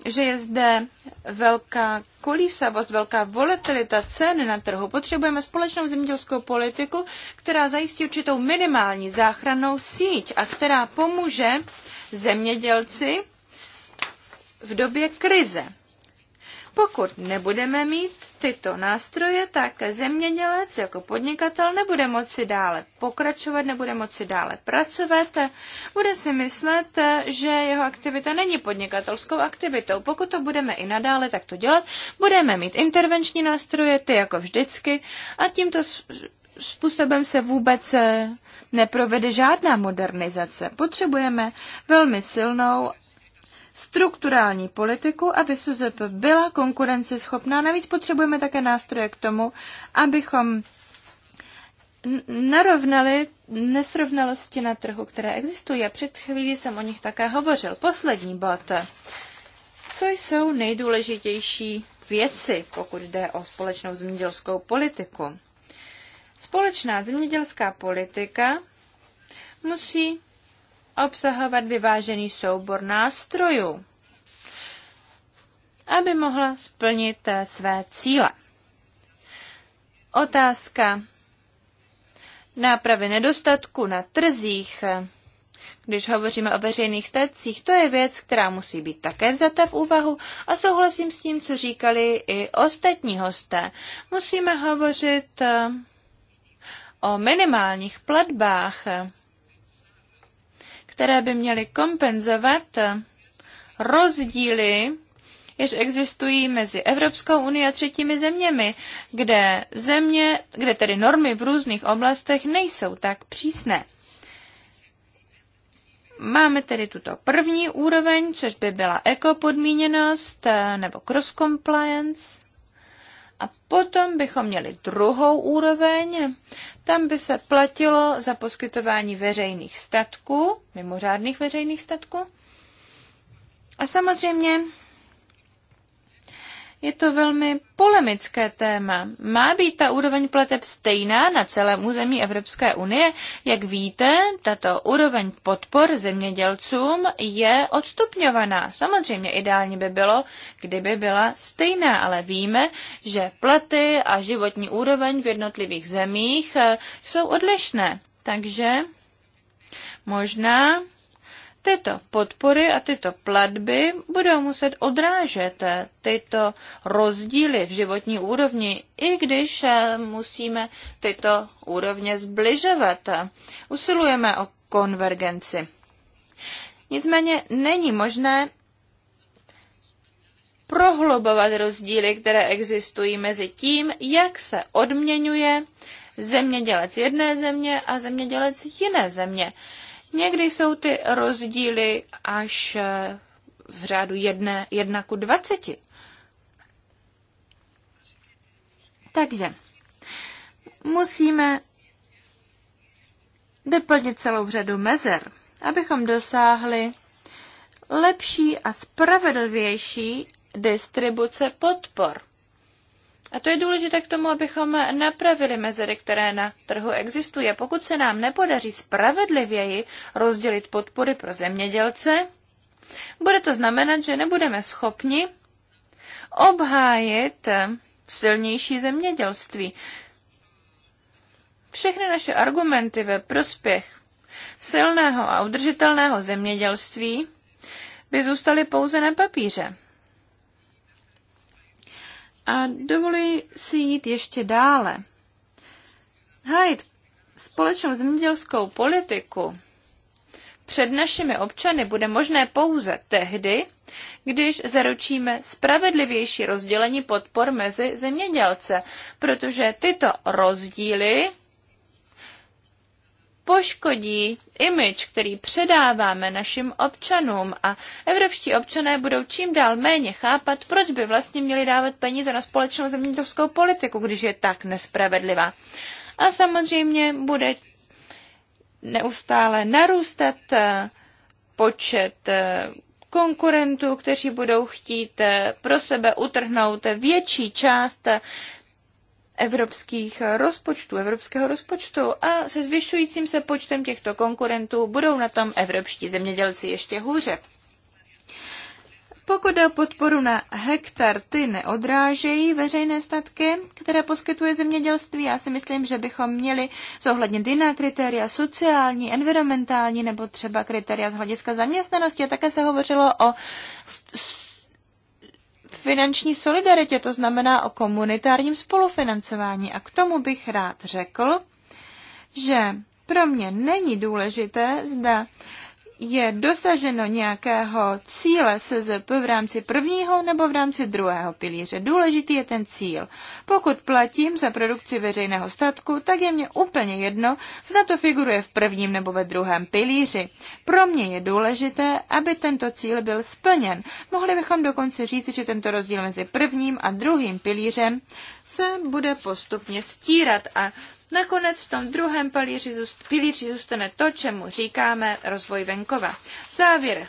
že je zde velká kolísavost, velká volatilita cen na trhu. Potřebujeme společnou zemědělskou politiku, která zajistí určitou minimální záchrannou síť a která pomůže zemědělci v době krize. Pokud nebudeme mít tyto nástroje, tak zemědělec jako podnikatel nebude moci dále pokračovat, nebude moci dále pracovat, bude si myslet, že jeho aktivita není podnikatelskou aktivitou. Pokud to budeme i nadále takto dělat, budeme mít intervenční nástroje, ty jako vždycky, a tímto způsobem se vůbec eh, neprovede žádná modernizace. Potřebujeme velmi silnou strukturální politiku, aby SZP byla konkurenceschopná. Navíc potřebujeme také nástroje k tomu, abychom narovnali nesrovnalosti na trhu, které existují. A před chvílí jsem o nich také hovořil. Poslední bod. Co jsou nejdůležitější věci, pokud jde o společnou zemědělskou politiku? Společná zemědělská politika musí obsahovat vyvážený soubor nástrojů, aby mohla splnit eh, své cíle. Otázka nápravy nedostatku na trzích, eh, když hovoříme o veřejných stacích, to je věc, která musí být také vzata v úvahu a souhlasím s tím, co říkali i ostatní hosté. Musíme hovořit eh, o minimálních platbách které by měly kompenzovat rozdíly, jež existují mezi Evropskou unii a třetími zeměmi, kde země, kde tedy normy v různých oblastech nejsou tak přísné. Máme tedy tuto první úroveň, což by byla ekopodmíněnost eh, nebo cross compliance. A potom bychom měli druhou úroveň, tam by se platilo za poskytování veřejných statků, mimořádných veřejných statků. A samozřejmě je to velmi polemické téma. Má být ta úroveň plateb stejná na celém území Evropské unie? Jak víte, tato úroveň podpor zemědělcům je odstupňovaná. Samozřejmě ideálně by bylo, kdyby byla stejná, ale víme, že platy a životní úroveň v jednotlivých zemích eh, jsou odlišné. Takže možná tyto podpory a tyto platby budou muset odrážet tyto rozdíly v životní úrovni, i když eh, musíme tyto úrovně zbližovat. Usilujeme o konvergenci. Nicméně není možné prohlubovat rozdíly, které existují mezi tím, jak se odměňuje zemědělec jedné země a zemědělec jiné země. Někdy jsou ty rozdíly až eh, v řádu jedné, jedna ku dvaceti. Takže musíme vyplnit celou řadu mezer, abychom dosáhli lepší a spravedlivější distribuce podpor. A to je důležité k tomu, abychom napravili mezery, které na trhu existují. pokud se nám nepodaří spravedlivěji rozdělit podpory pro zemědělce, bude to znamenat, že nebudeme schopni obhájit silnější zemědělství. Všechny naše argumenty ve prospěch silného a udržitelného zemědělství by zůstaly pouze na papíře. A dovoluji si jít ještě dále. Hajit společnou zemědělskou politiku před našimi občany bude možné pouze tehdy, když zaručíme spravedlivější rozdělení podpor mezi zemědělce, protože tyto rozdíly poškodí image, který předáváme našim občanům a evropští občané budou čím dál méně chápat, proč by vlastně měli dávat peníze na společnou zemědělskou politiku, když je tak nespravedlivá. A samozřejmě bude neustále narůstat eh, počet eh, konkurentů, kteří budou chtít eh, pro sebe utrhnout větší část evropských rozpočtů, evropského rozpočtu a se zvyšujícím se počtem těchto konkurentů budou na tom evropští zemědělci ještě hůře. Pokud o podporu na hektar, ty neodrážejí veřejné statky, které poskytuje zemědělství. Já si myslím, že bychom měli zohlednit jiná kritéria, sociální, environmentální nebo třeba kritéria z hlediska zaměstnanosti. A také se hovořilo o finanční solidaritě, to znamená o komunitárním spolufinancování. A k tomu bych rád řekl, že pro mě není důležité, zda je dosaženo nějakého cíle SZP v rámci prvního nebo v rámci druhého pilíře. Důležitý je ten cíl. Pokud platím za produkci veřejného statku, tak je mě úplně jedno, zda to figuruje v prvním nebo ve druhém pilíři. Pro mě je důležité, aby tento cíl byl splněn. Mohli bychom dokonce říct, že tento rozdíl mezi prvním a druhým pilířem se bude postupně stírat a Nakonec v tom druhém pilíři, zůst, pilíři zůstane to, čemu říkáme rozvoj venkova. Závěr.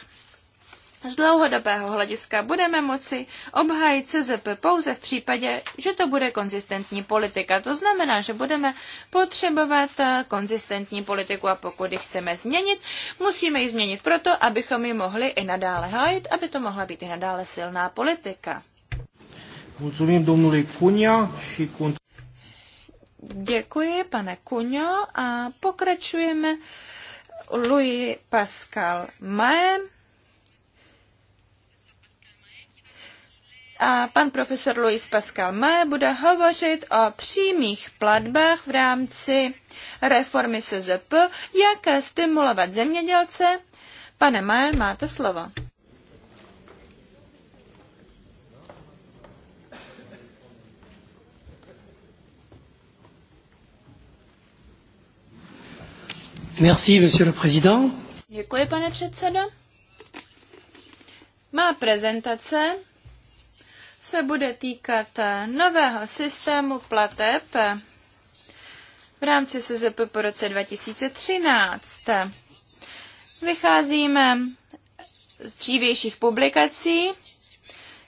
Z dlouhodobého hlediska budeme moci obhájit CZP pouze v případě, že to bude konzistentní politika. To znamená, že budeme potřebovat eh, konzistentní politiku a pokud ji chceme změnit, musíme ji změnit proto, abychom ji mohli i nadále hájit, aby to mohla být i nadále silná politika. Mulțumim domnului Cunia și cu Děkuji, pane Kuňo, a pokračujeme Louis Pascal Maem. A pan profesor Louis Pascal Maé bude hovořit o přímých platbách v rámci reformy SZP, Jaké stimulovat zemědělce. Pane Maé, máte slovo. Merci, monsieur le président. Děkuji, pane předsedo. Má prezentace se bude týkat nového systému plateb v rámci SZP po roce 2013. Vycházíme z dřívějších publikací,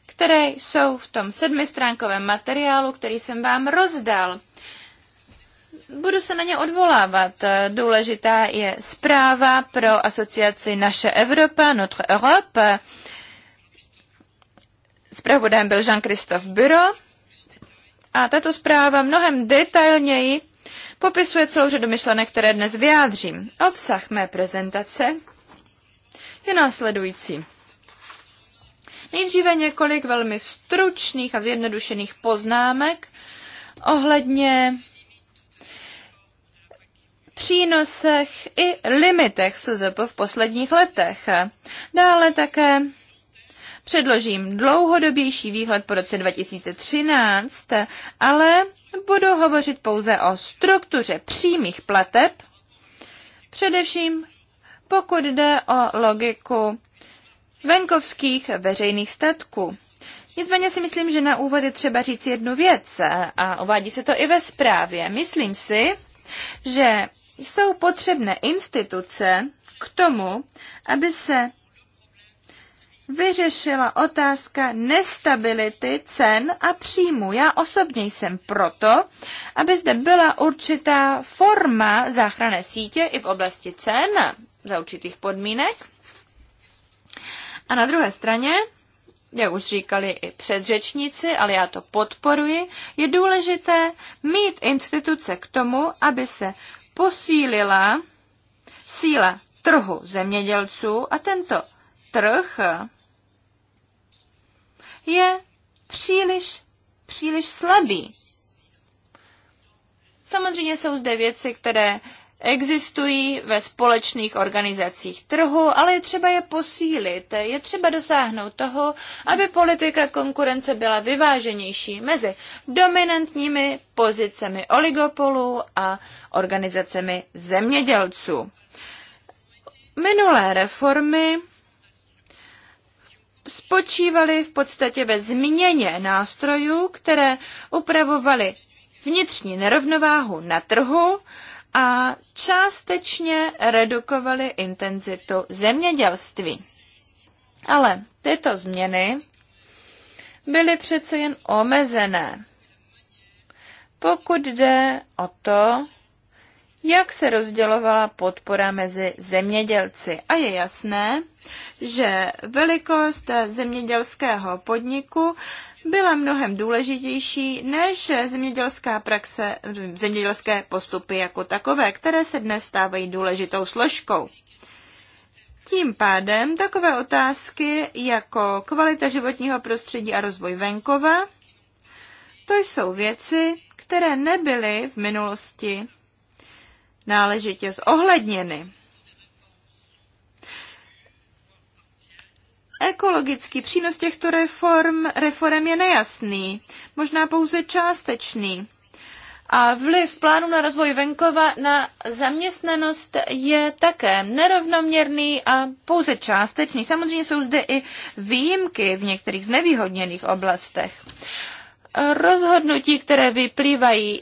které jsou v tom sedmistránkovém materiálu, který jsem vám rozdal budu se na ně odvolávat. Důležitá je zpráva pro asociaci Naše Evropa, Notre Europe. Zpravodajem byl Jean-Christophe Bureau a tato zpráva mnohem detailněji popisuje celou řadu myšlenek, které dnes vyjádřím. Obsah mé prezentace je následující. Nejdříve několik velmi stručných a zjednodušených poznámek ohledně přínosech i limitech SZP v posledních letech. Dále také předložím dlouhodobější výhled po roce 2013, ale budu hovořit pouze o struktuře přímých plateb, především pokud jde o logiku venkovských veřejných statků. Nicméně si myslím, že na úvod je třeba říct jednu věc a uvádí se to i ve zprávě. Myslím si, že jsou potřebné instituce k tomu, aby se vyřešila otázka nestability cen a příjmu. Já osobně jsem proto, aby zde byla určitá forma záchranné sítě i v oblasti cen za určitých podmínek. A na druhé straně, jak už říkali i předřečníci, ale já to podporuji, je důležité mít instituce k tomu, aby se posílila síla trhu zemědělců a tento trh je příliš, příliš slabý. Samozřejmě jsou zde věci, které existují ve společných organizacích trhu, ale je třeba je posílit. Je třeba dosáhnout toho, aby politika konkurence byla vyváženější mezi dominantními pozicemi oligopolů a organizacemi zemědělců. Minulé reformy spočívaly v podstatě ve změně nástrojů, které upravovaly vnitřní nerovnováhu na trhu, a částečně redukovali intenzitu zemědělství. Ale tyto změny byly přece jen omezené. Pokud jde o to, jak se rozdělovala podpora mezi zemědělci. A je jasné, že velikost zemědělského podniku byla mnohem důležitější než zemědělská praxe, zemědělské postupy jako takové, které se dnes stávají důležitou složkou. Tím pádem takové otázky jako kvalita životního prostředí a rozvoj venkova, to jsou věci, které nebyly v minulosti náležitě zohledněny. Ekologický přínos těchto reform, reform je nejasný, možná pouze částečný. A vliv plánu na rozvoj venkova na zaměstnanost je také nerovnoměrný a pouze částečný. Samozřejmě jsou zde i výjimky v některých znevýhodněných oblastech. Rozhodnutí, které vyplývají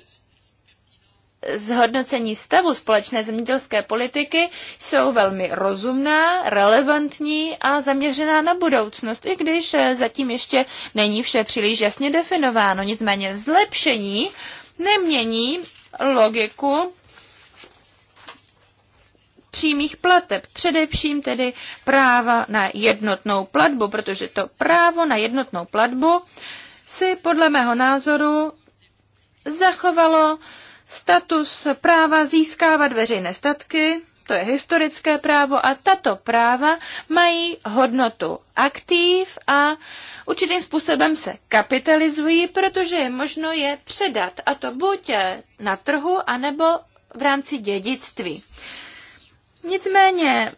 zhodnocení stavu společné zemědělské politiky jsou velmi rozumná, relevantní a zaměřená na budoucnost, i když eh, zatím ještě není vše příliš jasně definováno. Nicméně zlepšení nemění logiku přímých plateb, především tedy práva na jednotnou platbu, protože to právo na jednotnou platbu si podle mého názoru zachovalo status práva získávat veřejné statky, to je historické právo a tato práva mají hodnotu aktiv a určitým způsobem se kapitalizují, protože je možno je předat a to buď na trhu, anebo v rámci dědictví. Nicméně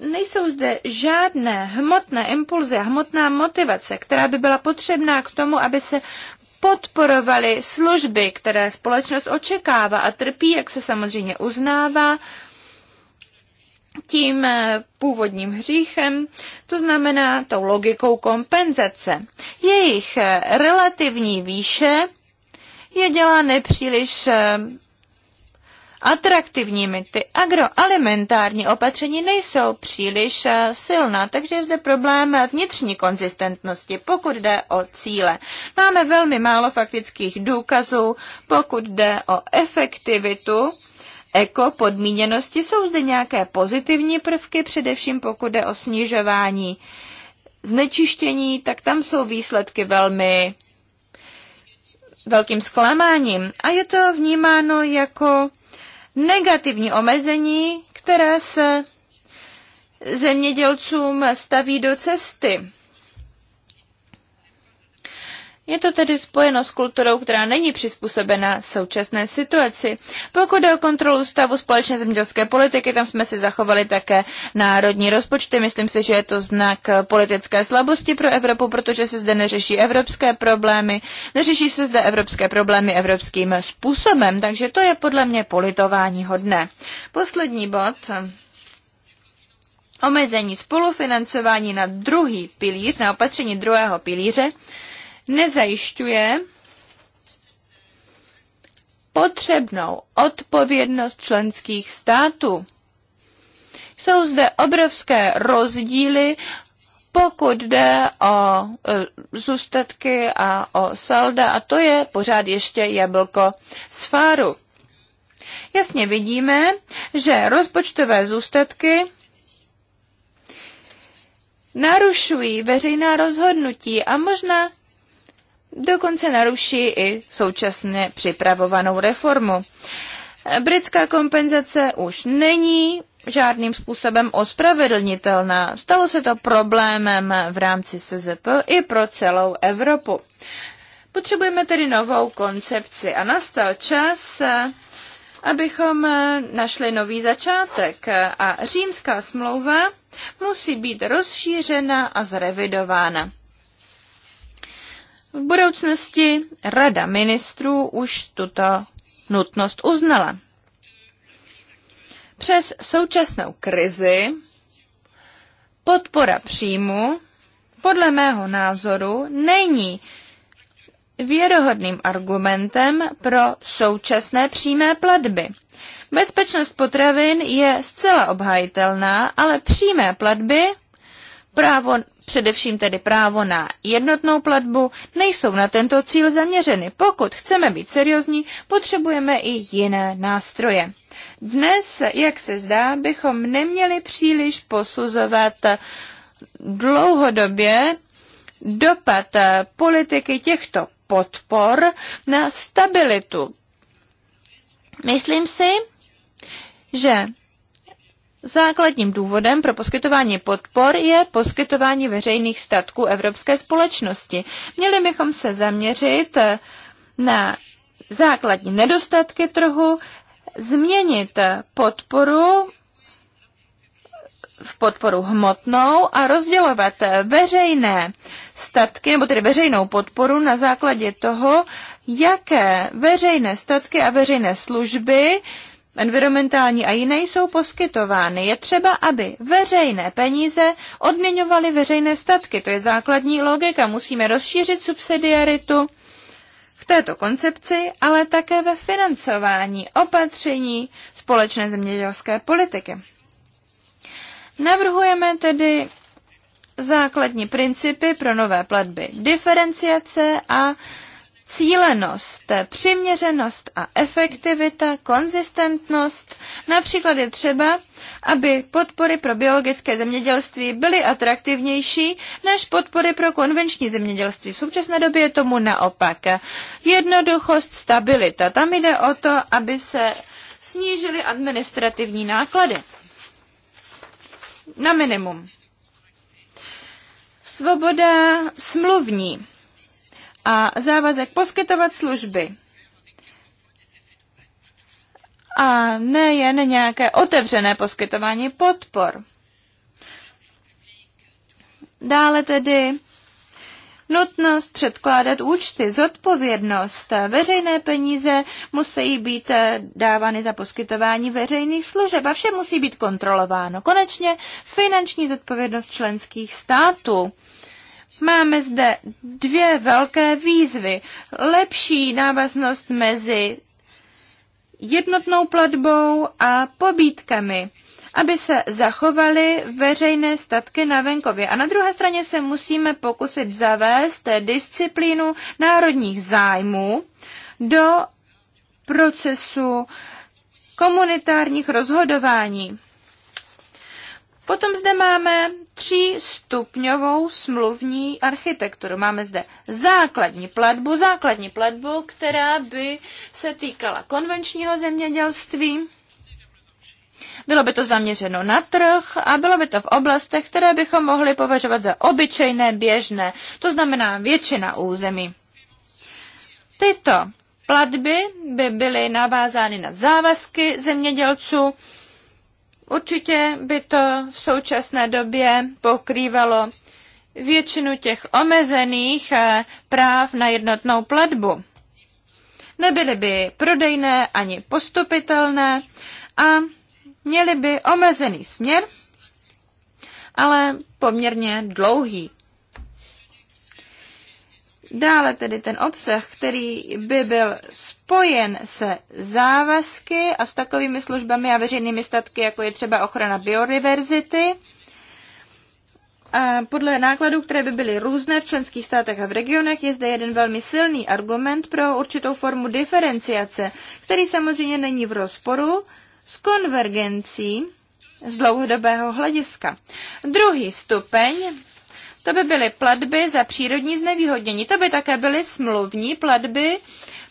nejsou zde žádné hmotné impulzy a hmotná motivace, která by byla potřebná k tomu, aby se podporovali služby, které společnost očekává a trpí, jak se samozřejmě uznává, tím eh, původním hříchem, to znamená tou logikou kompenzace. Jejich eh, relativní výše je dělá nepříliš eh, atraktivními. Ty agroalimentární opatření nejsou příliš eh, silná, takže je zde problém vnitřní konzistentnosti, pokud jde o cíle. Máme velmi málo faktických důkazů, pokud jde o efektivitu eko podmíněnosti. Jsou zde nějaké pozitivní prvky, především pokud jde o snižování znečištění, tak tam jsou výsledky velmi velkým zklamáním a je to vnímáno jako negativní omezení, které se zemědělcům staví do cesty. Je to tedy spojeno s kulturou, která není přizpůsobena současné situaci. Pokud jde o kontrolu stavu společné zemědělské politiky, tam jsme si zachovali také národní rozpočty. Myslím si, že je to znak politické slabosti pro Evropu, protože se zde neřeší evropské problémy, neřeší se zde evropské problémy evropským způsobem, takže to je podle mě politování hodné. Poslední bod. Omezení spolufinancování na druhý pilíř, na opatření druhého pilíře nezajišťuje potřebnou odpovědnost členských států. Jsou zde obrovské rozdíly, pokud jde o e, zůstatky a o salda, a to je pořád ještě jablko z fáru. Jasně vidíme, že rozpočtové zůstatky narušují veřejná rozhodnutí a možná dokonce naruší i současně připravovanou reformu. Britská kompenzace už není žádným způsobem ospravedlnitelná. Stalo se to problémem v rámci SZP i pro celou Evropu. Potřebujeme tedy novou koncepci a nastal čas, abychom našli nový začátek a římská smlouva musí být rozšířena a zrevidována. V budoucnosti Rada ministrů už tuto nutnost uznala. Přes současnou krizi podpora příjmu podle mého názoru není věrohodným argumentem pro současné přímé platby. Bezpečnost potravin je zcela obhajitelná, ale přímé platby právo především tedy právo na jednotnou platbu, nejsou na tento cíl zaměřeny. Pokud chceme být seriózní, potřebujeme i jiné nástroje. Dnes, jak se zdá, bychom neměli příliš posuzovat dlouhodobě dopad politiky těchto podpor na stabilitu. Myslím si, že Základním důvodem pro poskytování podpor je poskytování veřejných statků evropské společnosti. Měli bychom se zaměřit eh, na základní nedostatky trhu, změnit eh, podporu v podporu hmotnou a rozdělovat eh, veřejné statky, nebo tedy veřejnou podporu na základě toho, jaké veřejné statky a veřejné služby environmentální a jiné jsou poskytovány. Je třeba, aby veřejné peníze odměňovaly veřejné statky. To je základní logika. Musíme rozšířit subsidiaritu v této koncepci, ale také ve financování opatření společné zemědělské politiky. Navrhujeme tedy základní principy pro nové platby. Diferenciace a cílenost, přiměřenost a efektivita, konzistentnost. Například je třeba, aby podpory pro biologické zemědělství byly atraktivnější než podpory pro konvenční zemědělství. V současné době je tomu naopak. Jednoduchost, stabilita. Tam jde o to, aby se snížily administrativní náklady. Na minimum. Svoboda smluvní a závazek poskytovat služby. A nejen nějaké otevřené poskytování podpor. Dále tedy Nutnost předkládat účty, zodpovědnost, veřejné peníze musí být dávány za poskytování veřejných služeb a vše musí být kontrolováno. Konečně finanční zodpovědnost členských států. Máme zde dvě velké výzvy. Lepší návaznost mezi jednotnou platbou a pobítkami aby se zachovaly veřejné statky na venkově. A na druhé straně se musíme pokusit zavést disciplínu národních zájmů do procesu komunitárních rozhodování. Potom zde máme třístupňovou smluvní architekturu. Máme zde základní platbu, základní platbu, která by se týkala konvenčního zemědělství. Bylo by to zaměřeno na trh a bylo by to v oblastech, které bychom mohli považovat za obyčejné, běžné, to znamená většina území. Tyto platby by byly navázány na závazky zemědělců, Určitě by to v současné době pokrývalo většinu těch omezených eh, práv na jednotnou platbu. Nebyly by prodejné ani postupitelné a měly by omezený směr, ale poměrně dlouhý. Dále tedy ten obsah, který by byl spojen se závazky a s takovými službami a veřejnými statky, jako je třeba ochrana biodiverzity, a podle nákladů, které by byly různé v členských státech a v regionech, je zde jeden velmi silný argument pro určitou formu diferenciace, který samozřejmě není v rozporu s konvergencí z dlouhodobého hlediska. Druhý stupeň to by byly platby za přírodní znevýhodnění. To by také byly smluvní platby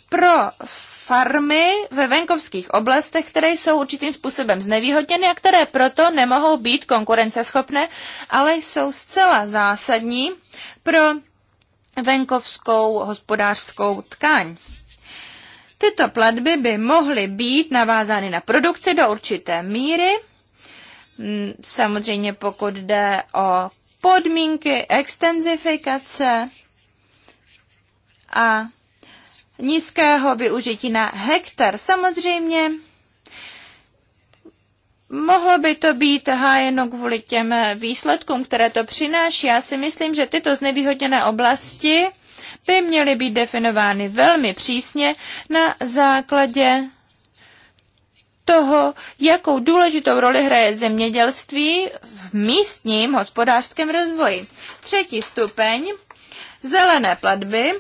pro farmy ve venkovských oblastech, které jsou určitým způsobem znevýhodněny a které proto nemohou být konkurenceschopné, ale jsou zcela zásadní pro venkovskou hospodářskou tkáň. Tyto platby by mohly být navázány na produkci do určité míry, mm, samozřejmě pokud jde o podmínky extenzifikace a nízkého využití na hektar. Samozřejmě Mohlo by to být hájeno kvůli těm výsledkům, které to přináší. Já si myslím, že tyto znevýhodněné oblasti by měly být definovány velmi přísně na základě toho, jakou důležitou roli hraje zemědělství v místním hospodářském rozvoji. Třetí stupeň, zelené platby,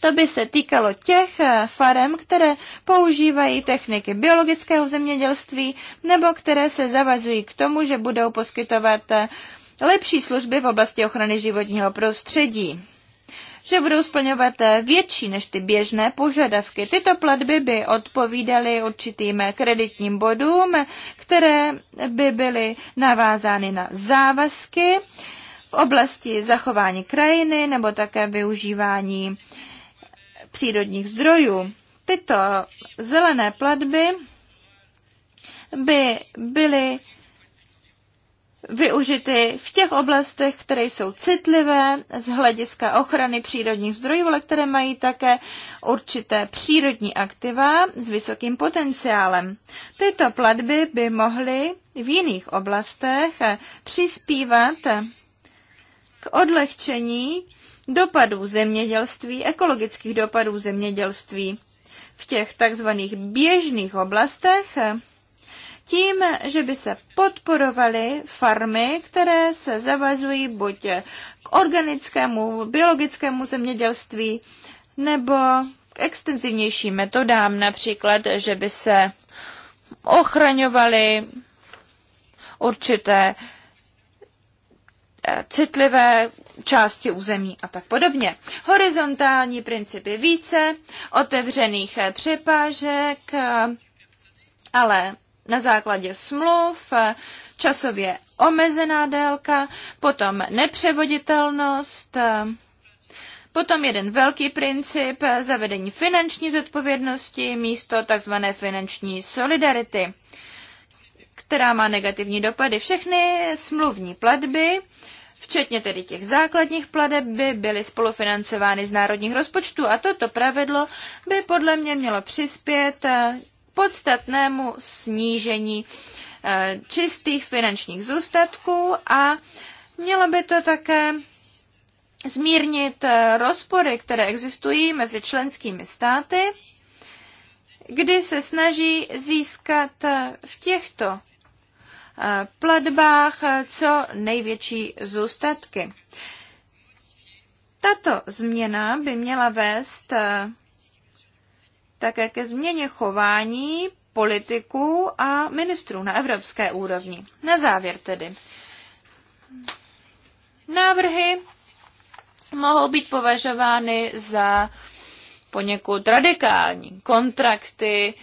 to by se týkalo těch eh, farem, které používají techniky biologického zemědělství nebo které se zavazují k tomu, že budou poskytovat eh, lepší služby v oblasti ochrany životního prostředí že budou splňovat eh, větší než ty běžné požadavky. Tyto platby by odpovídaly určitým kreditním bodům, které by byly navázány na závazky v oblasti zachování krajiny nebo také využívání přírodních zdrojů. Tyto zelené platby by byly využity v těch oblastech, které jsou citlivé z hlediska ochrany přírodních zdrojů, ale které mají také určité přírodní aktiva s vysokým potenciálem. Tyto platby by mohly v jiných oblastech přispívat k odlehčení dopadů zemědělství, ekologických dopadů zemědělství. V těch takzvaných běžných oblastech tím, že by se podporovaly farmy, které se zavazují buď k organickému, biologickému zemědělství nebo k extenzivnějším metodám, například, že by se ochraňovaly určité eh, citlivé části území a tak podobně. Horizontální principy více, otevřených přepážek, eh, ale na základě smluv, časově omezená délka, potom nepřevoditelnost, potom jeden velký princip zavedení finanční zodpovědnosti místo tzv. finanční solidarity, která má negativní dopady. Všechny smluvní platby včetně tedy těch základních pladeb, by byly spolufinancovány z národních rozpočtů a toto pravidlo by podle mě mělo přispět podstatnému snížení eh, čistých finančních zůstatků a mělo by to také zmírnit eh, rozpory, které existují mezi členskými státy, kdy se snaží získat eh, v těchto platbách co největší zůstatky. Tato změna by měla vést také ke změně chování politiků a ministrů na evropské úrovni. Na závěr tedy. Návrhy mohou být považovány za poněkud radikální. Kontrakty,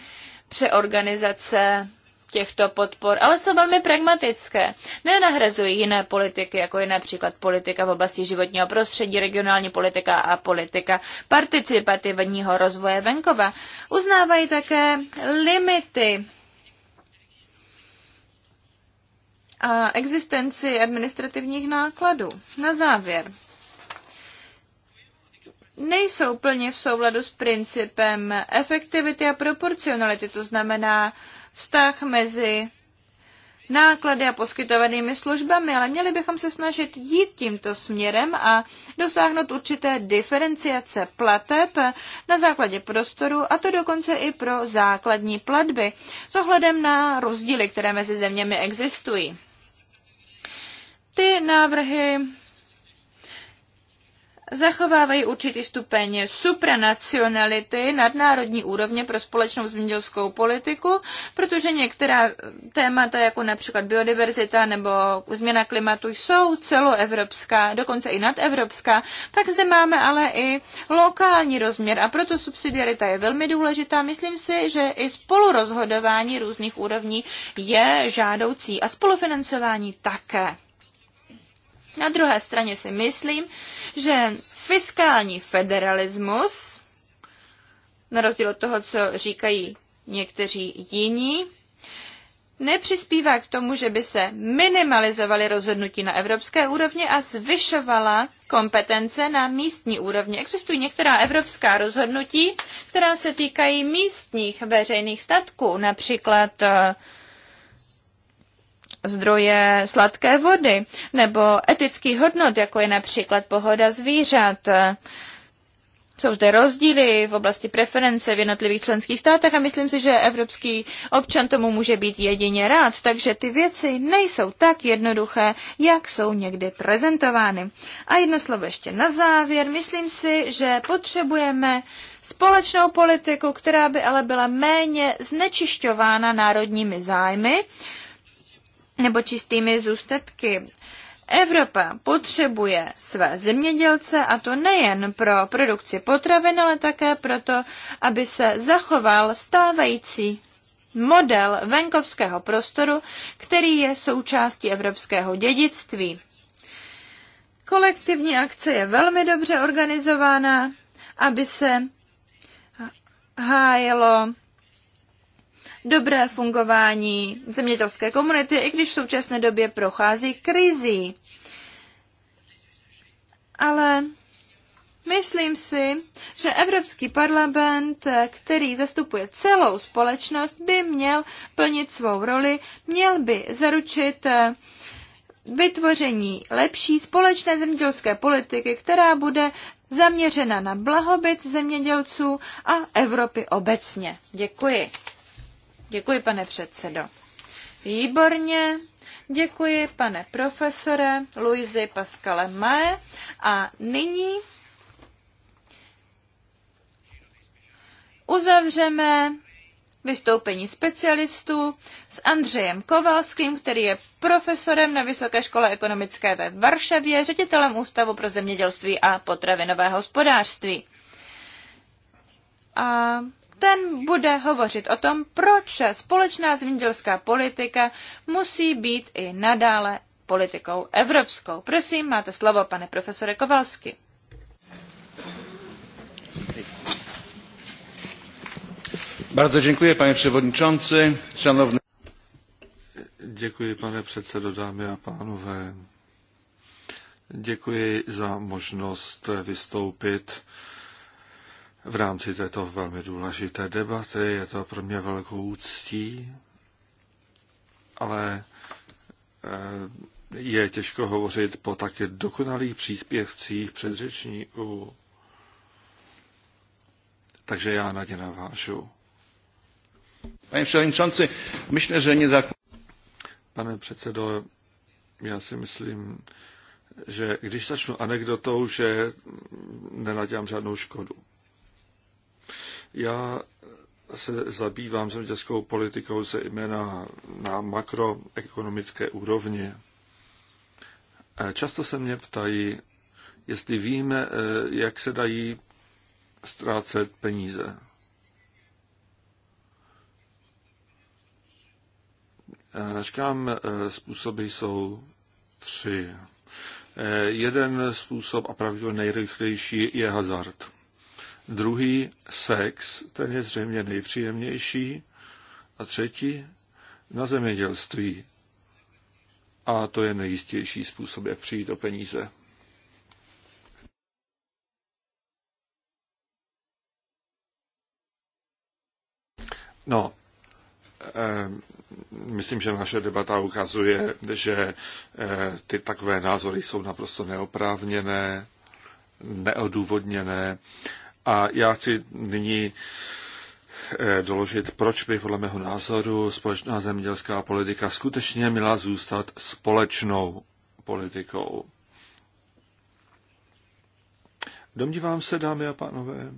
přeorganizace těchto podpor, ale jsou velmi pragmatické. Nenahrazují jiné politiky, jako je například politika v oblasti životního prostředí, regionální politika a politika participativního rozvoje venkova. Uznávají také limity a existenci administrativních nákladů. Na závěr. Nejsou plně v souladu s principem efektivity a proporcionality, to znamená vztah mezi náklady a poskytovanými službami, ale měli bychom se snažit jít tímto směrem a dosáhnout určité diferenciace plateb na základě prostoru, a to dokonce i pro základní platby, s ohledem na rozdíly, které mezi zeměmi existují. Ty návrhy zachovávají určitý stupeň supranacionality nadnárodní úrovně pro společnou zemědělskou politiku, protože některá eh, témata, jako například biodiverzita nebo změna klimatu, jsou celoevropská, dokonce i nadevropská, tak zde máme ale i lokální rozměr a proto subsidiarita je velmi důležitá. Myslím si, že i spolurozhodování různých úrovní je žádoucí a spolufinancování také. Na druhé straně si myslím, že fiskální federalismus, na rozdíl od toho, co říkají někteří jiní, nepřispívá k tomu, že by se minimalizovaly rozhodnutí na evropské úrovni a zvyšovala kompetence na místní úrovni. Existují některá evropská rozhodnutí, která se týkají místních veřejných statků, například eh, zdroje sladké vody nebo etických hodnot, jako je například pohoda zvířat. Jsou zde rozdíly v oblasti preference v jednotlivých členských státech a myslím si, že evropský občan tomu může být jedině rád, takže ty věci nejsou tak jednoduché, jak jsou někdy prezentovány. A jedno slovo ještě na závěr. Myslím si, že potřebujeme společnou politiku, která by ale byla méně znečišťována národními zájmy nebo čistými zůstatky. Evropa potřebuje své zemědělce a to nejen pro produkci potravin, ale také proto, aby se zachoval stávající model venkovského prostoru, který je součástí evropského dědictví. Kolektivní akce je velmi dobře organizována, aby se hájelo dobré fungování zemědělské komunity, i když v současné době prochází krizí. Ale myslím si, že Evropský parlament, který zastupuje celou společnost, by měl plnit svou roli, měl by zaručit eh, vytvoření lepší společné zemědělské politiky, která bude zaměřena na blahobyt zemědělců a Evropy obecně. Děkuji. Děkuji, pane předsedo. Výborně. Děkuji, pane profesore Luizi Pascale Mae. A nyní uzavřeme vystoupení specialistů s Andřejem Kovalským, který je profesorem na Vysoké škole ekonomické ve Varšavě, ředitelem Ústavu pro zemědělství a potravinové hospodářství. A ten bude hovořit o tom, proč společná zemědělská politika musí být i nadále politikou evropskou. Prosím, máte slovo, pane profesore Kovalsky. Bardzo dziękuję, panie przewodniczący, szanowny... Děkuji, pane předsedo, dámy a pánové. Děkuji za možnost vystoupit v rámci této velmi důležité debaty. Je to pro mě velkou úctí, ale eh, je těžko hovořit po tak dokonalých příspěvcích předřečníků. Takže já na ně navážu. Pane předsedo, myslím, že mě nezak... Pane předsedo, já si myslím, že když začnu anekdotou, že nenadělám žádnou škodu. Já se zabývám zemědělskou politikou zejména na makroekonomické úrovni. Často se mě ptají, jestli víme, eh, jak se dají ztrácet peníze. Říkám, eh, způsoby jsou tři. Eh, jeden způsob a pravděpodobně nejrychlejší je hazard. Druhý sex, ten je zřejmě nejpříjemnější. A třetí na zemědělství. A to je nejistější způsob, jak přijít o peníze. No, eh, myslím, že naše debata ukazuje, že eh, ty takové názory jsou naprosto neoprávněné, neodůvodněné a já chci nyní eh, doložit, proč by podle mého názoru společná zemědělská politika skutečně měla zůstat společnou politikou. Domnívám se, dámy a pánové,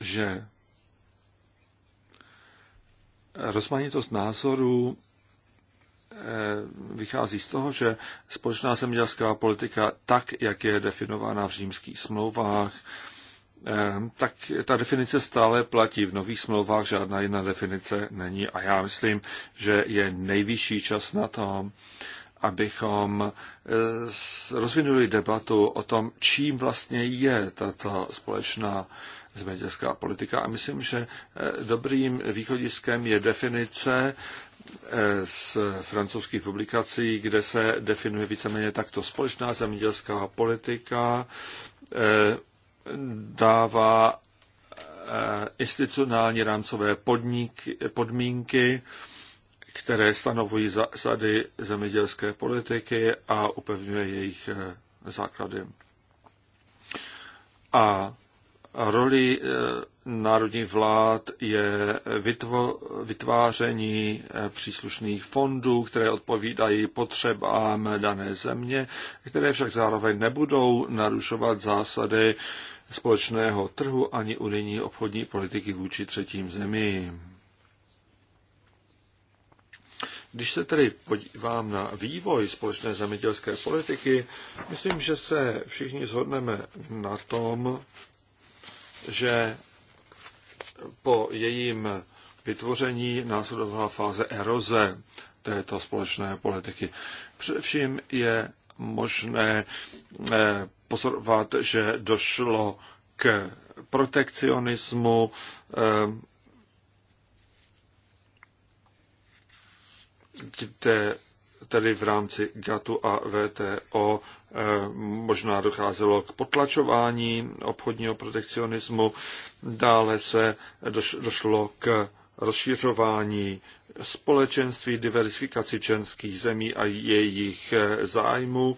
že rozmanitost názorů Eh, vychází z toho, že společná zemědělská politika, tak jak je definována v římských smlouvách, eh, tak ta definice stále platí. V nových smlouvách žádná jiná definice není a já myslím, že je nejvyšší čas na to, abychom eh, rozvinuli debatu o tom, čím vlastně je tato společná zemědělská politika. A myslím, že dobrým východiskem je definice Eh, z francouzských publikací, kde se definuje víceméně takto společná zemědělská politika, eh, dává eh, institucionální rámcové podniky, podmínky, které stanovují zásady zemědělské politiky a upevňuje jejich základy. A roli národních vlád je vytvo, vytváření eh, příslušných fondů, které odpovídají potřebám dané země, které však zároveň nebudou narušovat zásady společného trhu ani unijní obchodní politiky vůči třetím zemím. Když se tedy podívám na vývoj společné zemědělské politiky, myslím, že se všichni shodneme na tom, že po jejím vytvoření následovala fáze eroze této společné politiky. Především je možné eh, pozorovat, že došlo k protekcionismu, eh, kde tedy v rámci GATU a VTO eh, možná docházelo k potlačování obchodního protekcionismu, dále se došlo k rozšiřování společenství, diversifikaci členských zemí a jejich eh, zájmů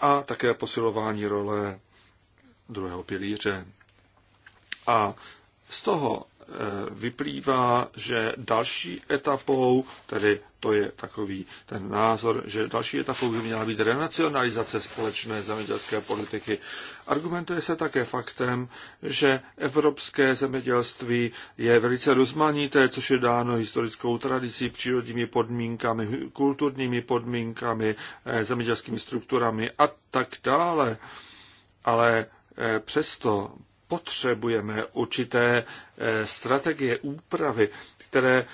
a také posilování role druhého pilíře. A z toho eh, vyplývá, že další etapou, tedy to je takový ten názor, že další etapou by měla být renacionalizace společné zemědělské politiky. Argumentuje se také faktem, že evropské zemědělství je velice rozmanité, což je dáno historickou tradicí, přírodními podmínkami, kulturními podmínkami, eh, zemědělskými strukturami a tak dále. Ale eh, přesto potřebujeme určité eh, strategie úpravy, které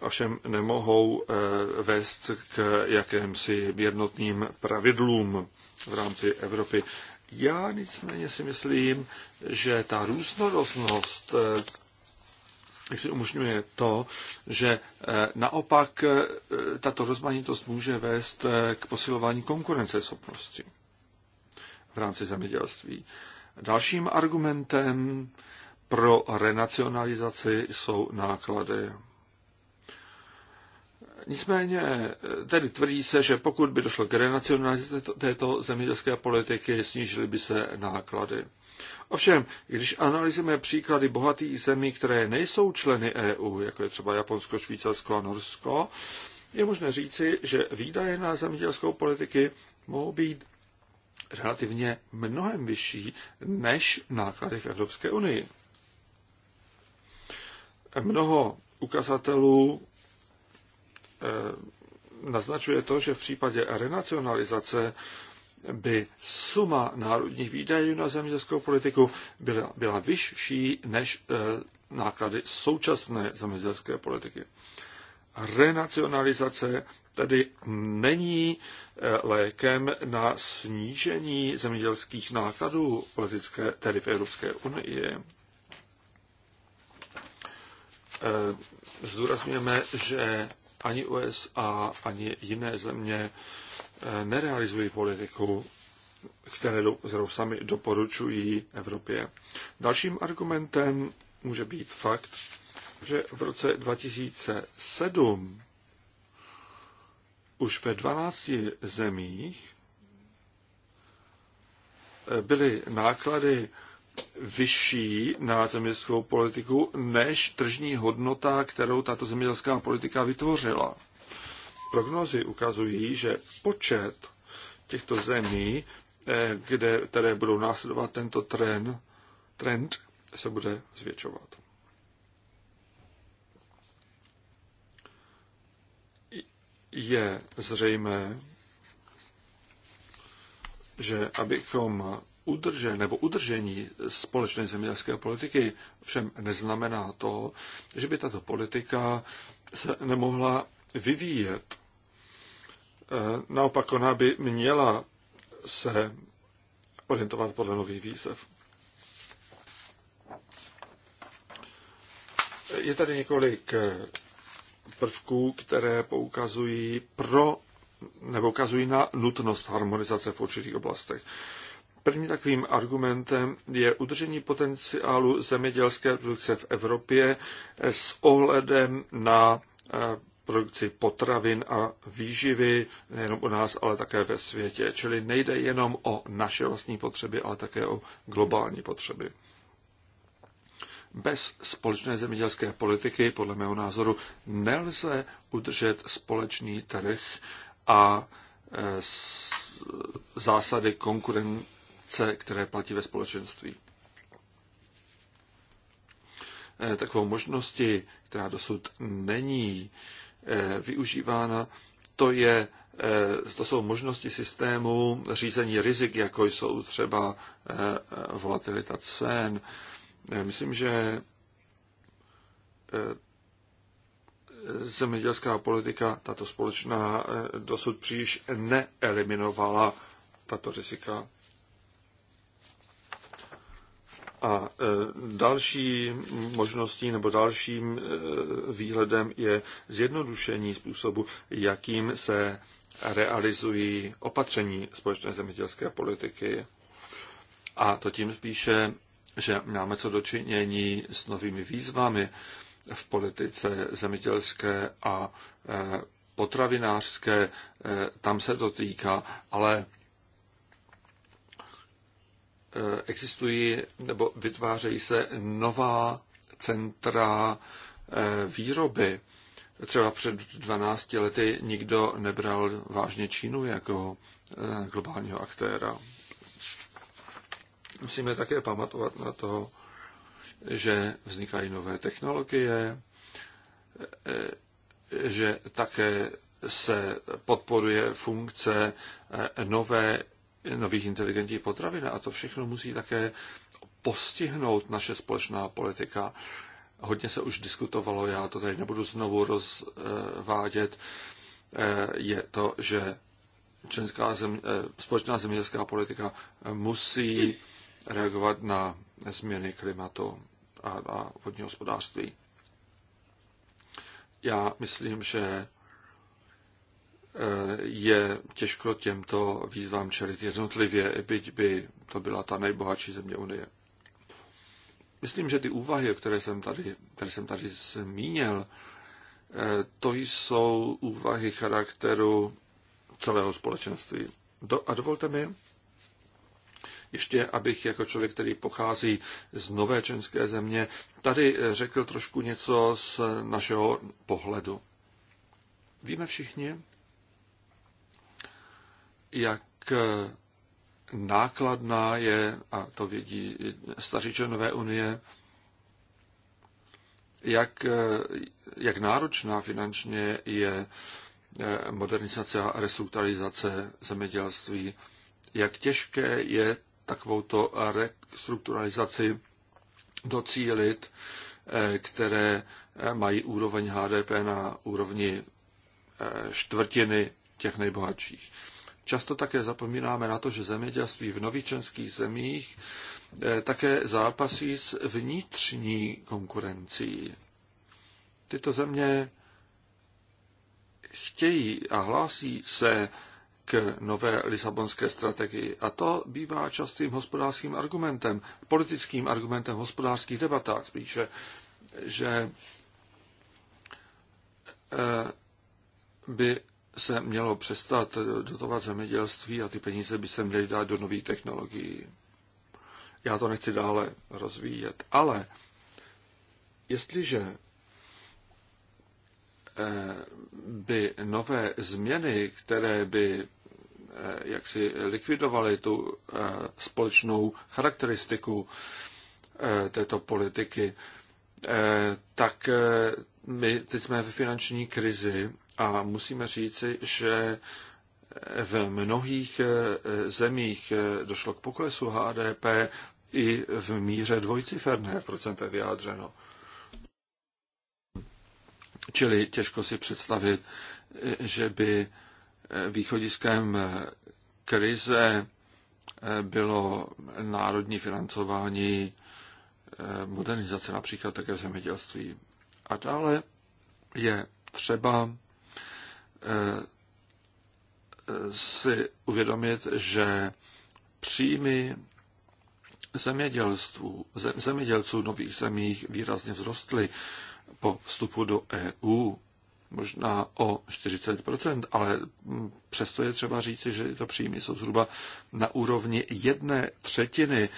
ovšem nemohou eh, vést k jakémsi jednotným pravidlům v rámci Evropy. Já nicméně si myslím, že ta různorodnost jak eh, si umožňuje to, že eh, naopak tato rozmanitost může vést k posilování konkurenceschopnosti v rámci zemědělství. Dalším argumentem pro renacionalizaci jsou náklady. Nicméně eh, tedy tvrdí se, že pokud by došlo k renacionalizaci této zemědělské politiky, snížily by se náklady. Ovšem, když analyzujeme příklady bohatých zemí, které nejsou členy EU, jako je třeba Japonsko, Švýcarsko a Norsko, je možné říci, že výdaje na zemědělskou politiky mohou být relativně mnohem vyšší než náklady v Evropské unii. Mnoho ukazatelů Eh, naznačuje to, že v případě renacionalizace by suma národních výdajů na zemědělskou politiku byla, byla vyšší než eh, náklady současné zemědělské politiky. Renacionalizace tedy není eh, lékem na snížení zemědělských nákladů politické, tedy v Evropské unii. Zdůrazňujeme, že ani USA, ani jiné země eh, nerealizují politiku, kterou sami doporučují Evropě. Dalším argumentem může být fakt, že v roce 2007 už ve 12 zemích eh, byly náklady vyšší na zemědělskou politiku než tržní hodnota, kterou tato zemědělská politika vytvořila. Prognozy ukazují, že počet těchto zemí, eh, kde, které budou následovat tento trend, trend, se bude zvětšovat. Je zřejmé, že abychom Udržení nebo udržení společné zemědělské politiky všem neznamená to, že by tato politika se nemohla vyvíjet. Eh, naopak ona by měla se orientovat podle nových výzev. Je tady několik eh, prvků, které poukazují pro nebo ukazují na nutnost harmonizace v určitých oblastech. Prvním takovým argumentem je udržení potenciálu zemědělské produkce v Evropě eh, s ohledem na eh, produkci potravin a výživy nejenom u nás, ale také ve světě. Čili nejde jenom o naše vlastní potřeby, ale také o globální potřeby. Bez společné zemědělské politiky, podle mého názoru, nelze udržet společný trh a eh, zásady konkurence akce, které platí ve společenství. Eh, takovou možnosti, která dosud není eh, využívána, to, je, eh, to jsou možnosti systému řízení rizik, jako jsou třeba volatilita cen. Myslím, že zemědělská politika, tato společná, dosud příliš neeliminovala tato rizika. A e, další možností nebo dalším e, výhledem je zjednodušení způsobu, jakým se realizují opatření společné zemědělské politiky. A to tím spíše, že máme co dočinění s novými výzvami v politice zemědělské a e, potravinářské, tam se to týká, ale Eh, existují nebo vytvářejí se nová centra eh, výroby. Třeba před 12 lety nikdo nebral vážně Čínu jako eh, globálního aktéra. Musíme také pamatovat na to, že vznikají nové technologie, že také se podporuje funkce nové nových inteligentních potravin a to všechno musí také postihnout naše společná politika. Hodně se už diskutovalo, já to tady nebudu znovu rozvádět, eh, je to, že členská zem, eh, společná zemědělská politika musí reagovat na změny klimatu a, a vodního hospodářství. Já myslím, že je těžko těmto výzvám čelit jednotlivě, byť by to byla ta nejbohatší země Unie. Myslím, že ty úvahy, které jsem tady, které jsem tady zmínil, eh, to jsou úvahy charakteru celého společenství. Do, a dovolte mi ještě, abych jako člověk, který pochází z nové čenské země, tady řekl trošku něco z našeho pohledu. Víme všichni, jak eh, nákladná je, a to vědí staří členové Unie, jak, eh, jak náročná finančně je eh, modernizace a restrukturalizace zemědělství, jak těžké je takovouto restrukturalizaci docílit, které mají úroveň HDP na úrovni čtvrtiny těch nejbohatších. Často také zapomínáme na to, že zemědělství v novičenských zemích eh, také zápasí s vnitřní konkurencí. Tyto země chtějí a hlásí se k nové Lisabonské strategii. A to bývá častým hospodářským argumentem, politickým argumentem v hospodářských debatách spíše, že eh, by se mělo přestat dotovat zemědělství a ty peníze by se měly dát do nových technologií. Já to nechci dále rozvíjet, ale jestliže eh, by nové změny, které by eh, jak si likvidovali tu eh, společnou charakteristiku této politiky, tak my teď jsme ve finanční krizi a musíme říci, že v mnohých eh, zemích eh, došlo k poklesu HDP i v míře dvojciferné v procentech vyjádřeno. Čili těžko si představit, eh, že by východiskem krize bylo národní financování modernizace například také v zemědělství. A dále je třeba si uvědomit, že příjmy zemědělství, zemědělců nových zemích výrazně vzrostly po vstupu do EU, možná o 40%, ale přesto je třeba říci, že to příjmy jsou zhruba na úrovni jedné třetiny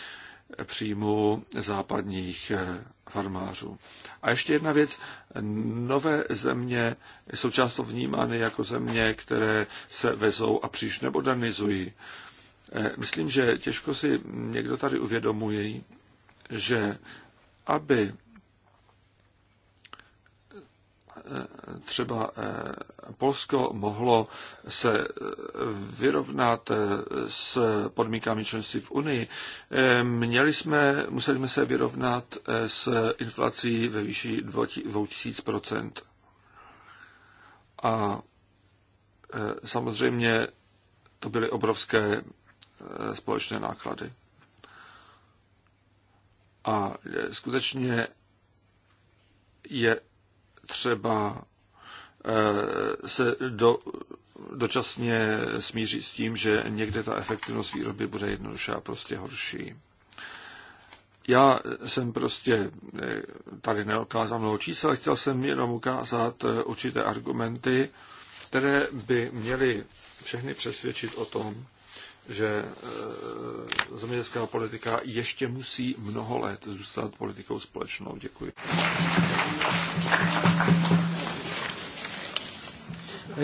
příjmu západních eh, farmářů. A ještě jedna věc. Nové země jsou často vnímány jako země, které se vezou a příš nemodernizují. Eh, myslím, že těžko si někdo tady uvědomuje, že aby třeba eh, Polsko mohlo se eh, vyrovnat eh, s podmínkami členství v Unii, měli jsme, museli jsme se vyrovnat s inflací ve výši 2000%. A samozřejmě to byly obrovské společné náklady. A skutečně je třeba eh, se do, dočasně smíří s tím, že někde ta efektivnost výroby bude jednoduše a prostě horší. Já jsem prostě eh, tady neokázal mnoho čísel, chtěl jsem jenom ukázat eh, určité argumenty, které by měly všechny přesvědčit o tom, že eh, zemědělská politika ještě musí mnoho let zůstat politikou společnou. Děkuji.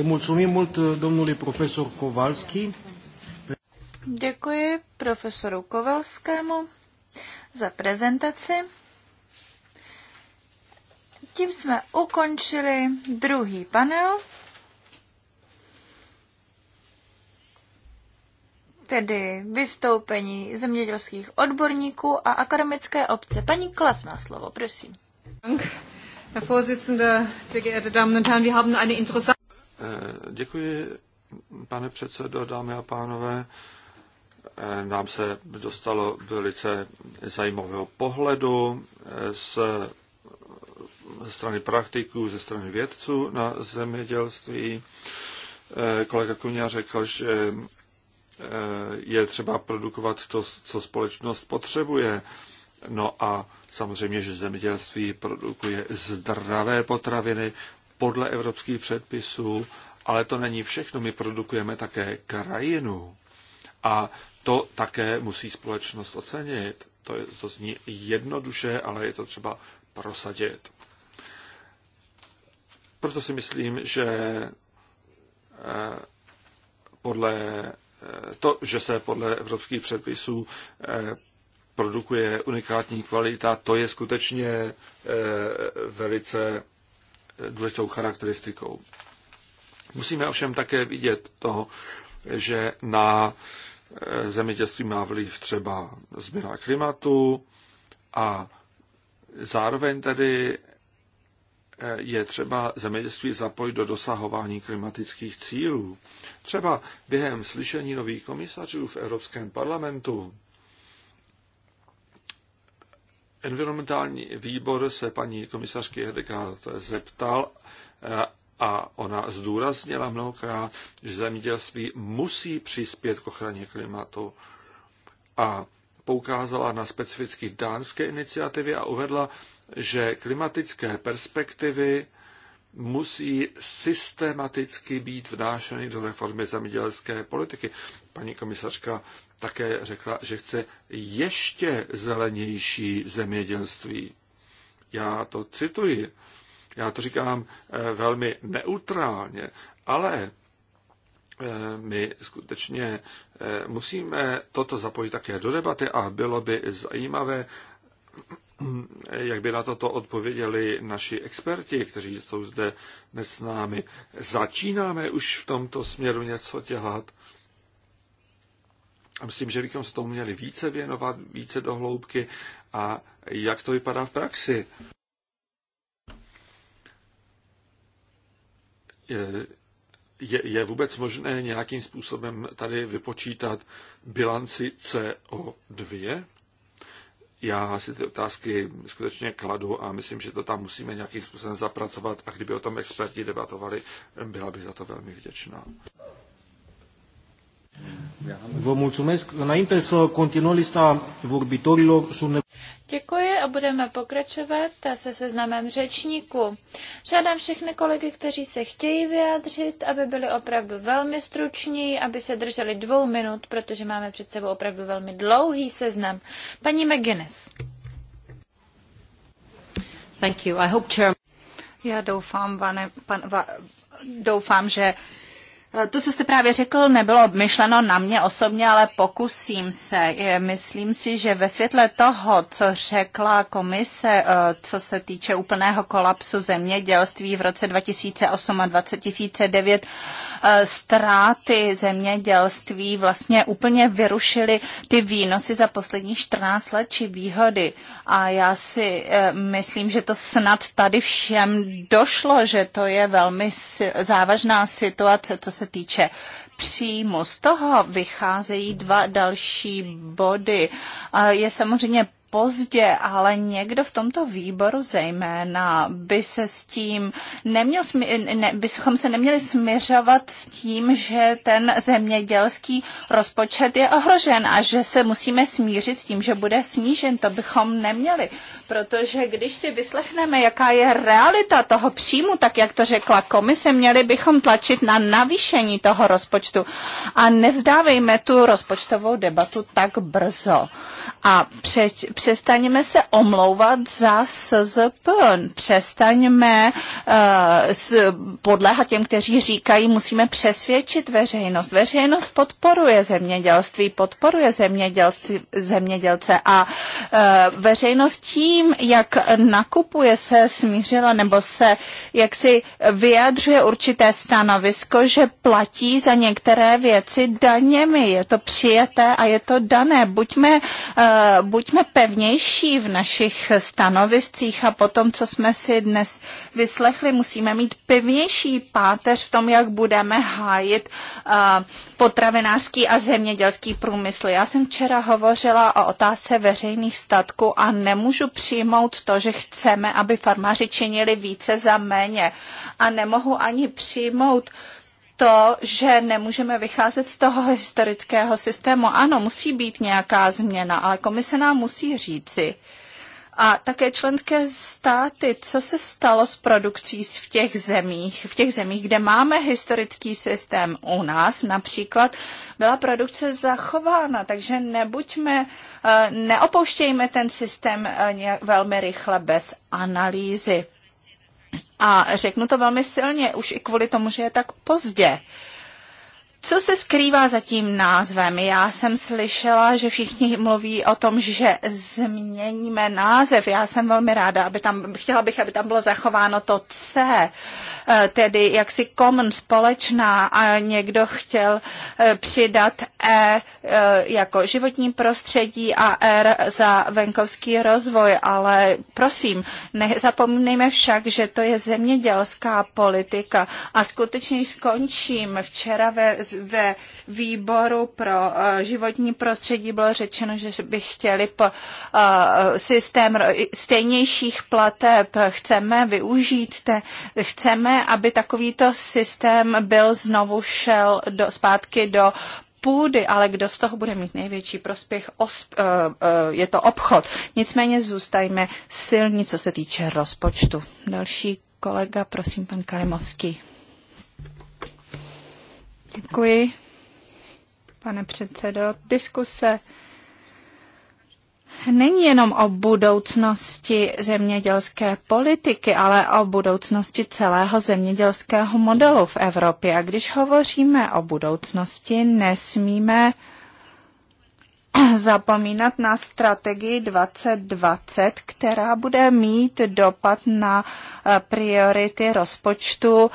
Mulțumim mult domnului profesor Kovalski. Děkuji profesoru Kovalskému za prezentaci. Tím jsme ukončili druhý panel. tedy vystoupení zemědělských odborníků a akademické obce. Paní Klas má slovo, prosím. Eh, děkuji, pane předsedo, dámy a pánové. Eh, nám se dostalo velice zajímavého pohledu eh, z strany praktiků, ze strany vědců na zemědělství. Kolega Kuňa řekl, že Eh, je třeba produkovat to, co společnost potřebuje. No a samozřejmě, že zemědělství produkuje zdravé potraviny podle evropských předpisů, ale to není všechno. My produkujeme také krajinu. A to také musí společnost ocenit. To, je, to zní jednoduše, ale je to třeba prosadit. Proto si myslím, že eh, podle to, že se podle evropských předpisů eh, produkuje unikátní kvalita, to je skutečně eh, velice eh, důležitou charakteristikou. Musíme ovšem také vidět to, že na zemědělství má vliv třeba změna klimatu a zároveň tedy je třeba zemědělství zapojit do dosahování klimatických cílů. Třeba během slyšení nových komisařů v Evropském parlamentu environmentální výbor se paní komisařky Hedegard zeptal eh, a ona zdůraznila mnohokrát, že zemědělství musí přispět k ochraně klimatu. A poukázala na specificky dánské iniciativy a uvedla, že klimatické perspektivy musí systematicky být vnášeny do reformy zemědělské politiky. Paní komisařka také řekla, že chce ještě zelenější zemědělství. Já to cituji, já to říkám eh, velmi neutrálně, ale eh, my skutečně eh, musíme toto zapojit také do debaty a bylo by zajímavé jak by na toto odpověděli naši experti, kteří jsou zde dnes s námi. Začínáme už v tomto směru něco dělat. A myslím, že bychom se tomu měli více věnovat, více do hloubky a jak to vypadá v praxi. Je, je vůbec možné nějakým způsobem tady vypočítat bilanci CO2? já si ty otázky skutečně kladu a myslím, že to tam musíme nějakým způsobem zapracovat a kdyby o tom experti debatovali, byla bych za to velmi vděčná. Vă mulțumesc. Înainte să continuăm lista vorbitorilor, sunt Děkuji a budeme pokračovat se seznamem řečníků. Žádám všechny kolegy, kteří se chtějí vyjádřit, aby byli opravdu velmi struční, aby se drželi dvou minut, protože máme před sebou opravdu velmi dlouhý seznam. Paní McGuinness. Thank you. I hope, Já doufám, pane, pan, va, doufám, že Eh, to, co jste právě řekl, nebylo myšleno na mě osobně, ale pokusím se. Myslím si, že ve světle toho, co řekla komise, eh, co se týče úplného kolapsu zemědělství v roce 2008 a 2009, eh, ztráty zemědělství vlastně úplně vyrušily ty výnosy za posledních 14 let či výhody. A já si myslím, že to snad tady všem došlo, že to je velmi závažná situace, co se týče příjmu. Z toho vycházejí dva další body. Je samozřejmě pozdě, ale někdo v tomto výboru zejména by se s tím neměl, ne, bychom se neměli směřovat s tím, že ten zemědělský rozpočet je ohrožen a že se musíme smířit s tím, že bude snížen. To bychom neměli protože když si vyslechneme, jaká je realita toho příjmu, tak jak to řekla komise, měli bychom tlačit na navýšení toho rozpočtu a nevzdávejme tu rozpočtovou debatu tak brzo. A přeč, přestaňme se omlouvat za SZP, přestaňme uh, s, podléhat těm, kteří říkají, musíme přesvědčit veřejnost. Veřejnost podporuje zemědělství, podporuje zemědělství, zemědělce a uh, veřejnost tím, tím, jak nakupuje, se smířila nebo se jak si vyjadřuje určité stanovisko, že platí za některé věci daněmi. Je to přijeté a je to dané. Buďme, eh, buďme pevnější v našich stanoviscích a potom, co jsme si dnes vyslechli, musíme mít pevnější páteř v tom, jak budeme hájit eh, potravinářský a zemědělský průmysl. Já jsem včera hovořila o otázce veřejných statků a nemůžu přijmout to, že chceme, aby farmáři činili více za méně. A nemohu ani přijmout to, že nemůžeme vycházet z toho historického systému. Ano, musí být nějaká změna, ale komise nám musí říci, a také členské státy, co se stalo s produkcí v těch zemích, v těch zemích, kde máme historický systém u nás, například byla produkce zachována, takže nebuďme, eh, neopouštějme ten systém eh, nějak velmi rychle bez analýzy. A řeknu to velmi silně, už i kvůli tomu, že je tak pozdě. Uh, co se skrývá za tím názvem? Já jsem slyšela, že všichni mluví o tom, že změníme název. Já jsem velmi ráda, aby tam, chtěla bych, aby tam bylo zachováno to C, eh, tedy jaksi common, společná a někdo chtěl eh, přidat E eh, jako životní prostředí a R za venkovský rozvoj, ale prosím, nezapomínejme však, že to je zemědělská politika a skutečně skončím včera ve ve výboru pro eh, životní prostředí bylo řečeno, že by chtěli po eh, systém stejnějších plateb. Chceme využít, te, chceme, aby takovýto systém byl znovu šel do, zpátky do půdy, ale kdo z toho bude mít největší prospěch, osp, eh, je to obchod. Nicméně zůstajme silní, co se týče rozpočtu. Další kolega, prosím, pan Kalimovský. Děkuji, pane předsedo. Diskuse není jenom o budoucnosti zemědělské politiky, ale o budoucnosti celého zemědělského modelu v Evropě. A když hovoříme o budoucnosti, nesmíme zapomínat na strategii 2020, která bude mít dopad na eh, priority rozpočtu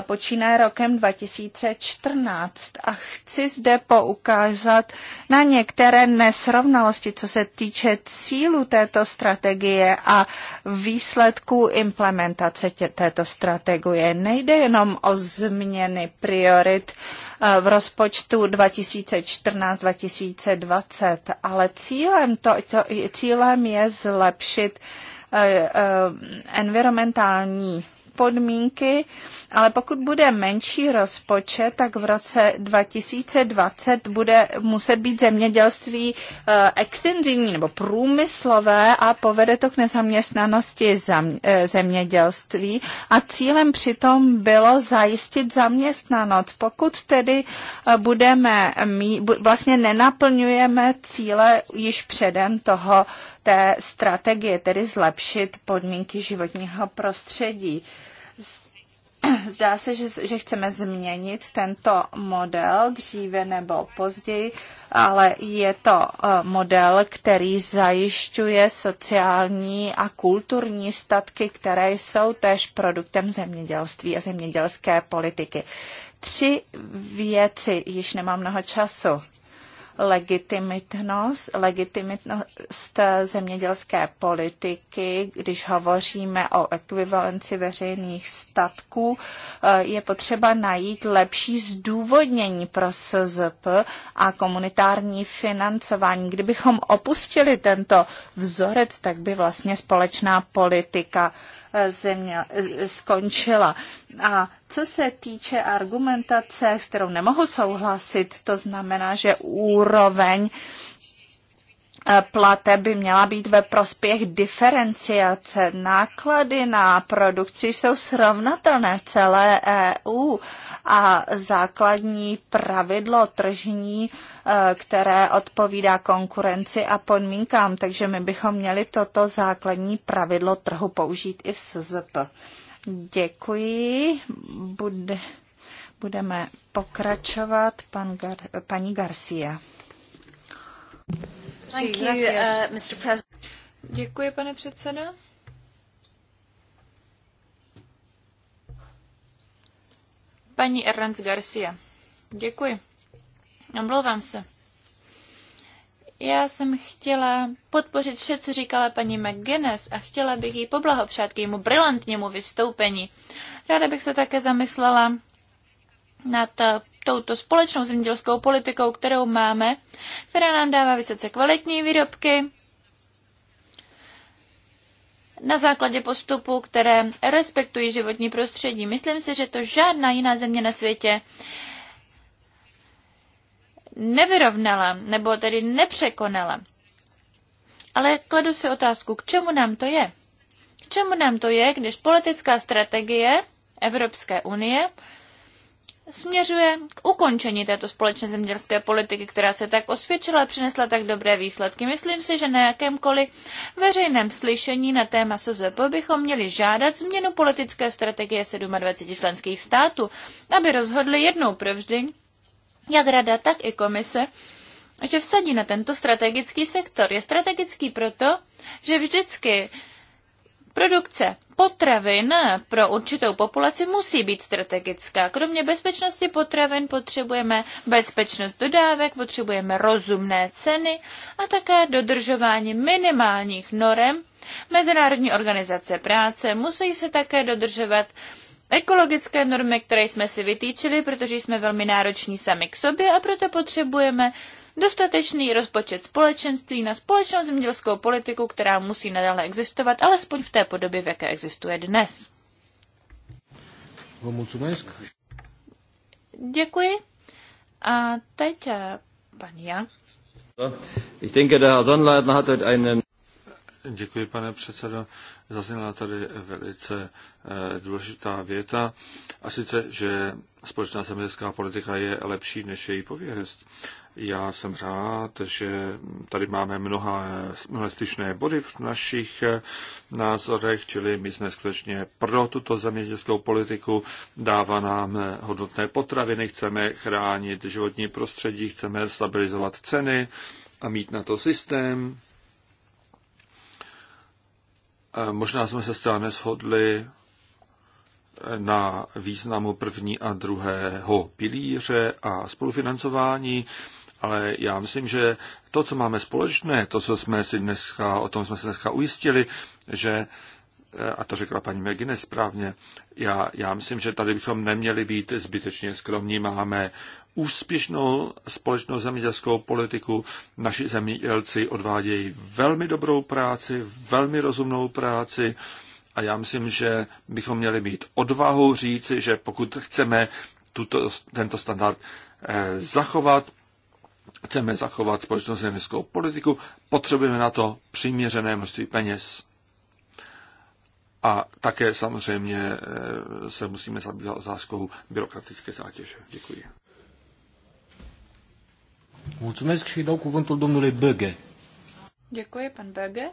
počínaje rokem 2014. A chci zde poukázat na některé nesrovnalosti, co se týče cílu této strategie a výsledků implementace tě, této strategie. Nejde jenom o změny priorit eh, v rozpočtu 2014-2020, ale cílem, to, to, cílem je zlepšit eh, eh, environmentální podmínky, ale pokud bude menší rozpočet, tak v roce 2020 bude muset být zemědělství eh, extenzivní nebo průmyslové a povede to k nezaměstnanosti eh, zemědělství. A cílem přitom bylo zajistit zaměstnanost. Pokud tedy eh, budeme, mít, vlastně nenaplňujeme cíle již předem toho té strategie, tedy zlepšit podmínky životního prostředí. Zdá se, že, že chceme změnit tento model dříve nebo později, ale je to eh, model, který zajišťuje sociální a kulturní statky, které jsou též produktem zemědělství a zemědělské politiky. Tři věci, již nemám mnoho času legitimitnost, legitimitnost zemědělské politiky, když hovoříme o ekvivalenci veřejných statků, je potřeba najít lepší zdůvodnění pro SZP a komunitární financování. Kdybychom opustili tento vzorec, tak by vlastně společná politika země skončila. A co se týče argumentace, s kterou nemohu souhlasit, to znamená, že úroveň eh, plate by měla být ve prospěch diferenciace. Náklady na produkci jsou srovnatelné v celé EU a základní pravidlo tržní, eh, které odpovídá konkurenci a podmínkám, takže my bychom měli toto základní pravidlo trhu použít i v SZP. Děkuji. Bude, budeme pokračovat. Pan Gar, paní Garcia. Thank you, uh, Mr. President. Děkuji, pane předsedo. Paní Ernst Garcia. Děkuji. Omlouvám se. Já jsem chtěla podpořit vše, co říkala paní McGuinness a chtěla bych jí poblahopřát k jejímu brilantnímu vystoupení. Ráda bych se také zamyslela nad eh, touto společnou zemědělskou politikou, kterou máme, která nám dává vysoce kvalitní výrobky na základě postupů, které respektují životní prostředí. Myslím si, že to žádná jiná země na světě uh, nevyrovnala, nebo tedy nepřekonala. Ale kladu si otázku, k čemu nám to je? K čemu nám to je, když politická strategie Evropské unie směřuje k ukončení této společné zemědělské politiky, která se tak osvědčila a přinesla tak dobré výsledky. Myslím si, že na jakémkoliv veřejném slyšení na téma SZP bychom měli žádat změnu politické strategie 27 členských států, aby rozhodli jednou provždy, jak rada, tak i komise, že vsadí na tento strategický sektor. Je strategický proto, že vždycky Produkce potravin pro určitou populaci musí být strategická. Kromě bezpečnosti potravin potřebujeme bezpečnost dodávek, potřebujeme rozumné ceny a také dodržování minimálních norem. Mezinárodní organizace práce musí se také dodržovat ekologické normy, které jsme si vytýčili, protože jsme velmi nároční sami k sobě a proto potřebujeme dostatečný rozpočet společenství na společnou zemědělskou politiku, která musí nadále existovat, alespoň v té podobě, v jaké existuje dnes. Děkuji. A teď eh, pan Děkuji, pane předsedo. Zazněla tady velice eh, důležitá věta, a sice, že společná zemědělská politika je lepší než její pověst. Já jsem rád, že tady máme mnoha, mnoha styčné body v našich eh, názorech, čili my jsme skutečně pro tuto zemědělskou politiku, dává nám eh, hodnotné potraviny, chceme chránit životní prostředí, chceme stabilizovat ceny a mít na to systém. Eh, možná jsme se zcela neshodli eh, na významu první a druhého pilíře a spolufinancování, ale já myslím, že to, co máme společné, to, co jsme si dneska, o tom jsme se dneska ujistili, že eh, a to řekla paní Megine správně, já, já myslím, že tady bychom neměli být zbytečně skromní. Máme úspěšnou společnou zemědělskou politiku. Naši zemědělci odvádějí velmi dobrou práci, velmi rozumnou práci a já myslím, že bychom měli mít odvahu říci, že pokud chceme tuto, tento standard eh, zachovat, chceme zachovat společnou zemědělskou politiku, potřebujeme na to přiměřené množství peněz. A také samozřejmě eh, se musíme zabývat otázkou byrokratické zátěže. Děkuji. Mulțumesc și dau cuvântul domnului Böge. Děkuji, pan Böge.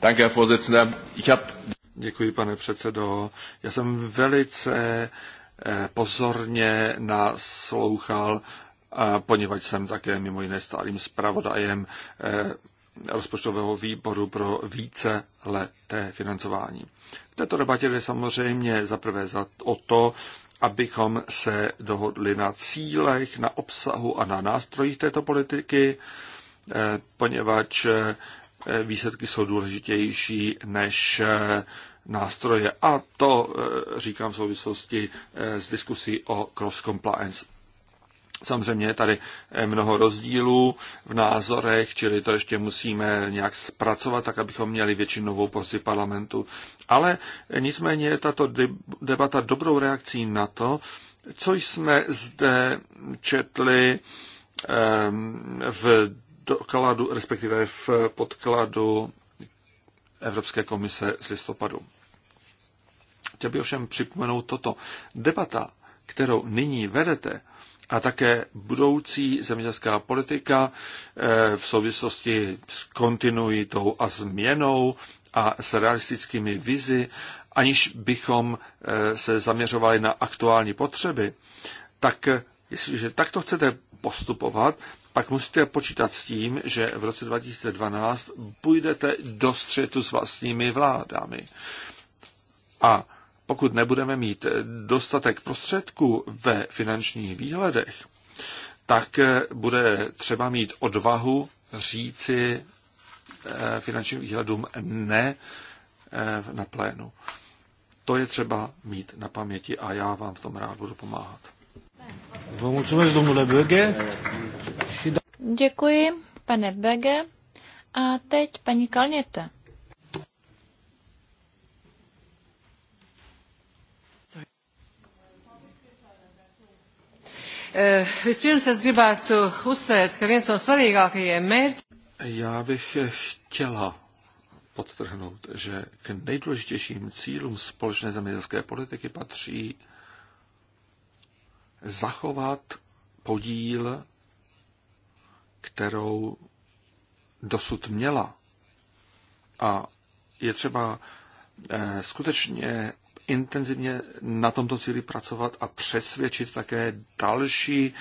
Danke, Herr Vorsitzender. Ich hab... Děkuji, pane předsedo. Já jsem velice eh, pozorně naslouchal, poněvadž jsem také mimo jiné stálým zpravodajem eh, rozpočtového výboru pro více leté financování. V této debatě jde samozřejmě zaprvé za, o to, abychom se dohodli na cílech, na obsahu a na nástrojích této politiky, eh, poněvadž eh, výsledky jsou důležitější než eh, nástroje. A to říkám v souvislosti s diskusí o cross compliance. Samozřejmě je tady eh, mnoho rozdílů v názorech, čili to ještě musíme nějak zpracovat, tak abychom měli většinovou pozici parlamentu. Ale eh, nicméně je tato debata dobrou reakcí na to, co jsme zde četli ehm, v dokladu, respektive v podkladu Evropské komise z listopadu. Chtěl bych ovšem připomenout toto. Debata, kterou nyní vedete, a také budoucí zemědělská politika eh, v souvislosti s kontinuitou a změnou a s realistickými vizi, aniž bychom eh, se zaměřovali na aktuální potřeby, tak jestliže takto chcete postupovat, pak musíte počítat s tím, že v roce 2012 půjdete do střetu s vlastními vládami. A pokud nebudeme mít dostatek prostředků ve finančních výhledech, tak eh, bude třeba mít odvahu říci eh, finančním výhledům ne eh, na plénu. To je třeba mít na paměti a já vám v tom rád budu pomáhat. Děkuji, pane Bege. A teď paní Kalněte. Eh, vispirms es gribētu uzsvērt, ka viens no svarīgākajiem mērķiem. Já bych chtěla podtrhnout, že k nejdůležitějším cílům společné zemědělské politiky patří zachovat podíl, kterou dosud měla. A je třeba eh, skutečně intenzivně na tomto cíli pracovat a přesvědčit také další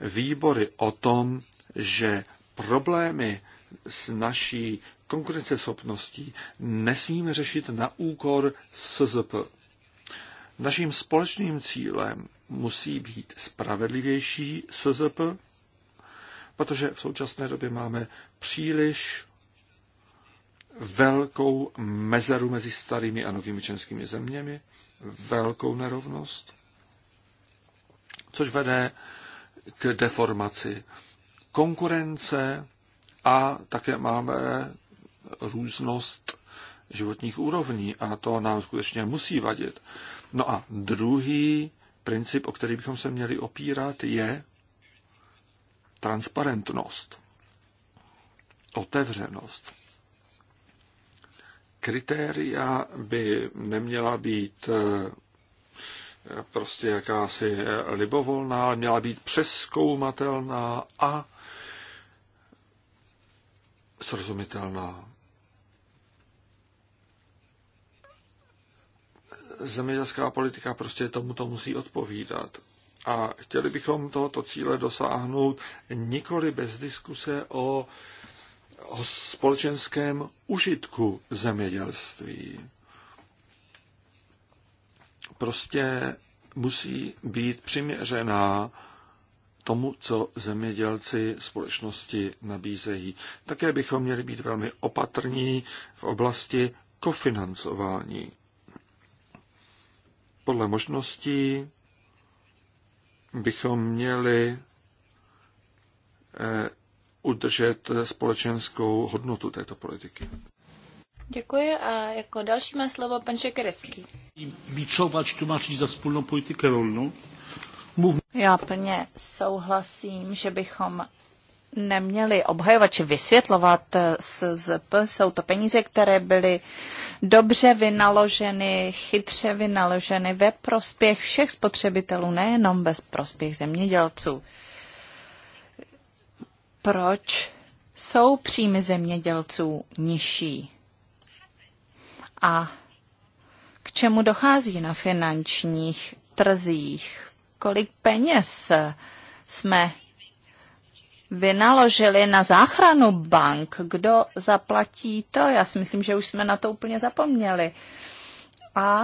výbory o tom, že problémy s naší konkurenceschopností nesmíme řešit na úkor SZP. Naším společným cílem musí být spravedlivější SZP, protože v současné době máme příliš velkou mezeru mezi starými a novými členskými zeměmi, velkou nerovnost, což vede k deformaci konkurence a také máme různost životních úrovní a to nám skutečně musí vadit. No a druhý princip, o který bychom se měli opírat, je transparentnost, otevřenost kritéria by neměla být eh, prostě jakási libovolná, ale měla být přeskoumatelná a srozumitelná. Zemědělská politika prostě tomuto musí odpovídat. A chtěli bychom tohoto cíle dosáhnout nikoli bez diskuse o uh, o společenském užitku zemědělství. Prostě musí být přiměřená tomu, co zemědělci společnosti nabízejí. Také bychom měli být velmi opatrní v oblasti kofinancování. Podle možností bychom měli eh, udržet společenskou hodnotu této politiky. Děkuji a jako další má slovo pan Šekereský. tu tlumačí za spolnou politiku rolnou. Já plně souhlasím, že bychom neměli obhajovat či vysvětlovat eh, SZP. Jsou to peníze, které byly dobře vynaloženy, chytře vynaloženy ve prospěch všech spotřebitelů, nejenom ve prospěch zemědělců proč jsou příjmy zemědělců nižší a k čemu dochází na finančních trzích, kolik peněz jsme vynaložili na záchranu bank. Kdo zaplatí to? Já si myslím, že už jsme na to úplně zapomněli. A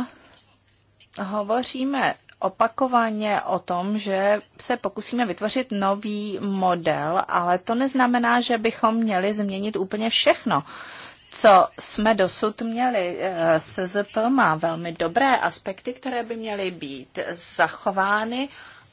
hovoříme opakovaně o tom, že se pokusíme vytvořit nový model, ale to neznamená, že bychom měli změnit úplně všechno co jsme dosud měli. Eh, SZP má velmi dobré aspekty, které by měly být zachovány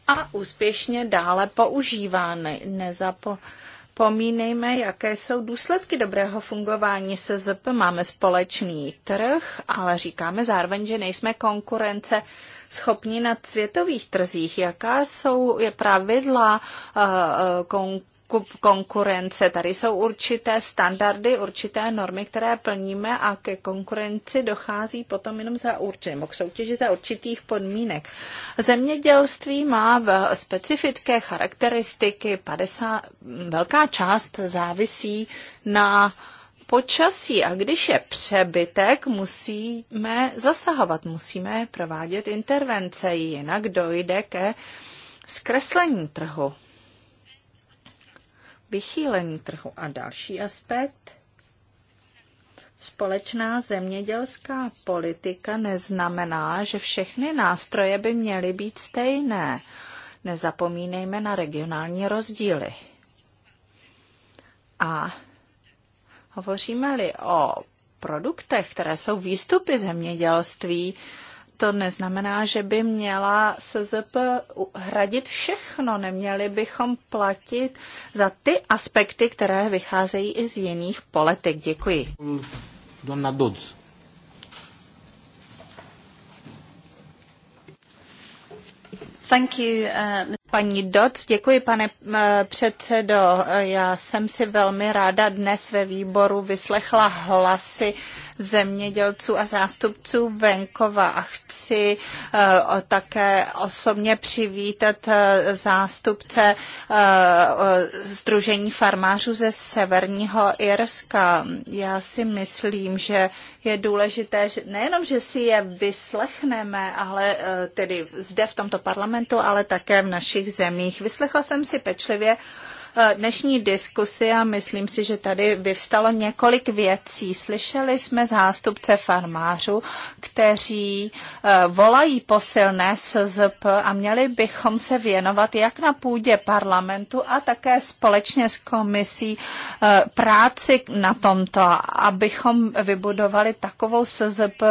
a úspěšně dále používány. Nezapomínejme, jaké jsou důsledky dobrého fungování SZP. Máme společný trh, ale říkáme zároveň, že nejsme konkurence schopni na světových trzích? Jaká jsou je pravidla eh, eh, konkurence? konkurence. Tady jsou určité standardy, určité normy, které plníme a ke konkurenci dochází potom jenom za určitým, nebo k soutěži za určitých podmínek. Zemědělství má v specifické charakteristiky, 50, velká část závisí na uh, počasí a když je přebytek, musíme zasahovat, musíme provádět intervence, jinak dojde ke zkreslení trhu, vychýlení trhu. A další aspekt, společná zemědělská politika neznamená, že všechny nástroje by měly být stejné. Nezapomínejme na regionální rozdíly. A Hovoříme-li o produktech, které jsou výstupy zemědělství, to neznamená, že by měla SZP hradit všechno. Neměli bychom platit za ty aspekty, které vycházejí i z jiných politik. Děkuji. Donna Dodds. Thank you, uh, Paní Doc, děkuji pane předsedo. Já jsem si velmi ráda dnes ve výboru vyslechla hlasy zemědělců a zástupců venkova a chci eh, také osobně přivítat eh, zástupce Združení eh, farmářů ze Severního Irska. Já si myslím, že je důležité, že nejenom, že si je vyslechneme, ale tedy zde v tomto parlamentu, ale také v našich zemích. Vyslechla jsem si pečlivě uh, Eh, dnešní diskusi a myslím si, že tady vyvstalo několik věcí. Slyšeli jsme zástupce farmářů, kteří eh, volají po silné SZP a měli bychom se věnovat jak na půdě parlamentu a také společně s komisí eh, práci na tomto, abychom vybudovali takovou SZP,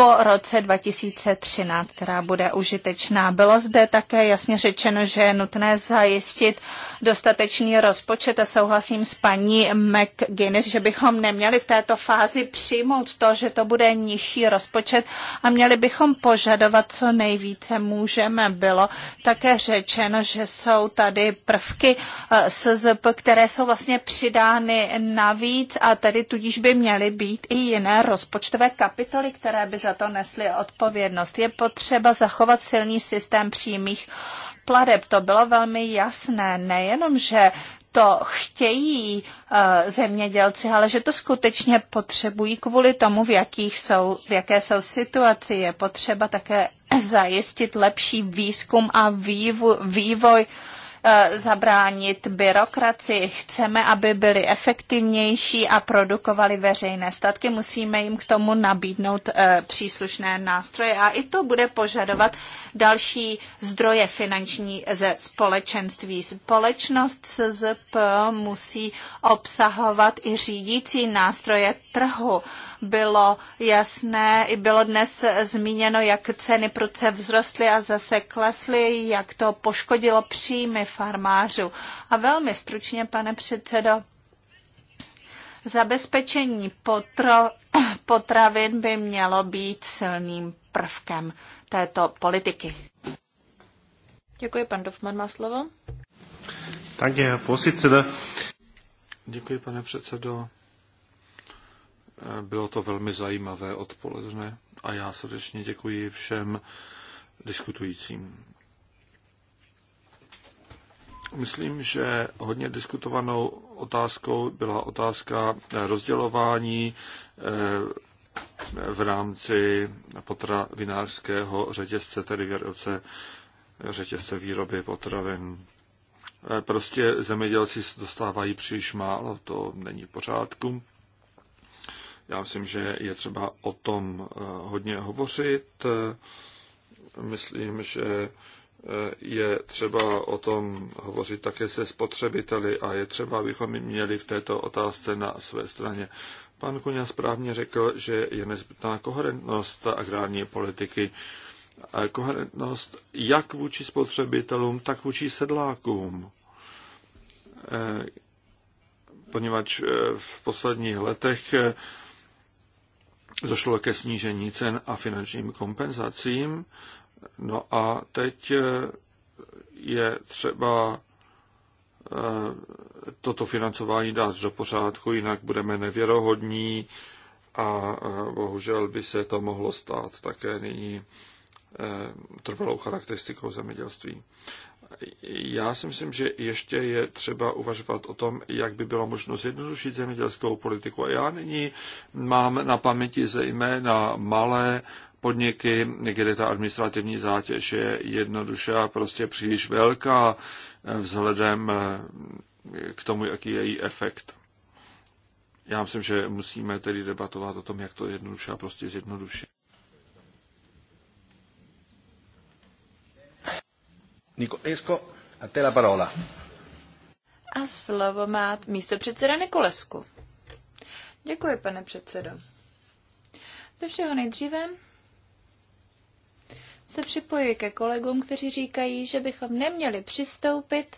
po roce 2013, která bude užitečná. Bylo zde také jasně řečeno, že je nutné zajistit dostatečný rozpočet a souhlasím s paní McGuinness, že bychom neměli v této fázi přijmout to, že to bude nižší rozpočet a měli bychom požadovat, co nejvíce můžeme. Bylo také řečeno, že jsou tady prvky eh, SZP, které jsou vlastně přidány navíc a tedy tudíž by měly být i jiné rozpočtové kapitoly, které by za za to nesli odpovědnost. Je potřeba zachovat silný systém přímých plateb. To bylo velmi jasné. Nejenom, že to chtějí eh, zemědělci, ale že to skutečně potřebují kvůli tomu, v, jakých jsou, v jaké jsou situaci. Je potřeba také (clears throat) zajistit lepší výzkum a vývoj, vývoj Eh, zabránit byrokracii, chceme, aby byly efektivnější a produkovali veřejné statky, musíme jim k tomu nabídnout eh, příslušné nástroje a i to bude požadovat další zdroje finanční ze společenství. Společnost SZP musí obsahovat i řídící nástroje trhu. Bylo jasné, i bylo dnes zmíněno, jak ceny prudce vzrostly a zase klesly, jak to poškodilo příjmy farmářů. A velmi stručně, pane předsedo, zabezpečení potro, (clears throat) potravin by mělo být silným prvkem této politiky. Děkuji, pan Dofman má slovo. Tak je, eh, posiceda. Děkuji, pane předsedo. Eh, bylo to velmi zajímavé odpoledne a já srdečně děkuji všem diskutujícím. Myslím, že hodně diskutovanou otázkou byla otázka rozdělování eh, v rámci potravinářského řetězce, tedy výrobce, řetězce výroby potravin. Eh, prostě zemědělci dostávají příliš málo, to není v pořádku. Já myslím, že je třeba o tom eh, hodně hovořit. Myslím, že Eh, je třeba o tom hovořit také se spotřebiteli a je třeba, abychom měli v této otázce na své straně. Pan Kuňa správně řekl, že je nezbytná koherentnost agrární politiky. Koherentnost jak vůči spotřebitelům, tak vůči sedlákům. Eh, poněvadž eh, v posledních letech došlo ke snížení cen a finančním kompenzacím No a teď eh, je třeba eh, toto financování dát do pořádku, jinak budeme nevěrohodní a eh, bohužel by se to mohlo stát také nyní trvalou charakteristikou zemědělství. Já si myslím, že ještě je třeba uvažovat o tom, jak by bylo možno zjednodušit zemědělskou politiku. A já nyní mám na paměti zejména malé podniky, kde ta administrativní zátěž je jednoduše a prostě příliš velká vzhledem eh, k tomu, jaký je její efekt. Já myslím, že musíme tedy debatovat o tom, jak to jednoduše a prostě zjednodušit. Niko Esko, a te la parola. A slovo má místo předseda Nikolesku. Děkuji, pane předsedo. Ze všeho nejdříve se připojuji ke kolegům, kteří říkají, že bychom neměli přistoupit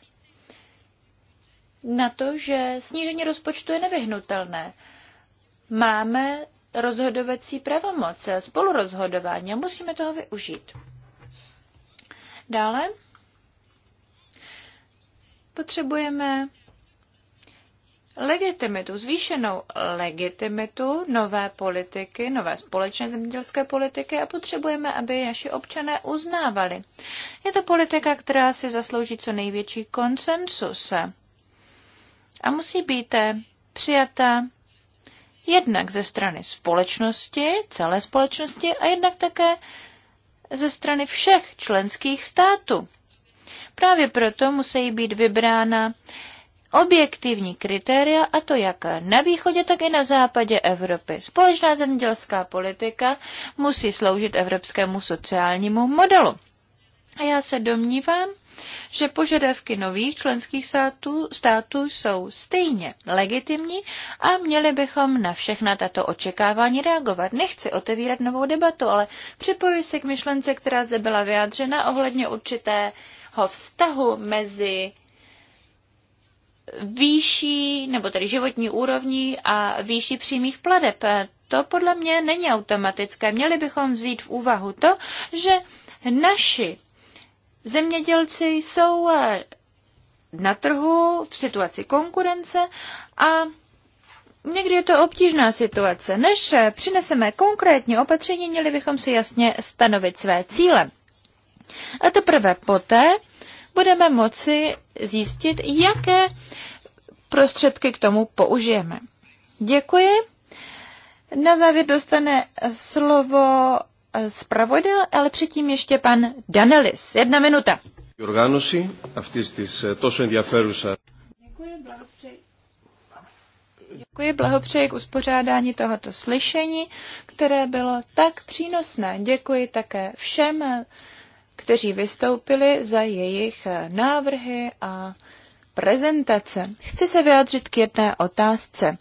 na to, že snížení rozpočtu je nevyhnutelné. Máme rozhodovací pravomoc, spolurozhodování a musíme toho využít. Dále potřebujeme legitimitu, zvýšenou legitimitu nové politiky, nové společné zemědělské politiky a potřebujeme, aby naši občané uznávali. Je to politika, která si zaslouží co největší konsensus a musí být eh, přijata jednak ze strany společnosti, celé společnosti a jednak také ze strany všech členských států. Právě proto musí být vybrána objektivní kritéria, a to jak na východě, tak i na západě Evropy. Společná zemědělská politika musí sloužit evropskému sociálnímu modelu. A já se domnívám, že požadavky nových členských států, států jsou stejně legitimní a měli bychom na všechna tato očekávání reagovat. Nechci otevírat novou debatu, ale připojuji se k myšlence, která zde byla vyjádřena ohledně určitého vztahu mezi výší, nebo tedy životní úrovní a výší přímých pladeb. To podle mě není automatické. Měli bychom vzít v úvahu to, že naši zemědělci jsou eh, na trhu v situaci konkurence a Někdy je to obtížná situace. Než eh, přineseme konkrétní opatření, měli bychom si jasně stanovit své cíle. A prvé poté budeme moci zjistit, jaké prostředky k tomu použijeme. Děkuji. Na závěr dostane slovo zpravodil, ale předtím ještě pan Danelis. Jedna minuta. Οργάνωση αυτής της τόσο Děkuji, blahopřeji k uspořádání tohoto slyšení, které bylo tak přínosné. Děkuji také všem eh, kteří vystoupili za jejich návrhy a prezentace. Chci se vyjádřit k jedné otázce.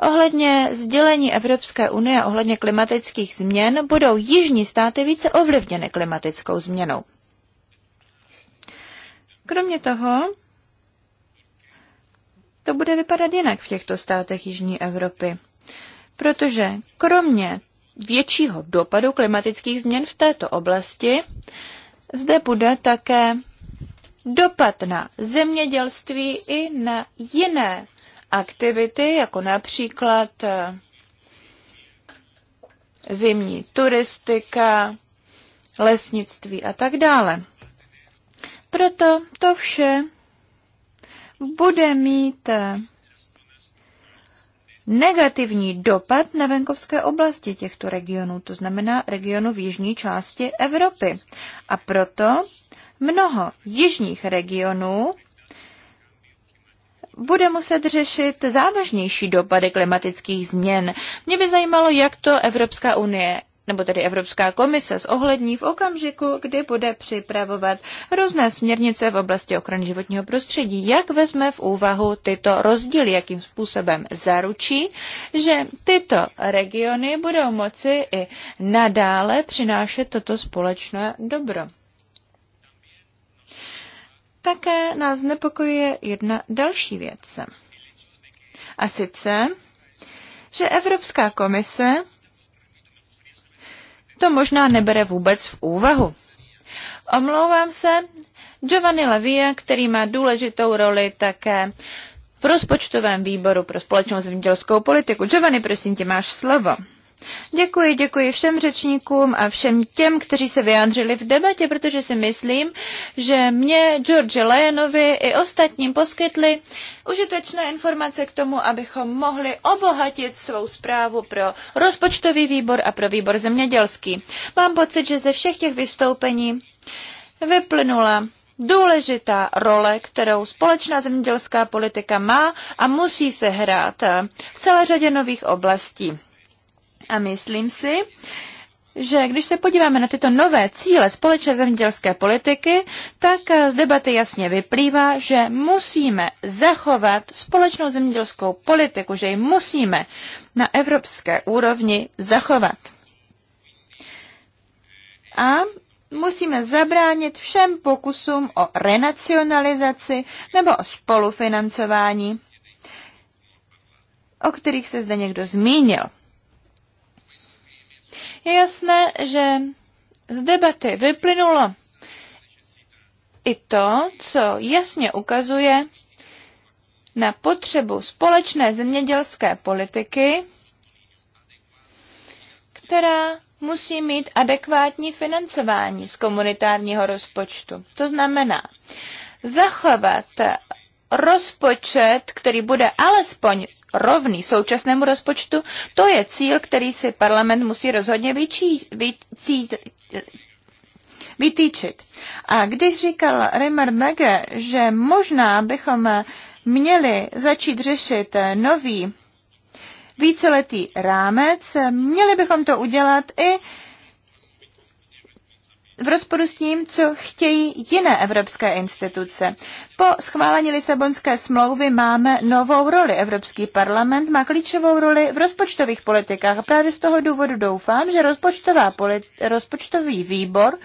Ohledně sdělení Evropské unie ohledně klimatických změn budou jižní státy více ovlivněny klimatickou změnou. Kromě toho, to bude vypadat jinak v těchto státech Jižní Evropy, protože kromě většího dopadu klimatických změn v této oblasti zde bude také dopad na zemědělství i na jiné aktivity, jako například eh, zimní turistika, lesnictví a tak dále. Proto to vše bude mít eh, negativní dopad na venkovské oblasti těchto regionů, to znamená regionu v jižní části Evropy. A proto mnoho jižních regionů bude muset řešit závažnější dopady klimatických změn. Mě by zajímalo, jak to Evropská unie nebo tedy Evropská komise zohlední v okamžiku, kdy bude připravovat různé směrnice v oblasti ochrany životního prostředí. Jak vezme v úvahu tyto rozdíly, jakým způsobem zaručí, že tyto regiony budou moci i nadále přinášet toto společné dobro. Také nás nepokojuje jedna další věc. A sice, že Evropská komise to možná nebere vůbec v úvahu. Omlouvám se, Giovanni Lavia, který má důležitou roli také v rozpočtovém výboru pro společnou zemědělskou politiku. Giovanni, prosím tě, máš slovo. Děkuji, děkuji všem řečníkům a všem těm, kteří se vyjádřili v debatě, protože si myslím, že mě, George Lejenovi i ostatním poskytli užitečné informace k tomu, abychom mohli obohatit svou zprávu pro rozpočtový výbor a pro výbor zemědělský. Mám pocit, že ze všech těch vystoupení vyplynula důležitá role, kterou společná zemědělská politika má a musí se hrát v celé řadě nových oblastí. A myslím si, že když se podíváme na tyto nové cíle společné zemědělské politiky, tak eh, z debaty jasně vyplývá, že musíme zachovat společnou zemědělskou politiku, že ji musíme na evropské úrovni zachovat. A musíme zabránit všem pokusům o renacionalizaci nebo o spolufinancování, o kterých se zde někdo zmínil. Je jasné, že z debaty vyplynulo i to, co jasně ukazuje na potřebu společné zemědělské politiky, která musí mít adekvátní financování z komunitárního rozpočtu. To znamená zachovat rozpočet, který bude alespoň rovný současnému rozpočtu, to je cíl, který si parlament musí rozhodně vyčí, vytýčit. A když říkal Reimer Mege, že možná bychom měli začít řešit nový víceletý rámec, měli bychom to udělat i v rozporu s tím, co chtějí jiné evropské instituce. Po schválení Lisabonské smlouvy máme novou roli. Evropský parlament má klíčovou roli v rozpočtových politikách. A právě z toho důvodu doufám, že rozpočtová rozpočtový výbor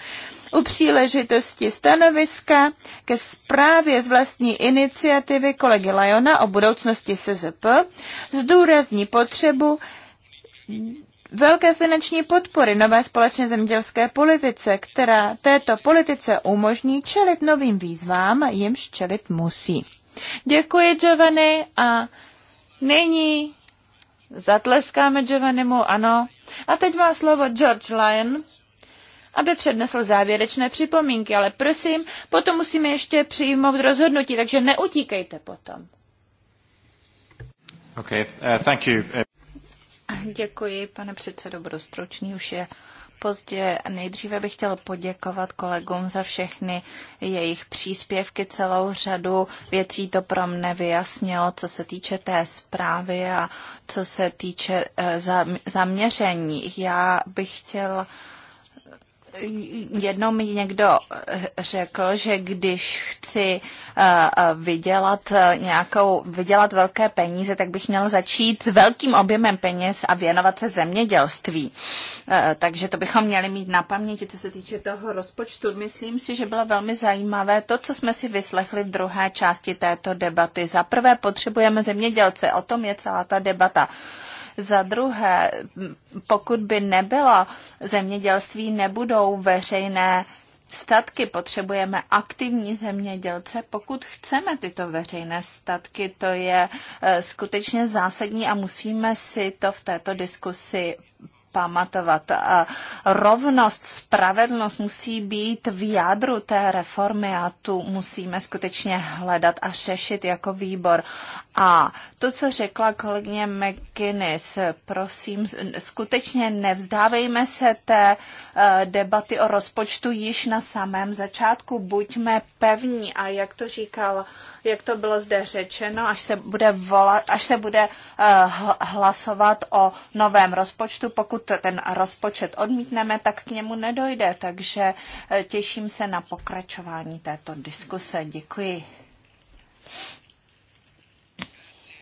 u příležitosti stanoviska ke zprávě z vlastní iniciativy kolegy Lajona o budoucnosti SZP zdůrazní potřebu velké finanční podpory nové společné zemědělské politice, která této politice umožní čelit novým výzvám, jimž čelit musí. Děkuji, Giovanni, a nyní zatleskáme Giovannimu, ano. A teď má slovo George Lyon, aby přednesl závěrečné připomínky, ale prosím, potom musíme ještě přijmout rozhodnutí, takže neutíkejte potom. Okay, uh, thank you. Děkuji, pane předsedo, budu stručný, už je pozdě. Nejdříve bych chtěl poděkovat kolegům za všechny jejich příspěvky, celou řadu věcí to pro mne vyjasnilo, co se týče té zprávy a co se týče eh, zaměření. Já bych chtěl jednou mi někdo řekl, že když chci eh, eh, vydělat eh, nějakou, vydělat velké peníze, tak bych měl začít s velkým objemem peněz a věnovat se zemědělství. Takže to bychom měli mít na paměti, co se týče toho rozpočtu. Myslím si, že bylo velmi zajímavé to, co jsme si vyslechli v druhé části této debaty. Za prvé potřebujeme zemědělce, o tom je celá ta debata. Za druhé, pokud by nebyla zemědělství, nebudou veřejné statky, potřebujeme aktivní zemědělce, pokud chceme tyto veřejné statky, to je eh, skutečně zásadní a musíme si to v této diskusi pamatovat. Rovnost, spravedlnost musí být v jádru té reformy a tu musíme skutečně hledat a řešit jako výbor. A to, co řekla kolegyně McGuinness, prosím, skutečně nevzdávejme se té eh, debaty o rozpočtu již na samém začátku. Buďme pevní a jak to říkal jak to bylo zde řečeno, až se bude, volat, až se bude eh, hlasovat o novém rozpočtu. Pokud ten rozpočet odmítneme, tak k němu nedojde. Takže eh, těším se na pokračování této diskuse. Děkuji.